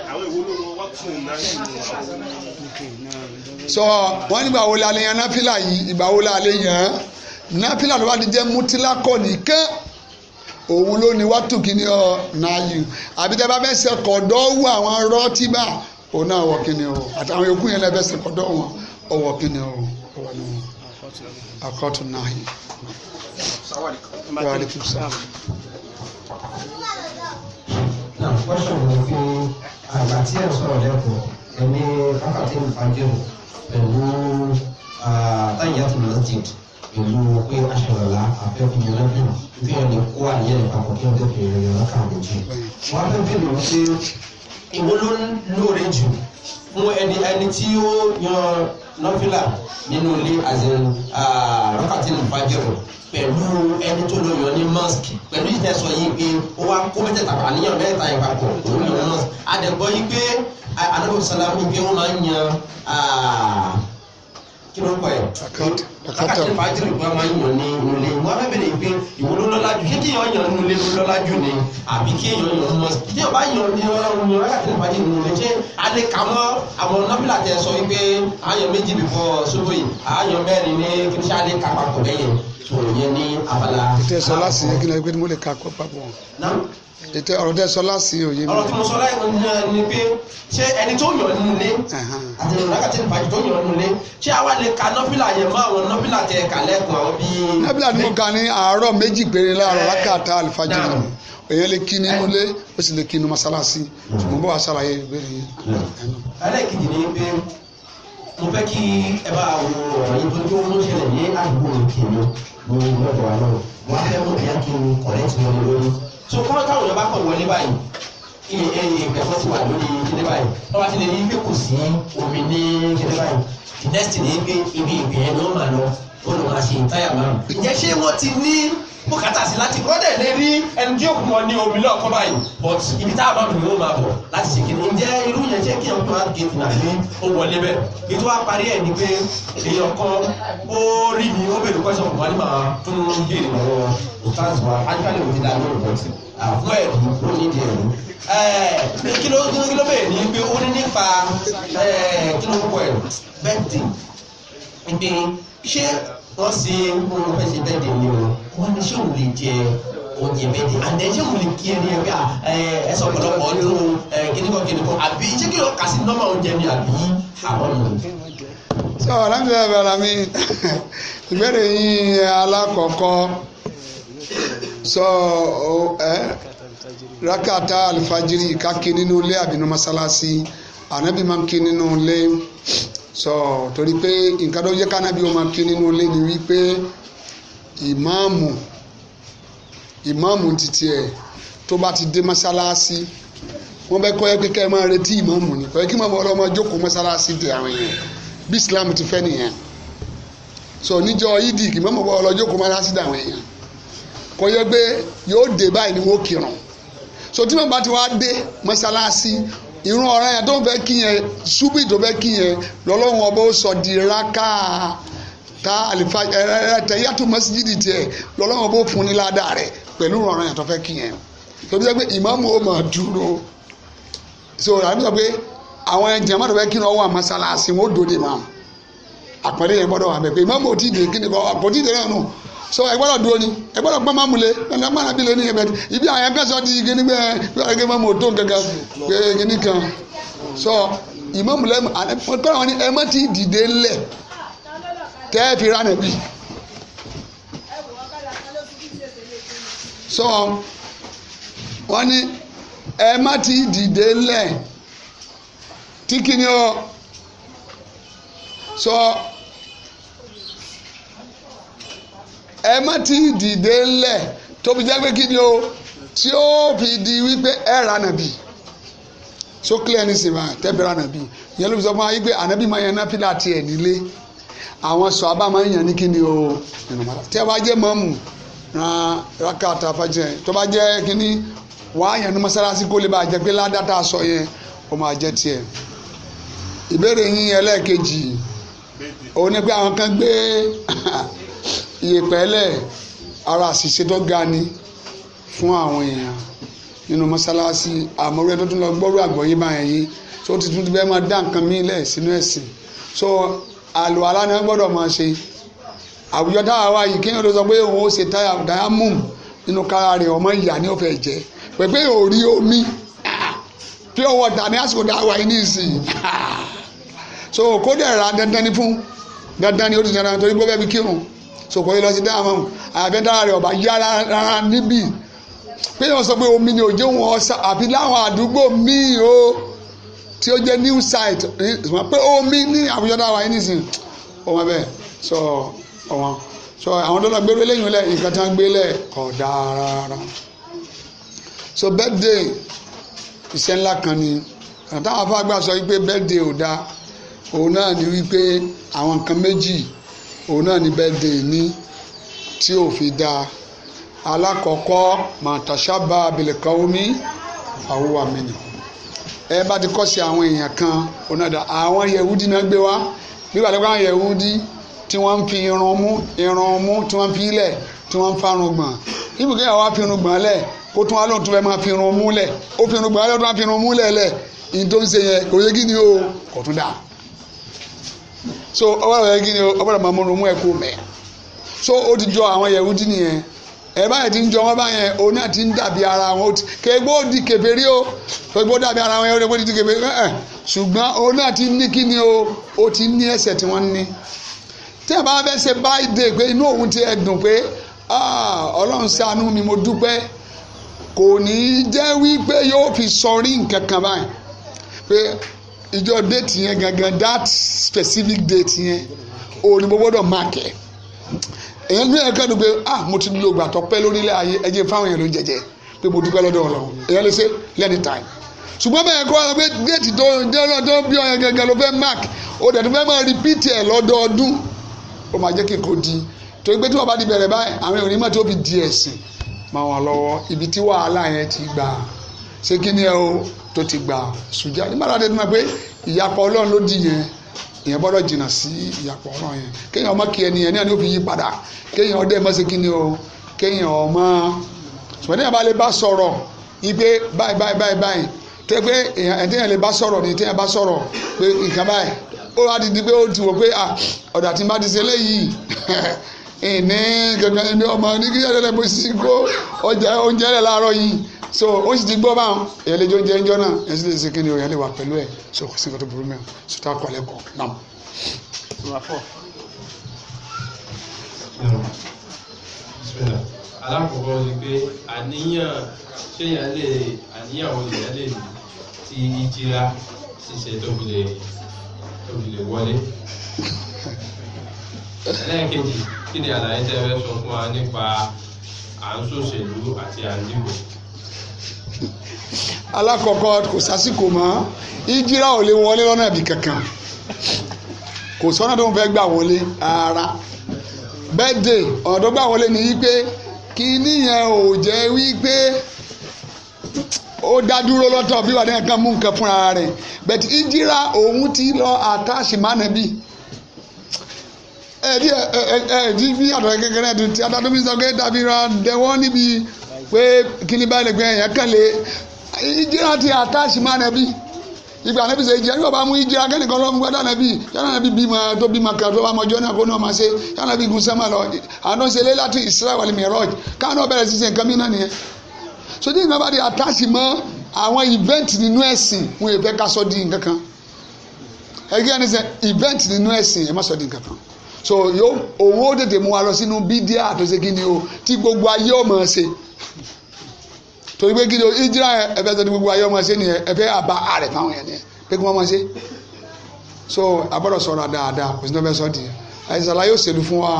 àwọn èwo ló wọ wákùn náà nínú yìí ìgbà wo la lè ló bá ti jẹ mùtìlákọ nìkan òun ló ní wàtú kíni ọ náà yìí àbí tẹ bá fẹ́ ṣe kọ̀dọ̀ àwọn rọtíbà o náà wọ kíni o àtàwọn yòókù yẹn lẹbẹ sí kọdọ wọn ọwọ kíni o ọwọ ni wọn akọtù náà yìí. wàhálìkì sá. question ni pé àgbà tí ẹ̀ ń sọ̀rọ̀ lẹ́kọ̀ọ́ ẹni wákàtí ìfàjẹ́wò pẹ̀lú táyà tó lọ sí pẹ̀lú pé aṣọ̀lá àfẹ́kùn yẹn lẹ́kùn bí wọ́n lè kó àyẹ̀ ìpapọ̀ kí wọ́n lè bẹ̀rẹ̀ lọ́kàn méjì. wọ́n á fẹ́ bẹ̀rẹ̀ wọ́n ṣe ìwo ló lóore jù fún ẹni ẹni tí ó yan nọfìlà nínú ilé àzẹn rọkàtí nìfàjẹrò pẹ̀lú ẹni tó lọ yan ní mọ́sìkì pẹ̀lú ìtẹ̀sọ̀ yìí pé ó wá kó mẹ́tẹ̀ẹ̀ta àníyàn mẹ́ta ìpapọ̀ òun yan mọ́sìkì adẹ̀gbọ́ yìí pé anábọ̀ sálámù pé wọ́n máa ń yan kí ló ń kọ tẹ sọ wípé àyàn méjì bìbọ̀ sóbò yìí ní kí ṣe alẹ́ kà papọ̀ bẹ́yẹn ètò ọ̀rọ̀ tẹ sọ láti òye mi. ọ̀rọ̀ tí mo sọ láì ní eh, pé ṣé ẹni tó yàn nínú ilé àti ìrọ̀lákàtì ìbàjẹ́ tó yàn nínú ilé ṣé àwa lè ka nọ́bìlà yẹn mọ́ àwọn nọ́bìlà tẹ ẹ̀ka lẹ́kùn àwọn bíi. nọ́bìlà ni mo kà ní àárọ̀ méjì péré láàárọ̀ eh, lákàtà àlùfáàjì nìyẹn èèyàn lè kí nínú ilé ó sì lè kí nínú mọ́sálásí ṣùgbọ́n bó wàá ìbéèrè yìí. ẹlẹ́kìtì ni pé mo fẹ́ kí ẹ bá àwọn ọ̀rọ̀ yìí tó tó ń ṣẹlẹ̀ ní àdúgbò òkè ní ọ̀dọ̀ àná wọ́n á fẹ́ mú ìyá kí n kọ̀rẹ́tì wọn lórí so kọ́ táwọn èèyàn bá kàn wọlé báyìí ìyẹn ẹ̀yìn ẹ̀fọ́ ti wà lórí kíndé báyìí wọ́n bá ti lè ní pé kò sí omi ní kíndé báyìí the next day, ni pé ibi ìgbìyànjú ló máa lọ ó lọ́ máa ṣe táyà márùn-ún. ǹjẹ́ ṣé wọ́n ti ní bùkátà sí láti gbọ́dọ̀ lè rí ẹni tí yóò mọ ní omi náà kọ́ báyìí but ibi tá a bá dùn yóò máa bọ̀ láti ṣe kìnìún jẹ́ irú yẹn jẹ́ kí ẹ̀kọ́ àgẹ́tì náà ní ó wọlé bẹ́ẹ̀ ètò àparí ẹ̀ ni pé èèyàn kan ó rí mi ó bèrè kọ́sọ̀ fún wa ní màá tún béèrè lọ́wọ́ òtáǹsì wa ájúkálẹ̀ òfin dá lórí bọ́ sí àfún ẹ̀dùn ó ní ìdí ẹ̀rù kí ló bẹ̀rẹ̀ ní pé ó ní nípa kí ló ń kọ ẹ̀rù bẹ́ẹ̀ pé ṣé wọ́n ṣe wọ́n fẹ́ ṣe bẹ́ẹ̀ dé ni o wọ́n ní ṣé òun lè jẹ oúnjẹ bẹ́ẹ̀ dé àdé ṣé òun lè kí ẹni ẹgbẹ́ ẹsẹ̀ ọ̀pọ̀lọpọ̀ ọdún kíníkan kíníkan àbí ṣé kí lọ kà sí nọ́mà oúnjẹ ni àbí àwọn ọ̀nà. sọ alhamdulilayi bala mi ìbéèrè yín alákọ̀ọ́kọ́ sọ ẹ rákàtà alifajiri ká kí nínú ilé àbínú mọ́sálásí ànábì máa ń kí nínú ilé so torí pé nǹkan tó yẹ kánábí ó máa kí nínú ilé ni wípé ìmáàmù ìmáàmù títí ẹ̀ tó bá ti dé mọ́sálásí wọ́n bẹ́ kọ́ ẹ pé kẹ́ máa retí ìmáàmù ni kọ́ ẹ kí máa bọ̀ ọlọ́mọ jókòó mọ́sálásí di àwọn èèyàn bí Islam ti fẹ́ nìyẹn so níjọ yídì kì máa bọ̀ ọlọ́ jókòó mọ́sálásí di àwọn èèyàn kọ́ yẹ pé yóò dé báyìí ni wọ́n kírun so tí màmá ti wá dé mọ́sálásí irun ọ̀ràn yẹn tó ń fẹ́ kí yẹn ṣubú tó fẹ́ kí yẹn lọ́lọ́run ọba ó sọ di raka ta àlìfà ẹ̀ẹ́dẹ̀ yàtọ̀ mọ́sídìdì tiẹ̀ lọ́lọ́run ọba ó fún ní ládàá rẹ̀ pẹ̀lú irun ọ̀ràn yẹn tó fẹ́ kí yẹn tó bí sẹ́ pé ìmáàmù ó máa dúró so àbí sọ pé àwọn jàmá tó fẹ́ kí wọ́n wà mọ́sálásí wọn ó dòde máa àpẹẹrẹ yẹn gbọ́dọ̀ wà bẹ́ẹ̀ pé ìmáàmù ò tí ì so ẹ gbọ́dọ̀ dúró ni ẹ gbọ́dọ̀ gbọ́ máa múlẹ̀ ẹ̀ka lé ní ẹ̀bẹ̀ ibi àwọn ẹgbẹ́ di igi nígbẹ́ ẹgbẹ́ máa mú òtó nǹkankan pé igi nìkan so ìmọ̀mùlẹ̀ kọ́ra wọn ni ẹ má ti dìde ńlẹ̀ tẹ́ ẹ fi ránà bí. so wọ́n ní ẹ má ti dìde ńlẹ̀ tí kìíní o so. ẹ má ti dìde ńlẹ̀ tó fi jẹ́ pé kí ni o tí ó fi di wípé ẹ ra nàbì so clear ní sinmi tẹ́bi ra nàbì yẹn ló fi sọ fún wa yí pé ànábì máa yan náfìlà tiẹ̀ nílé àwọn sọ abá máa ń yàn ní kí ni o tẹ́ bá jẹ́ mọ́mù ran rákàtà fàjẹ́ tó bá jẹ́ kí ni wàá yàn ní mọ́sálásí kó lè bá jẹ́ pé ládàtà sọ yẹn ó máa jẹ́ tiẹ̀ ìbéèrè yín ẹlẹ́ẹ̀kejì òun ni pé àwọn kan gbé ìyẹ̀pẹ̀lẹ̀ ara àṣìṣe tó ga ni fún àwọn èèyàn nínú mọ́sálásí àmọ́rú ẹni tó tún lọ gbọ́rú àgbọ̀yé báyẹn yìí tó ti tún ti bẹ́ẹ̀ máa dá nǹkan mílẹ̀ sínú ẹ̀sìn so àlò àlá ni wọ́n gbọ́dọ̀ máa ṣe àwùjọ táwa wá yìí kéèyàn tó sọ pé òun ó ṣe táyà dayamum nínú kára rẹ̀ ọmọ ìyá ni ó fẹ́ jẹ pẹ̀pẹ́ ò rí omi pure water ní àsìkò dáwà yìí ní ìsìn so kó dẹ̀ ra dandan ni fún dandan ni ó ti dandan torí gbọ́ bí kírun so kò yẹ lọ sí dáhùn àbẹ́dára rẹ̀ ọ̀bà yá rárá níbí pé wọ́n sọ pé omi ni òjò wọn ọ̀sà àbí láwọn àdúgbò míì o tí ó jẹ́ new site pé omi ní àwùjọ dára yìí nìsín ọmọ bẹ́ẹ̀ sọ ọmọ sọ àwọn tó lọ gbé lẹ́yìn lẹ̀ nǹkan tí wọ́n gbé lẹ̀ kọ̀ dára so birthday iṣẹ́ ńlá kan ni àtàwọn afáàgbà sọ wípé birthday ò dáa òun náà ni wípé àwọn nǹkan méjì òun náà ni bẹ́ẹ̀dẹ̀ ní tí ò fi dá alákọ̀ọ́kọ́ màtàṣábà abilékọ́ omi àwòwà mẹ́nà ẹ bá ti kọ́ sí àwọn èèyàn kan òun náà dá àwọn yẹ̀wúdí náà gbé wá nígbà tó kọ́ àwọn yẹ̀wúdí tí wọ́n ń fi irun mú irun mú tí wọ́n ń fi ilẹ̀ tí wọ́n ń farun gbọ̀n ibùdó yẹn wá fi irun gbọ̀n lẹ̀ kó tún wá tún fẹ́ máa fi irun mú lẹ̀ ó fi irun gbọ̀n lẹ̀ ó tún fi irun mú lẹ̀ lẹ̀ ìdó ń ṣe yẹn kò yẹ kí ni o kò tún dáa so ọba rẹ kí ni ọba rẹ máa ọmọ ẹkọ mẹ so ó ti jọ àwọn Yẹhudi nìyẹn ẹ báyìí ti ń jọ wọn báyẹn òun náà ti ń dàbí ara wọn kẹgbẹ́ di kèfèrí o kẹgbẹ́ ó dàbí ara wọn yẹn ó di kèfèrí ẹ ṣùgbọ́n òun náà ti ní kí ni o ó ti ní ẹ̀ṣẹ̀ tí wọ́n ní tí ẹ bá fẹ́ ṣe báyìí dé pé inú òun ti ẹ̀ dùn pé Ọlọ́run ṣàánú mi mo dúpẹ́ kò ní í jẹ́ wípé yóò fi sọrí nǹkan báyìí pé ìjọ déètì yẹn gangan that specific date yẹn òun ni mo gbọ́dọ̀ mark ẹ̀ èyàn ní ẹ̀ka ló gbé ah mo ti lo gbàtọ́ pẹ́ lórílẹ̀ ayé ẹ̀jẹ̀ fáwọn èèyàn ló ń jẹjẹ pé mo dúpẹ́ lọ́dọ̀ Ọlọ́run èyàn lè ṣe lẹ́ni time ṣùgbọ́n bẹ́ẹ̀ kọ́ ẹ date tó dẹ́rọ̀ tó bí ọyàn gẹ́gẹ́ ló fẹ́ mark ó dẹ̀ tó fẹ́ máa repeat ẹ̀ lọ́dọọdún ó máa jẹ́ kí n kò di torí pé tí wọ́n bá di bẹ̀rẹ̀ báyìí àwọn èèyàn onímọ̀ tó fi di ẹ̀sìn máa wà lọ́wọ́ ibi tí wàhálà yẹn ṣé kí ni ẹ o tó ti gbà sùjá nígbà tá a ti mọ̀ pé ìyapọ̀ ọlọ́run ló dì yẹn èèyàn jìnnà sí ìyapọ̀ ọ̀ràn yẹn kéèyàn ọmọ kí ẹni yẹn ní ọ̀nà òfin yí padà kéèyàn ọdẹ mọ́ sí kí ni o kéèyàn ọmọ ṣùgbọ́n téèyàn bá lè bá sọ̀rọ̀ ipe báyìí báyìí báyìí báyìí tẹ́ pé èèyàn téèyàn lè bá sọ̀rọ̀ ni téèyàn bá sọ̀rọ̀ pé nǹkan báyìí ó wá di di pé ó ti wò pé ọ̀dà tí n ti ṣe léyìí ìní kankan ibi ọmọ ní kí ẹ̀rẹ́dẹ̀ bó sì kó ọjà oúnjẹ rẹ̀ láàárọ̀ yìí so ó sì ti gbọ́ báwọn èyàn lè jẹ oúnjẹ ẹjọ́ náà èyàn sì lè ṣe kíni òyìn lè wà pẹ̀lú ẹ̀ so kò sí nǹkan tó burú mẹ́rin so tá a kọ́ lẹ́kọ̀ọ́ náà. alákọ̀ọ́kọ́ ni pé àníyàn ṣéyàn lè àníyàn òun lè lè ti ìjìra ṣiṣẹ́ tó fi lè wọlé ẹlẹ́ẹ̀kejì kí ni àlàyé tẹ́ fẹ́ sọ fún wa nípa à ń ṣòṣèlú àti à ń dìbò. alákọ̀ọ́kọ́ kò sásìkò mọ́ ìjírá ò lè wọlé lọ́nà ibì kankan kò sọ́nà tó ń fẹ́ gbà wọlé ara bẹ́ẹ̀dẹ̀ ọ̀dọ́ gbà wọlé ni wípé kínní yẹn ò jẹ́ wípé ó dá dúró lọ́tọ̀ bí wàá ní ẹ̀ka mú nǹkan fúnra rẹ̀ bẹ̀tì ìjírá òun ti lọ àtàṣìmánà bíi ẹ̀rí ẹ̀jí bí àtọ̀rẹ́ kékeré ti ti adájọ́bí sọ pé dàbí ra dẹ̀wọ́n níbi pé kíní báyìí lẹ́gbẹ̀ẹ́ yẹn kẹ́lẹ́ ìjìnà ti àtàṣì máa nẹ́bí ìgbà nẹ́bí sọ ìjìnà yóò bá mú ìjìnà kẹ́nìkan lọ́mú gbọ́dọ̀ nẹ́bí yánà nẹ́bí bímọ tó bímọ kan tó bá mọ jọ́nà kó náà máa ṣe yánà nẹ́bí gun sẹ́mà lọ àná lé láti Isra wal Miraj bẹ̀rẹ̀ ṣiṣẹ́ nǹkan mìíràn nìyẹn sojú ìgbà bá di àtàṣì mọ́ àwọn event nínú ẹ̀sìn wọn èèfẹ́ ká sọ di nǹkan kan ẹgbẹ́ ẹni sẹ́ event nínú ẹ̀sìn ẹ má sọ di nǹkan kan so yóò òun ó tètè mú wa lọ sínú bídíà tó ṣe kí ni o tí gbogbo ayé ọmọ ṣe torí pé kí ni o ìjìnlá yẹn ẹ fẹ́ sọ ní gbogbo ayé ọmọ ṣe nìyẹn ẹ fẹ́ àbá àrẹ fáwọn yẹn nìyẹn pé kí wọ́n mọ ṣe so agbọ́dọ̀ sọ̀rọ̀ dáadáa kò sí ní ọbẹ̀ sọ di àìsàlá yóò ṣèlú fún wa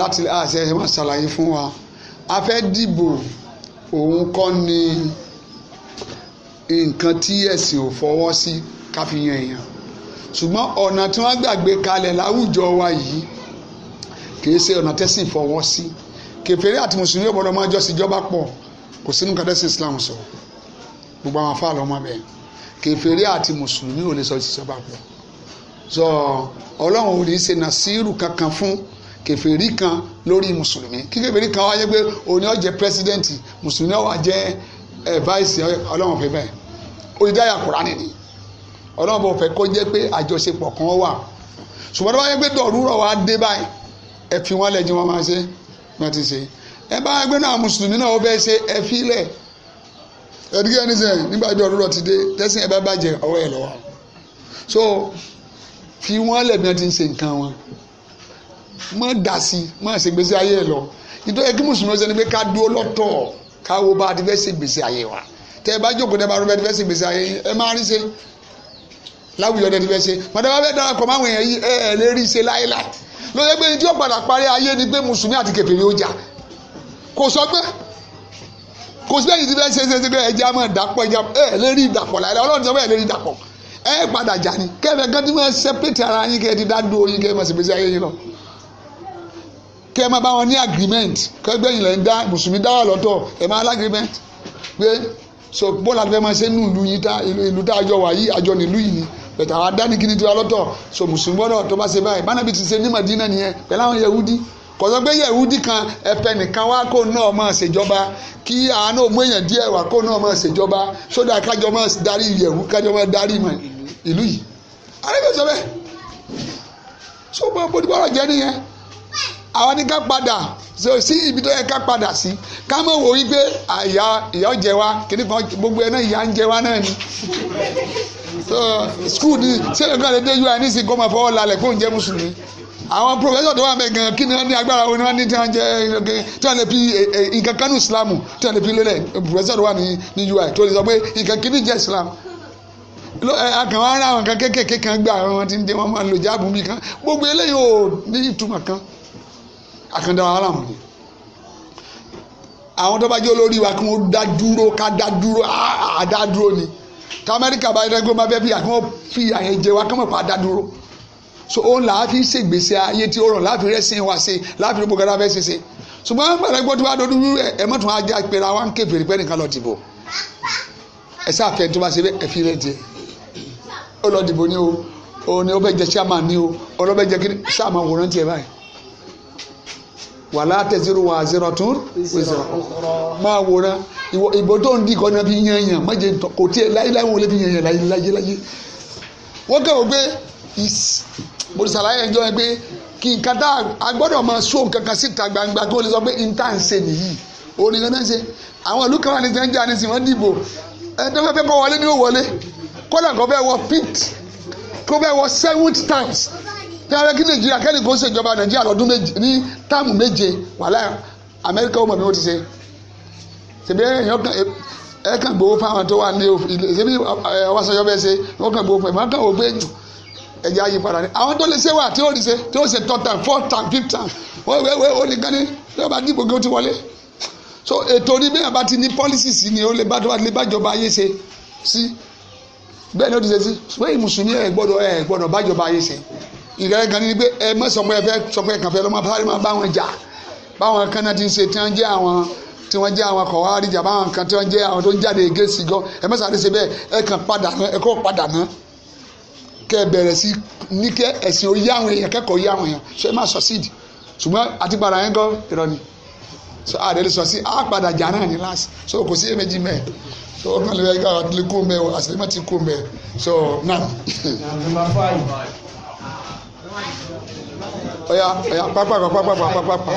láti àṣẹ ẹ̀ máa ṣàlàyé fún wa a fẹ́ dìbò òun kọ́ ni nǹkan tí ẹ̀sìn ò fọwọ́ sí ká èèyàn ṣùgbọ́n ọ̀nà tí wọ́n gbàgbé kalẹ̀ láwùjọ wa yìí kì í ṣe ọ̀nà tẹ́sìn fọwọ́ sí kèfèrí àti mùsùlùmí ọ̀bọ̀dọ̀ máa jọ́sìn ìjọba pọ̀ kò sínú kan tẹ́sìn Islam sọ gbogbo àwọn afáàlọ́ ọmọ bẹ́ẹ̀ kèfèrí àti mùsùlùmí ò lè sọ ìjọba pọ̀ sọ ọlọ́run ò ní ṣe nàṣírù kankan fún kèfèrí kan lórí mùsùlùmí kí kèfèrí kan wáyé pé òní ó jẹ́ pírẹsidẹ́ǹtì mùsùlùmí ó wá jẹ́ ẹ̀ eh, vice ọlọ́run fẹ́ bẹ́ẹ̀ ó ti Kùránì nìyí ọlọ́run bò fẹ́ kó jẹ́ pé àjọṣepọ̀ kan wà ṣùgbọ́n tó bá yẹ pé dọ̀rúrọ̀ wa dé báyìí ẹ fi wọ́n lẹ́jọ́ wọn máa ṣe wọ́n ti ṣe ẹ bá yẹ pé náà mùsùlùmí náà ó fẹ́ ṣe ẹ fi lẹ̀ ẹdíkẹ́ ní sẹ́yìn nígbà tí dọ̀rúrọ̀ ti dé tẹ́sán ẹ bá bàjẹ́ ọwọ́ ẹ lọ́wọ́ so fi wọ́n lẹ̀ bí wọ́n ti ń ṣe nǹkan wọn mọ́ dà sí mọ́ ṣègbésí ayé ẹ lọ nítorí ẹ kí mùsùlùmí ọ̀sẹ̀ ni pé ká dúró lọ́tọ̀ káwo bá a ti fẹ́ ṣègbésí ayé wa tẹ́ ẹ bá jókòó tẹ́ láwùjọ tẹ́ ti fẹ́ ṣe màdàbà fẹ́ darapọ̀ máwọn èèyàn yìí ẹ ẹ lè rí ṣe láéláé ló yẹ pé ní tí ó padà parí ayé ni pé mùsùlùmí àti kèfèrí ó jà kò sọ pé kò sí lẹ́yìn tí fẹ́ ṣe ṣe ṣe pé ẹja máa dàpọ̀ ẹja ẹ ẹ lè rí ìdàpọ̀ láéláé ọlọ́run sọ pé ẹ lè rí ìdàpọ̀ ẹ padà jà ni kẹfẹ kan tí máa sẹpẹtì ara yín kẹ ti dá dúró yín kẹ máa ṣèpèsè ayé yín lọ kẹ máa bá wọn ní agreement kẹgbẹ́yìn lẹ́ ń dá mùsùlùmí dá wà lọ́tọ̀ ẹ máa lá agreement pé so bọ́ọ̀lù àti fẹ́ máa ṣe nù ìlú yìí tá ìlú tá àjọ wà yìí àjọ nílùú yìí ni bẹ̀tẹ̀ àwọn adáni kìíní tiwa lọ́tọ̀ so mùsùlùmí gbọ́dọ̀ tó bá ṣe báyìí bánabi ti ṣe ní Madina nìyẹn pẹ̀lú àwọn Yahudi kò sọ pé Yahudi kan ẹ̀fẹ̀ nìkan wá kó náà máa ṣèjọba kí àánú òmú èèyàn díẹ̀ wá kó náà máa ṣèjọba sódà kájọ máa darí Yahudi kájọ máa darí ìlú yìí àrẹ́bẹ̀ sọ bẹ́ẹ̀ so bó bó ti bọ́rọ̀ jẹ́ nìyẹn àwa ní ká padà sí ibi tó yẹ ká padà sí ká mọ̀ wò wí pé ìyà ìyà ń jẹ wá kìnnìkan gbogbo ẹ̀ náà ìyà ń jẹ náà ni skul ni sẹ́yìn kan lè dé UI nísìnyí kó máa fọwọ́ lálẹ́ kó ń jẹ́ mùsùlùmí àwọn pòfẹ́sọ̀ tó wà mẹ́ gan kí ni wọ́n ní agbára wọn ni wọ́n ní tí wọ́n jẹ́ tí wọ́n lè fi eh, eh, nǹkan kanú ìsìlámù tí wọ́n lè fi lélẹ̀ pòfẹ́sọ̀ tó wà ní ní UI tó lè sọ pé nǹkan kí ni jẹ́ ìsìlámù eh, akàn wọn ara àwọn kan kéékèèké kan gbà wọn ti ń dé wọn máa ń lo jáàbù mi kan gbogbo eléyìí ò ní ìtumọ̀ kan àkàndá wàhálà wọn ni àwọn tó bá jẹ́ olórí wa kí wọ́n dá dúró ká dá dúró àá dá dúró ni tamẹ́ríkà bá yẹ kó má fẹ́ fìyà kí wọ́n fìyà yẹn jẹ wá kí wọ́n pa á dá dúró so òun là á fi ṣègbésí ayé tí ó rọ̀ láàfin rẹ̀ sìn wá sí láàfin gbogbo ara fẹ́ ṣe ṣe ṣùgbọ́n pẹ̀lẹ́ gbọ́dọ̀ wá dọdún rẹ̀ ẹ mọ̀ tún ajá pera wa ń ké fèrè pẹ́ nìkan lọ dìbò ẹ sáfẹ́ tó bá ṣe bẹ́ẹ̀ ẹ fi rẹ̀ jẹ ó lọ dìbò ni o òun ni ó bẹ jẹ chairman ni o òun ló jẹ kí sáà máa tiẹ̀ báyìí wàlá tẹ̀síru wọn àzẹrọ tún wẹ̀sẹ̀rọ máa wòran ìbò tó ń di ìkọ́ni náà fi yan yàn má jẹ kò tiẹ̀ láyéláyé wọlé fi yan yàn láyéláyé wọ́n kẹ́ wọ́n pé mọ̀lùsàlàyé ẹ̀jọ́ yẹn pé kí nǹkan tá a gbọ́dọ̀ máa sún nǹkan kan síta gbangba kí wọ́n lè sọ pé n tá à ń ṣe nìyí òun nìkan náà ń ṣe àwọn ìlú kan wà ní ti ń jà ní sìn wọ́n dìbò ẹni tó fẹ́ fẹ́ kọ́ wọlé ni ó wọlé kọ́dà kó fẹ́ wọ pit kó fẹ́ wọ seventh times tí a bẹ kí nàìjíríà kẹ́ni kò ṣèjọba nàìjíríà lọ́dún méje ní táàmù méje wàhálà amẹ́ríkà ó mọ̀ bí wọ́n ti ṣe ṣèbí ẹ̀yàn kan ẹ̀ kàn gbowó fáwọn tó wà ní ilé ṣèbí ọbaṣọjọ bẹ́ẹ̀ ṣe wọ́n kàn gbowó fún ẹ̀ máa kàn wọ́n gbé ẹ̀jẹ̀ ayé padà ní. àwọn tó lè ṣe wà tí ó ṣe tí ó ṣe third time fourth time fifth time wọ́n wẹ́wẹ́ ó ní kán ní lọ́ba dìbò gé ó ti wọlé. so ètò ní bẹ́ẹ̀ bá ti ní policies ni ó lè ti ṣe sí ṣùgbọ́n ìmùsùlùmí ẹ̀ gbọ́dọ̀ ẹ̀ gbọ́dọ̀ bájọba ayé ṣe ìrẹ́lẹ̀ kan ní pé ẹ mọ̀ sọ̀pẹ́ ẹ fẹ́ sọ̀pẹ́ kan fẹ́ lọ́mọ fárí máa bá wọn jà báwọn kan náà ti ń ṣe tí wọ́n jẹ́ àwọn tí wọ́n jẹ́ àwọn akọ̀wá àríjà báwọn kan tí wọ́n jẹ́ àwọn tó ń jáde gẹ̀ẹ́sì gan ẹ mọ̀ sáré ṣe bẹ́ẹ̀ ẹ kàn padà ná ẹ kọ́ padà ná kẹ́ ẹ bẹ̀rẹ̀ sí ní kẹ́ ẹ̀sìn orí àwọn èèyàn kẹ́kọ̀ọ́ yí àwọn èèyàn ṣe é má succeed ṣùgbọ́n àtìpadà yẹn gan irọ́ ni so àdẹ́lẹ́ sọ sí àpàdà jà náà ní láti so kò sí èméjì mẹ́ so ọkàn lè fẹ́ gbà àtìlẹ́kùn mẹ́ àṣìlẹ́mọ́ ti kù mẹ́ so now ọ̀yà ọ̀yà pápá pápá pápá pápá pápá.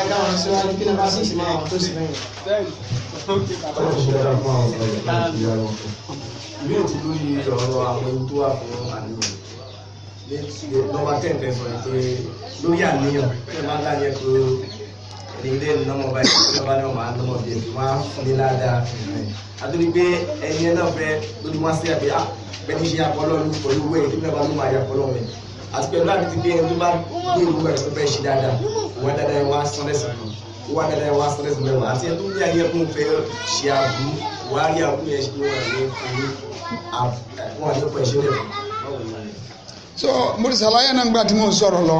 ìbéèrè tí lórí ọ̀rọ̀ àwọn ohun tó wà fún àníyàn lọ́wọ́ tẹ̀tẹ̀ sọ pé lórí àníyàn tẹ̀ máa ń láyẹ̀ pé ilé nọmọ báyìí lọba ni wọn máa nọmọ bíi ẹbí wọn á fún ní ládàá àtúndì pé ẹni ẹ náà fẹ́ lórí wọn sí àbí bẹ́ẹ̀ ní ṣe àpọlọ ní pẹ̀lú owó ẹ nígbà wọn ló máa yà pọlọ mi àti pẹ̀lú àmì ti gbé ẹni tó bá gbé ìlú ẹ̀rọ tó fẹ́ ṣe dáadáa wọ́n dáadáa ẹ̀ wá sán lẹ́sìn wọ́n dáadáa ẹ̀ wá sán lẹ́sìn mẹ́wàá àti ẹni tó ní ayé ẹ̀kún fẹ́ ṣe àbú wọ́n á rí àbú yẹn ṣe wọ́n ní fún wọn àti so mo ti ṣàlàyé náà nígbà tí mò ń sọ̀rọ̀ lọ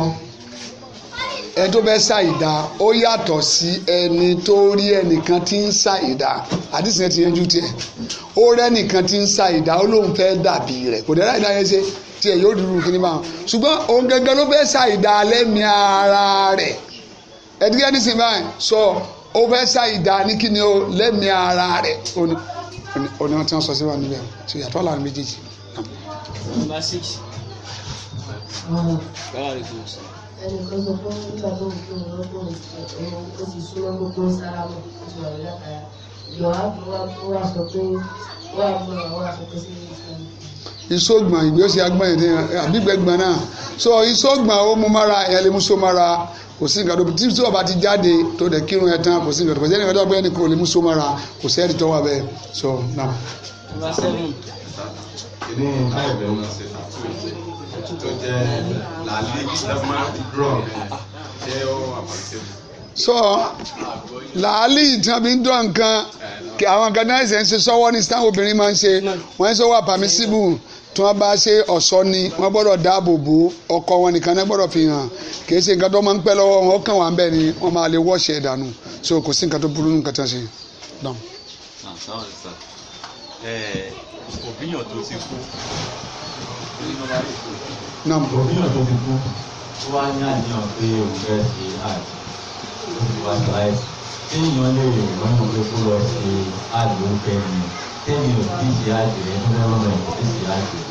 ẹni tó bẹ́ ṣàìdá ó yàtọ̀ sí ẹni tó rí ẹnìkan tí ń ṣàìdá àdìsí ẹ ti yanjú tiẹ̀ ó rẹ́nìkan tí ń ṣàìdá ó lóun fẹ́ dàbí rẹ̀ kò dẹ́rẹ́ ìdá yẹn ṣe tiẹ̀ yóò dúró kí ni máa ṣùgbọ́n òun gẹ́gẹ́ ló fẹ́ ṣàìdá lẹ́mí ara rẹ̀ ẹ̀dígẹ́ ní sinmi báyìí sọ ó fẹ́ ṣàìdá ní kí ni o lẹ́mí ara rẹ̀ òní wọn ti wọn sọ sí wa níbẹ̀ tó yàtọ̀ láàrin méjèèjì. ẹnì kan sọ fún nígbà tó ń pé wọ́n àbúrò àwọn àsọ pé sí ìlú ìsọ̀rọ̀ ìsógbọ̀n ìgbé ó sì agbọ́n yẹn tẹ́yàn eh, àbígbẹ́ gbọ́n náà so ìsógbọ̀n ó mú mára ẹ̀yàn lè mú so mára kò sí nǹkan tó tí tí ọba ti jáde tó dẹ̀ kírun ẹ̀ tán kò sí nǹkan tó kò sí tó gbé ní kò lè mú so mára kò sí ẹ̀rí tó wà bẹ́ẹ̀ so now. so làálì ìtàn mi ń dán nǹkan eh, àwọn nǹkan ń ṣe sọ́wọ́ ní sáwọn obìnrin máa ń ṣe wọ́n ń sọ́wọ́ àpàmísíbù tí wọ́n bá ṣe ọ̀ṣọ́ ni wọ́n gbọ́dọ̀ dáàbò bo ọkọ wọn nìkan náà gbọ́dọ̀ fi hàn kì í ṣe nǹkan tó máa ń pẹ́ lọ́wọ́ wọn ọkàn wà ń bẹ̀ ni wọ́n máa lè wọ́ọ̀ṣẹ̀ dànù so kò sí nǹkan tó burú nǹkan tó ṣe. òbíyàn ah, uh, eh, tó ti kú òbíyàn tó ti kú ó wá ní àníyàn pé òun fẹ́ ṣe àjẹ́ wá láì téèyàn lè lọ́nà pé kó lọ ṣe àjẹ́ ó fẹ́ mi téèyàn ò tí ì ṣe àjẹ́ ẹ̀ ń lọ́nà ò tí ì ṣe àjẹ́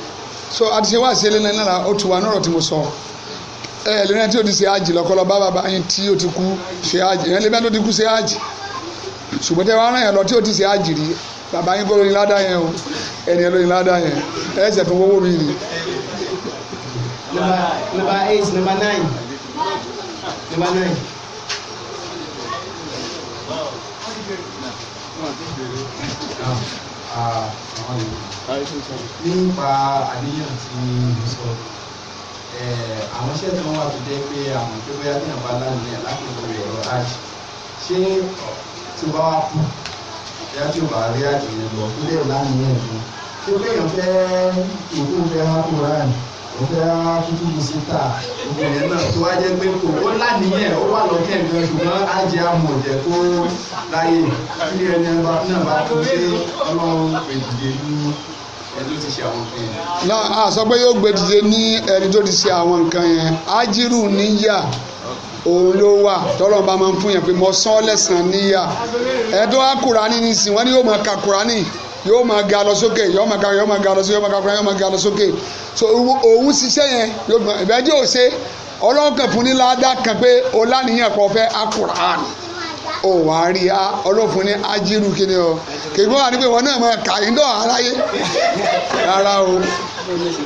so àti ṣe wá sí ilé náà lára ó ti wà nọ́rọ̀ tí mo sọ ẹ ẹ lẹ́yìn tí o ti ṣe àjì lọ́kọ́lọ́ bá bàbá yín tí o ti kú ṣe àjì ẹ lẹ́yìn tí o ti kú ṣe àjì ṣùgbọ́n tẹ wá rán yẹn o ti ṣe àjì rí bàbá yín kó lóyin ládàá yẹn o ẹnìyẹn lóyin ládàá yẹn ẹ ṣẹ̀ tó wọ́wọ́ mi rí. number number eight number nine number nine nípa àníyàn tí mo sọ àwọn iṣẹ́ kan wà tó jẹ́ pé àwọn tó bóyá bí àbá lánàá láti lo ẹ̀rọ aj ṣé tí o bá wá kú ìyá tí o bá rí àjẹyẹ lọ tó lè lánàá yẹn lọ ṣé pé èèyàn fẹ́ ìkú fẹ́ hákùnrin ó fẹ́ tútù mu síta obìnrin náà tó wájẹ́ pé kò ó lánìyàn ó wà lọ́kẹ́ gan ṣùgbọ́n á jẹ́ amọ̀jẹ́ kó láyè kí ẹni náà bá tún ṣe ọlọ́run èdìdè ní ẹni tó ti ṣe àwọn nǹkan yẹn. náà a pé yóò gbèdìde ní ẹni tó ti ṣe àwọn nǹkan yẹn ájírù níyà òun ló wà tọ́lọ́run bá máa ń fún yẹn pé mo sán lẹ́sàn-án níyà ẹ̀dọ́ á Kùránì nísìnyí wọ́n ní yóò máa ka Kùránì yóò ma ga lọ sókè yóò máa ga yóò máa ga lọ sókè yóò máa ga fúnra yóò máa ga lọ sókè so òun ṣiṣẹ́ yẹn yóò gbọ́n ìbẹ́jẹ́ ò ṣe ọlọ́run kan fún ní ládà kan pé ọlànìyàn kan fẹ́ akuran ò wá rí a ọlọ́run fún ajiru kíni o kìgbọ́n wà ní pé wọn náà máa kà yín dọ̀ aráyé rárá o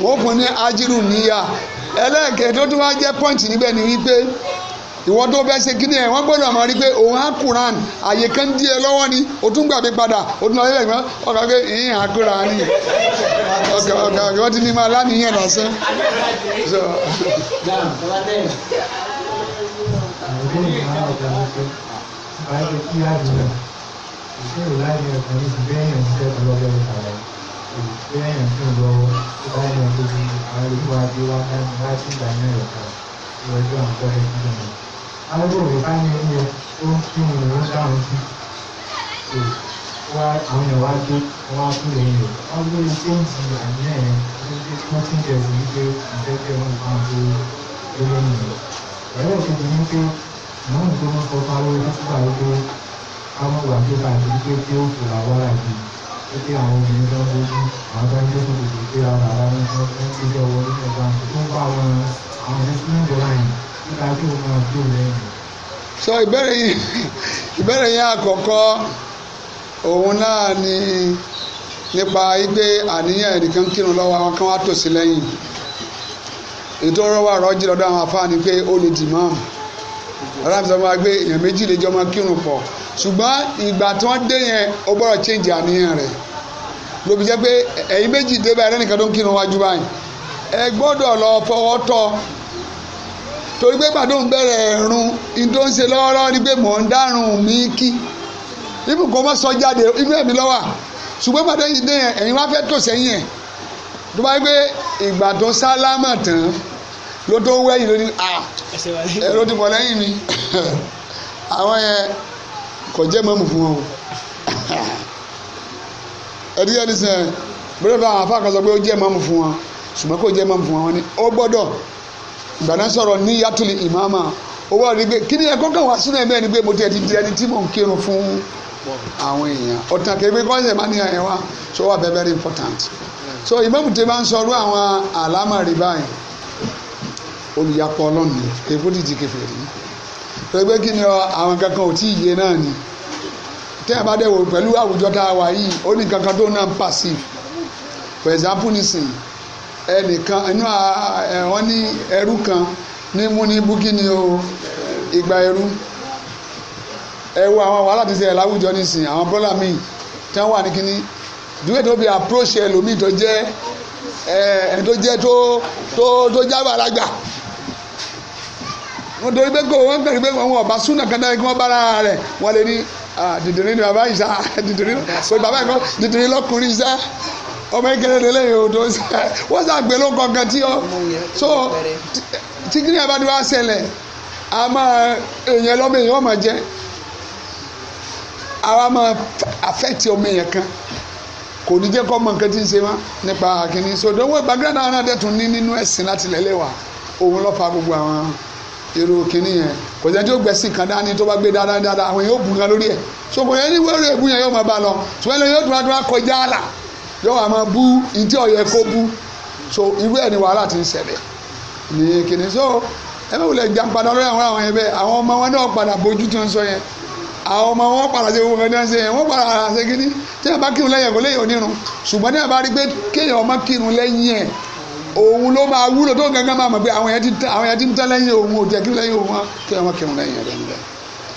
wọ́n fún ní ajiru níyà ẹlẹ́ẹ̀kẹ́ tó tún wá jẹ́ pọ́ǹtì níbẹ̀ ni wípé ìwọ tó fẹ́ ṣe kíní ẹ̀ wọ́n gbọ́dọ̀ máa rí pé òun á Quran àyè kan dí ẹ lọ́wọ́ ni o tún gbàgbé padà o tún lọ sílẹ̀ gbọ́n ọkọ̀ pé ìyìn á Quran ni ọkọ̀ ọkọ̀ wọ́n ti ní máa lánìyàn lásán. Ṣé ìwádìí ọ̀sán alábòrò bá ní oúnjẹ tó kí ni ó dáhùn sí kò wá àwọn èèyàn wá dé wá kú lẹ́yìn rẹ̀ wọ́n gbé séǹtì àníyàn yẹn ní wọ́n ti ń jẹ sí wípé ìfẹ́fẹ́ wọn kan tó tó lẹ́yìn rẹ̀ ẹ̀rọ ìkejì ní pé ìmọ̀ nǹkan wọn sọ fún alóore láti gbà wípé káwọn wà tó bá àti wípé tí ó fi làwọ́ rà jù pé kí àwọn obìnrin tó ń bójú àwọn tó ń gbé kòkòrò pé ara wọn tó ń gbé ọwọ́ nípa ìgbà tó ń bá wọn àwọn ẹgbẹ́ ń jọra yìí so wọ́n máa gbó lẹ́yìn. sọ ìbéèrè yín ìbéèrè yín àkọ́kọ́ òun náà ni nípa igbe àníyàn ẹnìkan kírun lọ́wọ́ àwọn kan wá tòsí lẹ́yìn ètò ọ̀rọ̀ wà rọ́jì lọ́dọ̀ àwọn afáà ni pé ó lè dì máa ọlọ́run sọ ma gbé èèyàn méjì lè jọ máa kírun pọ̀ ṣùgbọ́n ìgbà tí wọ́n dé yẹn ó gbọ́dọ̀ change àníyàn rẹ̀ lóbi jẹ́ pé ẹ̀yin méjì dé báyìí lẹ́nìkan tó ń kírun wájú báyìí ẹ gbọ́dọ̀ lọ fọwọ́ tọ́ torí pé gbàdúrà ń bẹ̀rẹ̀ ẹ̀rùn ní tó ń ṣe lọ́wọ́lọ́wọ́ ni pé mò ń dárùn mí kí ibùn kò mọ́ sọ jáde inú ẹ̀mí lọ́wọ́ ṣùgbọ́n gbàdúrà yìí dé yẹn ẹ̀yin wá fẹ́ tò sẹ́yìn ẹ̀ tó bá yẹ pé ìgbà tó sálámà tán ló tó wẹ́yìn lórí à ẹ̀rọ ti pọ̀ lẹ́yìn mi àwọn yẹn kò jẹ́ mọ́mù fún wọn o ẹ̀dí yẹn ní sẹ́yìn bí wọ́n fẹ́ àwọn afáàkàn sọ pé ó jẹ́ mọ́mù fún wọn ṣùgbọ́n kò jẹ́ mọ́mù fún wọn ni ó gbọ́dọ̀ ìgbàna sọ̀rọ̀ ní yàtúlì ìmáàmà owó ọ̀rẹ́ kí ni ẹ̀kọ́ kan wá sínú ẹ̀mí ẹni pé mo tiẹ̀ ti di ẹni tí mò ń kírun fún àwọn èèyàn ọ̀tàn kẹ́gbẹ́ kọ́ńsẹ̀ máa ní àyẹ̀wò so wà very very important so ìmáàmù tẹ máa ń sọ ọdún àwọn àlámà rí báyìí olùyapọ̀ ọlọ́ọ̀ni èkó dìdì kẹfẹ́ rí pẹ̀lú kí ni àwọn kankan ò tí ì yé náà ni tẹ́ ẹ bá dẹ̀ wò pẹ̀lú àwùjọ tá a wà yìí ó ní kankan tó náà ń pàṣẹ for example nísìnyí ẹnìkan inú wọn ní ẹrú kan ní múnibú kí ni o ìgbà ẹrú ẹ wo àwọn wàhálà ti ṣẹlẹ̀ láwùjọ nísìnyí àwọn bọ́là míì tí wọ́n wà ní kínní dùwẹ̀ tó bí approach ẹlòmíì tó jẹ́ ẹni tó jẹ́ tó tó tó jábọ̀ alágbà wọ́n torí pé kò wọ́n pẹ̀lú pé wọ́n ọba súnà kẹta kí wọ́n bára rẹ̀ wọ́n lè ní dìdìrín ni bàbá ìṣá dìdìrín pé bàbá ìkọ́ dìdìrín lọ́kùnrin ìṣá ọmọ ekele de lẹ́yìn odò wọ́n ṣàgbéló kankan tí ọ so tí kí ni abadu wa ṣẹlẹ̀ a máa èèyàn lọ́mọ èèyàn ọmọ jẹ́ a wa máa àfẹ́tì ọmọ èèyàn kan kò ní jẹ́ kọ́ mọ nǹkan tí ń ṣe wá nípa àkíní so ìdánwò background àwọn náà dẹ̀tún ní nínú ẹ̀sìn láti lẹ́lẹ̀ wá òun lọ́ fa gbogbo àwọn irú kíní yẹn kò jẹ́ tí ó gbẹ̀sìn kan dání tó bá gbé dáadáa àwọn èèyàn ó bù kan lórí ẹ̀ so kò yẹ ní wẹ́rẹ́ ègbú yẹn yóò máa bá lọ ṣùgbọ́n yóò dúró dúró kọjá àlà yóò wá máa bú ìdí ọ̀yẹ́ kó bú so irú ẹ̀ ni wàhálà ti ń ṣẹlẹ̀ ní kìnìún so ẹ bẹ́ẹ̀ wulẹ̀ ìjà ń padà lórí àwọn àwọn yẹn bẹ́ẹ̀ àwọn ọmọ wọn náà padà bójú tó ń sọ yẹn àwọn ọmọ wọn padà ṣe gbogbo ẹni ṣe yẹn wọn padà ṣe kíní tí yẹn bá kírun lẹ́yìn ẹ̀kọ́ lẹ́yìn onírun ṣùgbọ́n tí yẹn bá rí pé kéèyàn ọmọ kírun lẹ́yìn ẹ̀ òun ló máa wúlò tó gángan máa mọ̀ pé àwọn yẹn ti ń tán lẹ́yìn òun òjẹ́ kírun lẹ́yìn òun kéèyàn ọmọ kírun lẹ́yìn ẹ̀ lẹ́yìn rẹ̀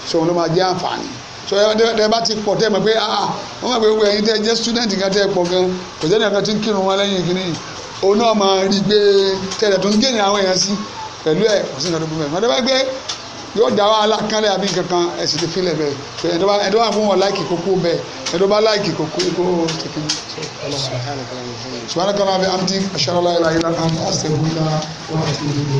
so òun ló máa jẹ́ àǹfààní sọ ẹ bá ti pọ̀ tẹ́ mọ̀ pé ah, ah wọ́n mọ̀ pé wọ ẹ̀yin tẹ́ jẹ́ student kan tẹ́ pọ̀ gan kò sẹ́ni ọ̀kan tí ń kírun wọn lẹ́yìn kìíní òun náà máa rí gbé tẹ̀lẹ̀ tó ń gẹ̀yìn àwọn èèyàn sí pẹ̀lú ẹ̀ kò sí nǹkan tó burú mẹ́rin mọ̀tẹ́bá gbé yóò dá wàhálà kan àbí kankan ẹ̀ sì ti filẹ̀ bẹ́ẹ̀ ẹ̀ bá fún wọn láìkì kókó bẹ́ẹ̀ ẹ̀ bá láìkì kókó kó tètè subhanahu wa ta'ala bi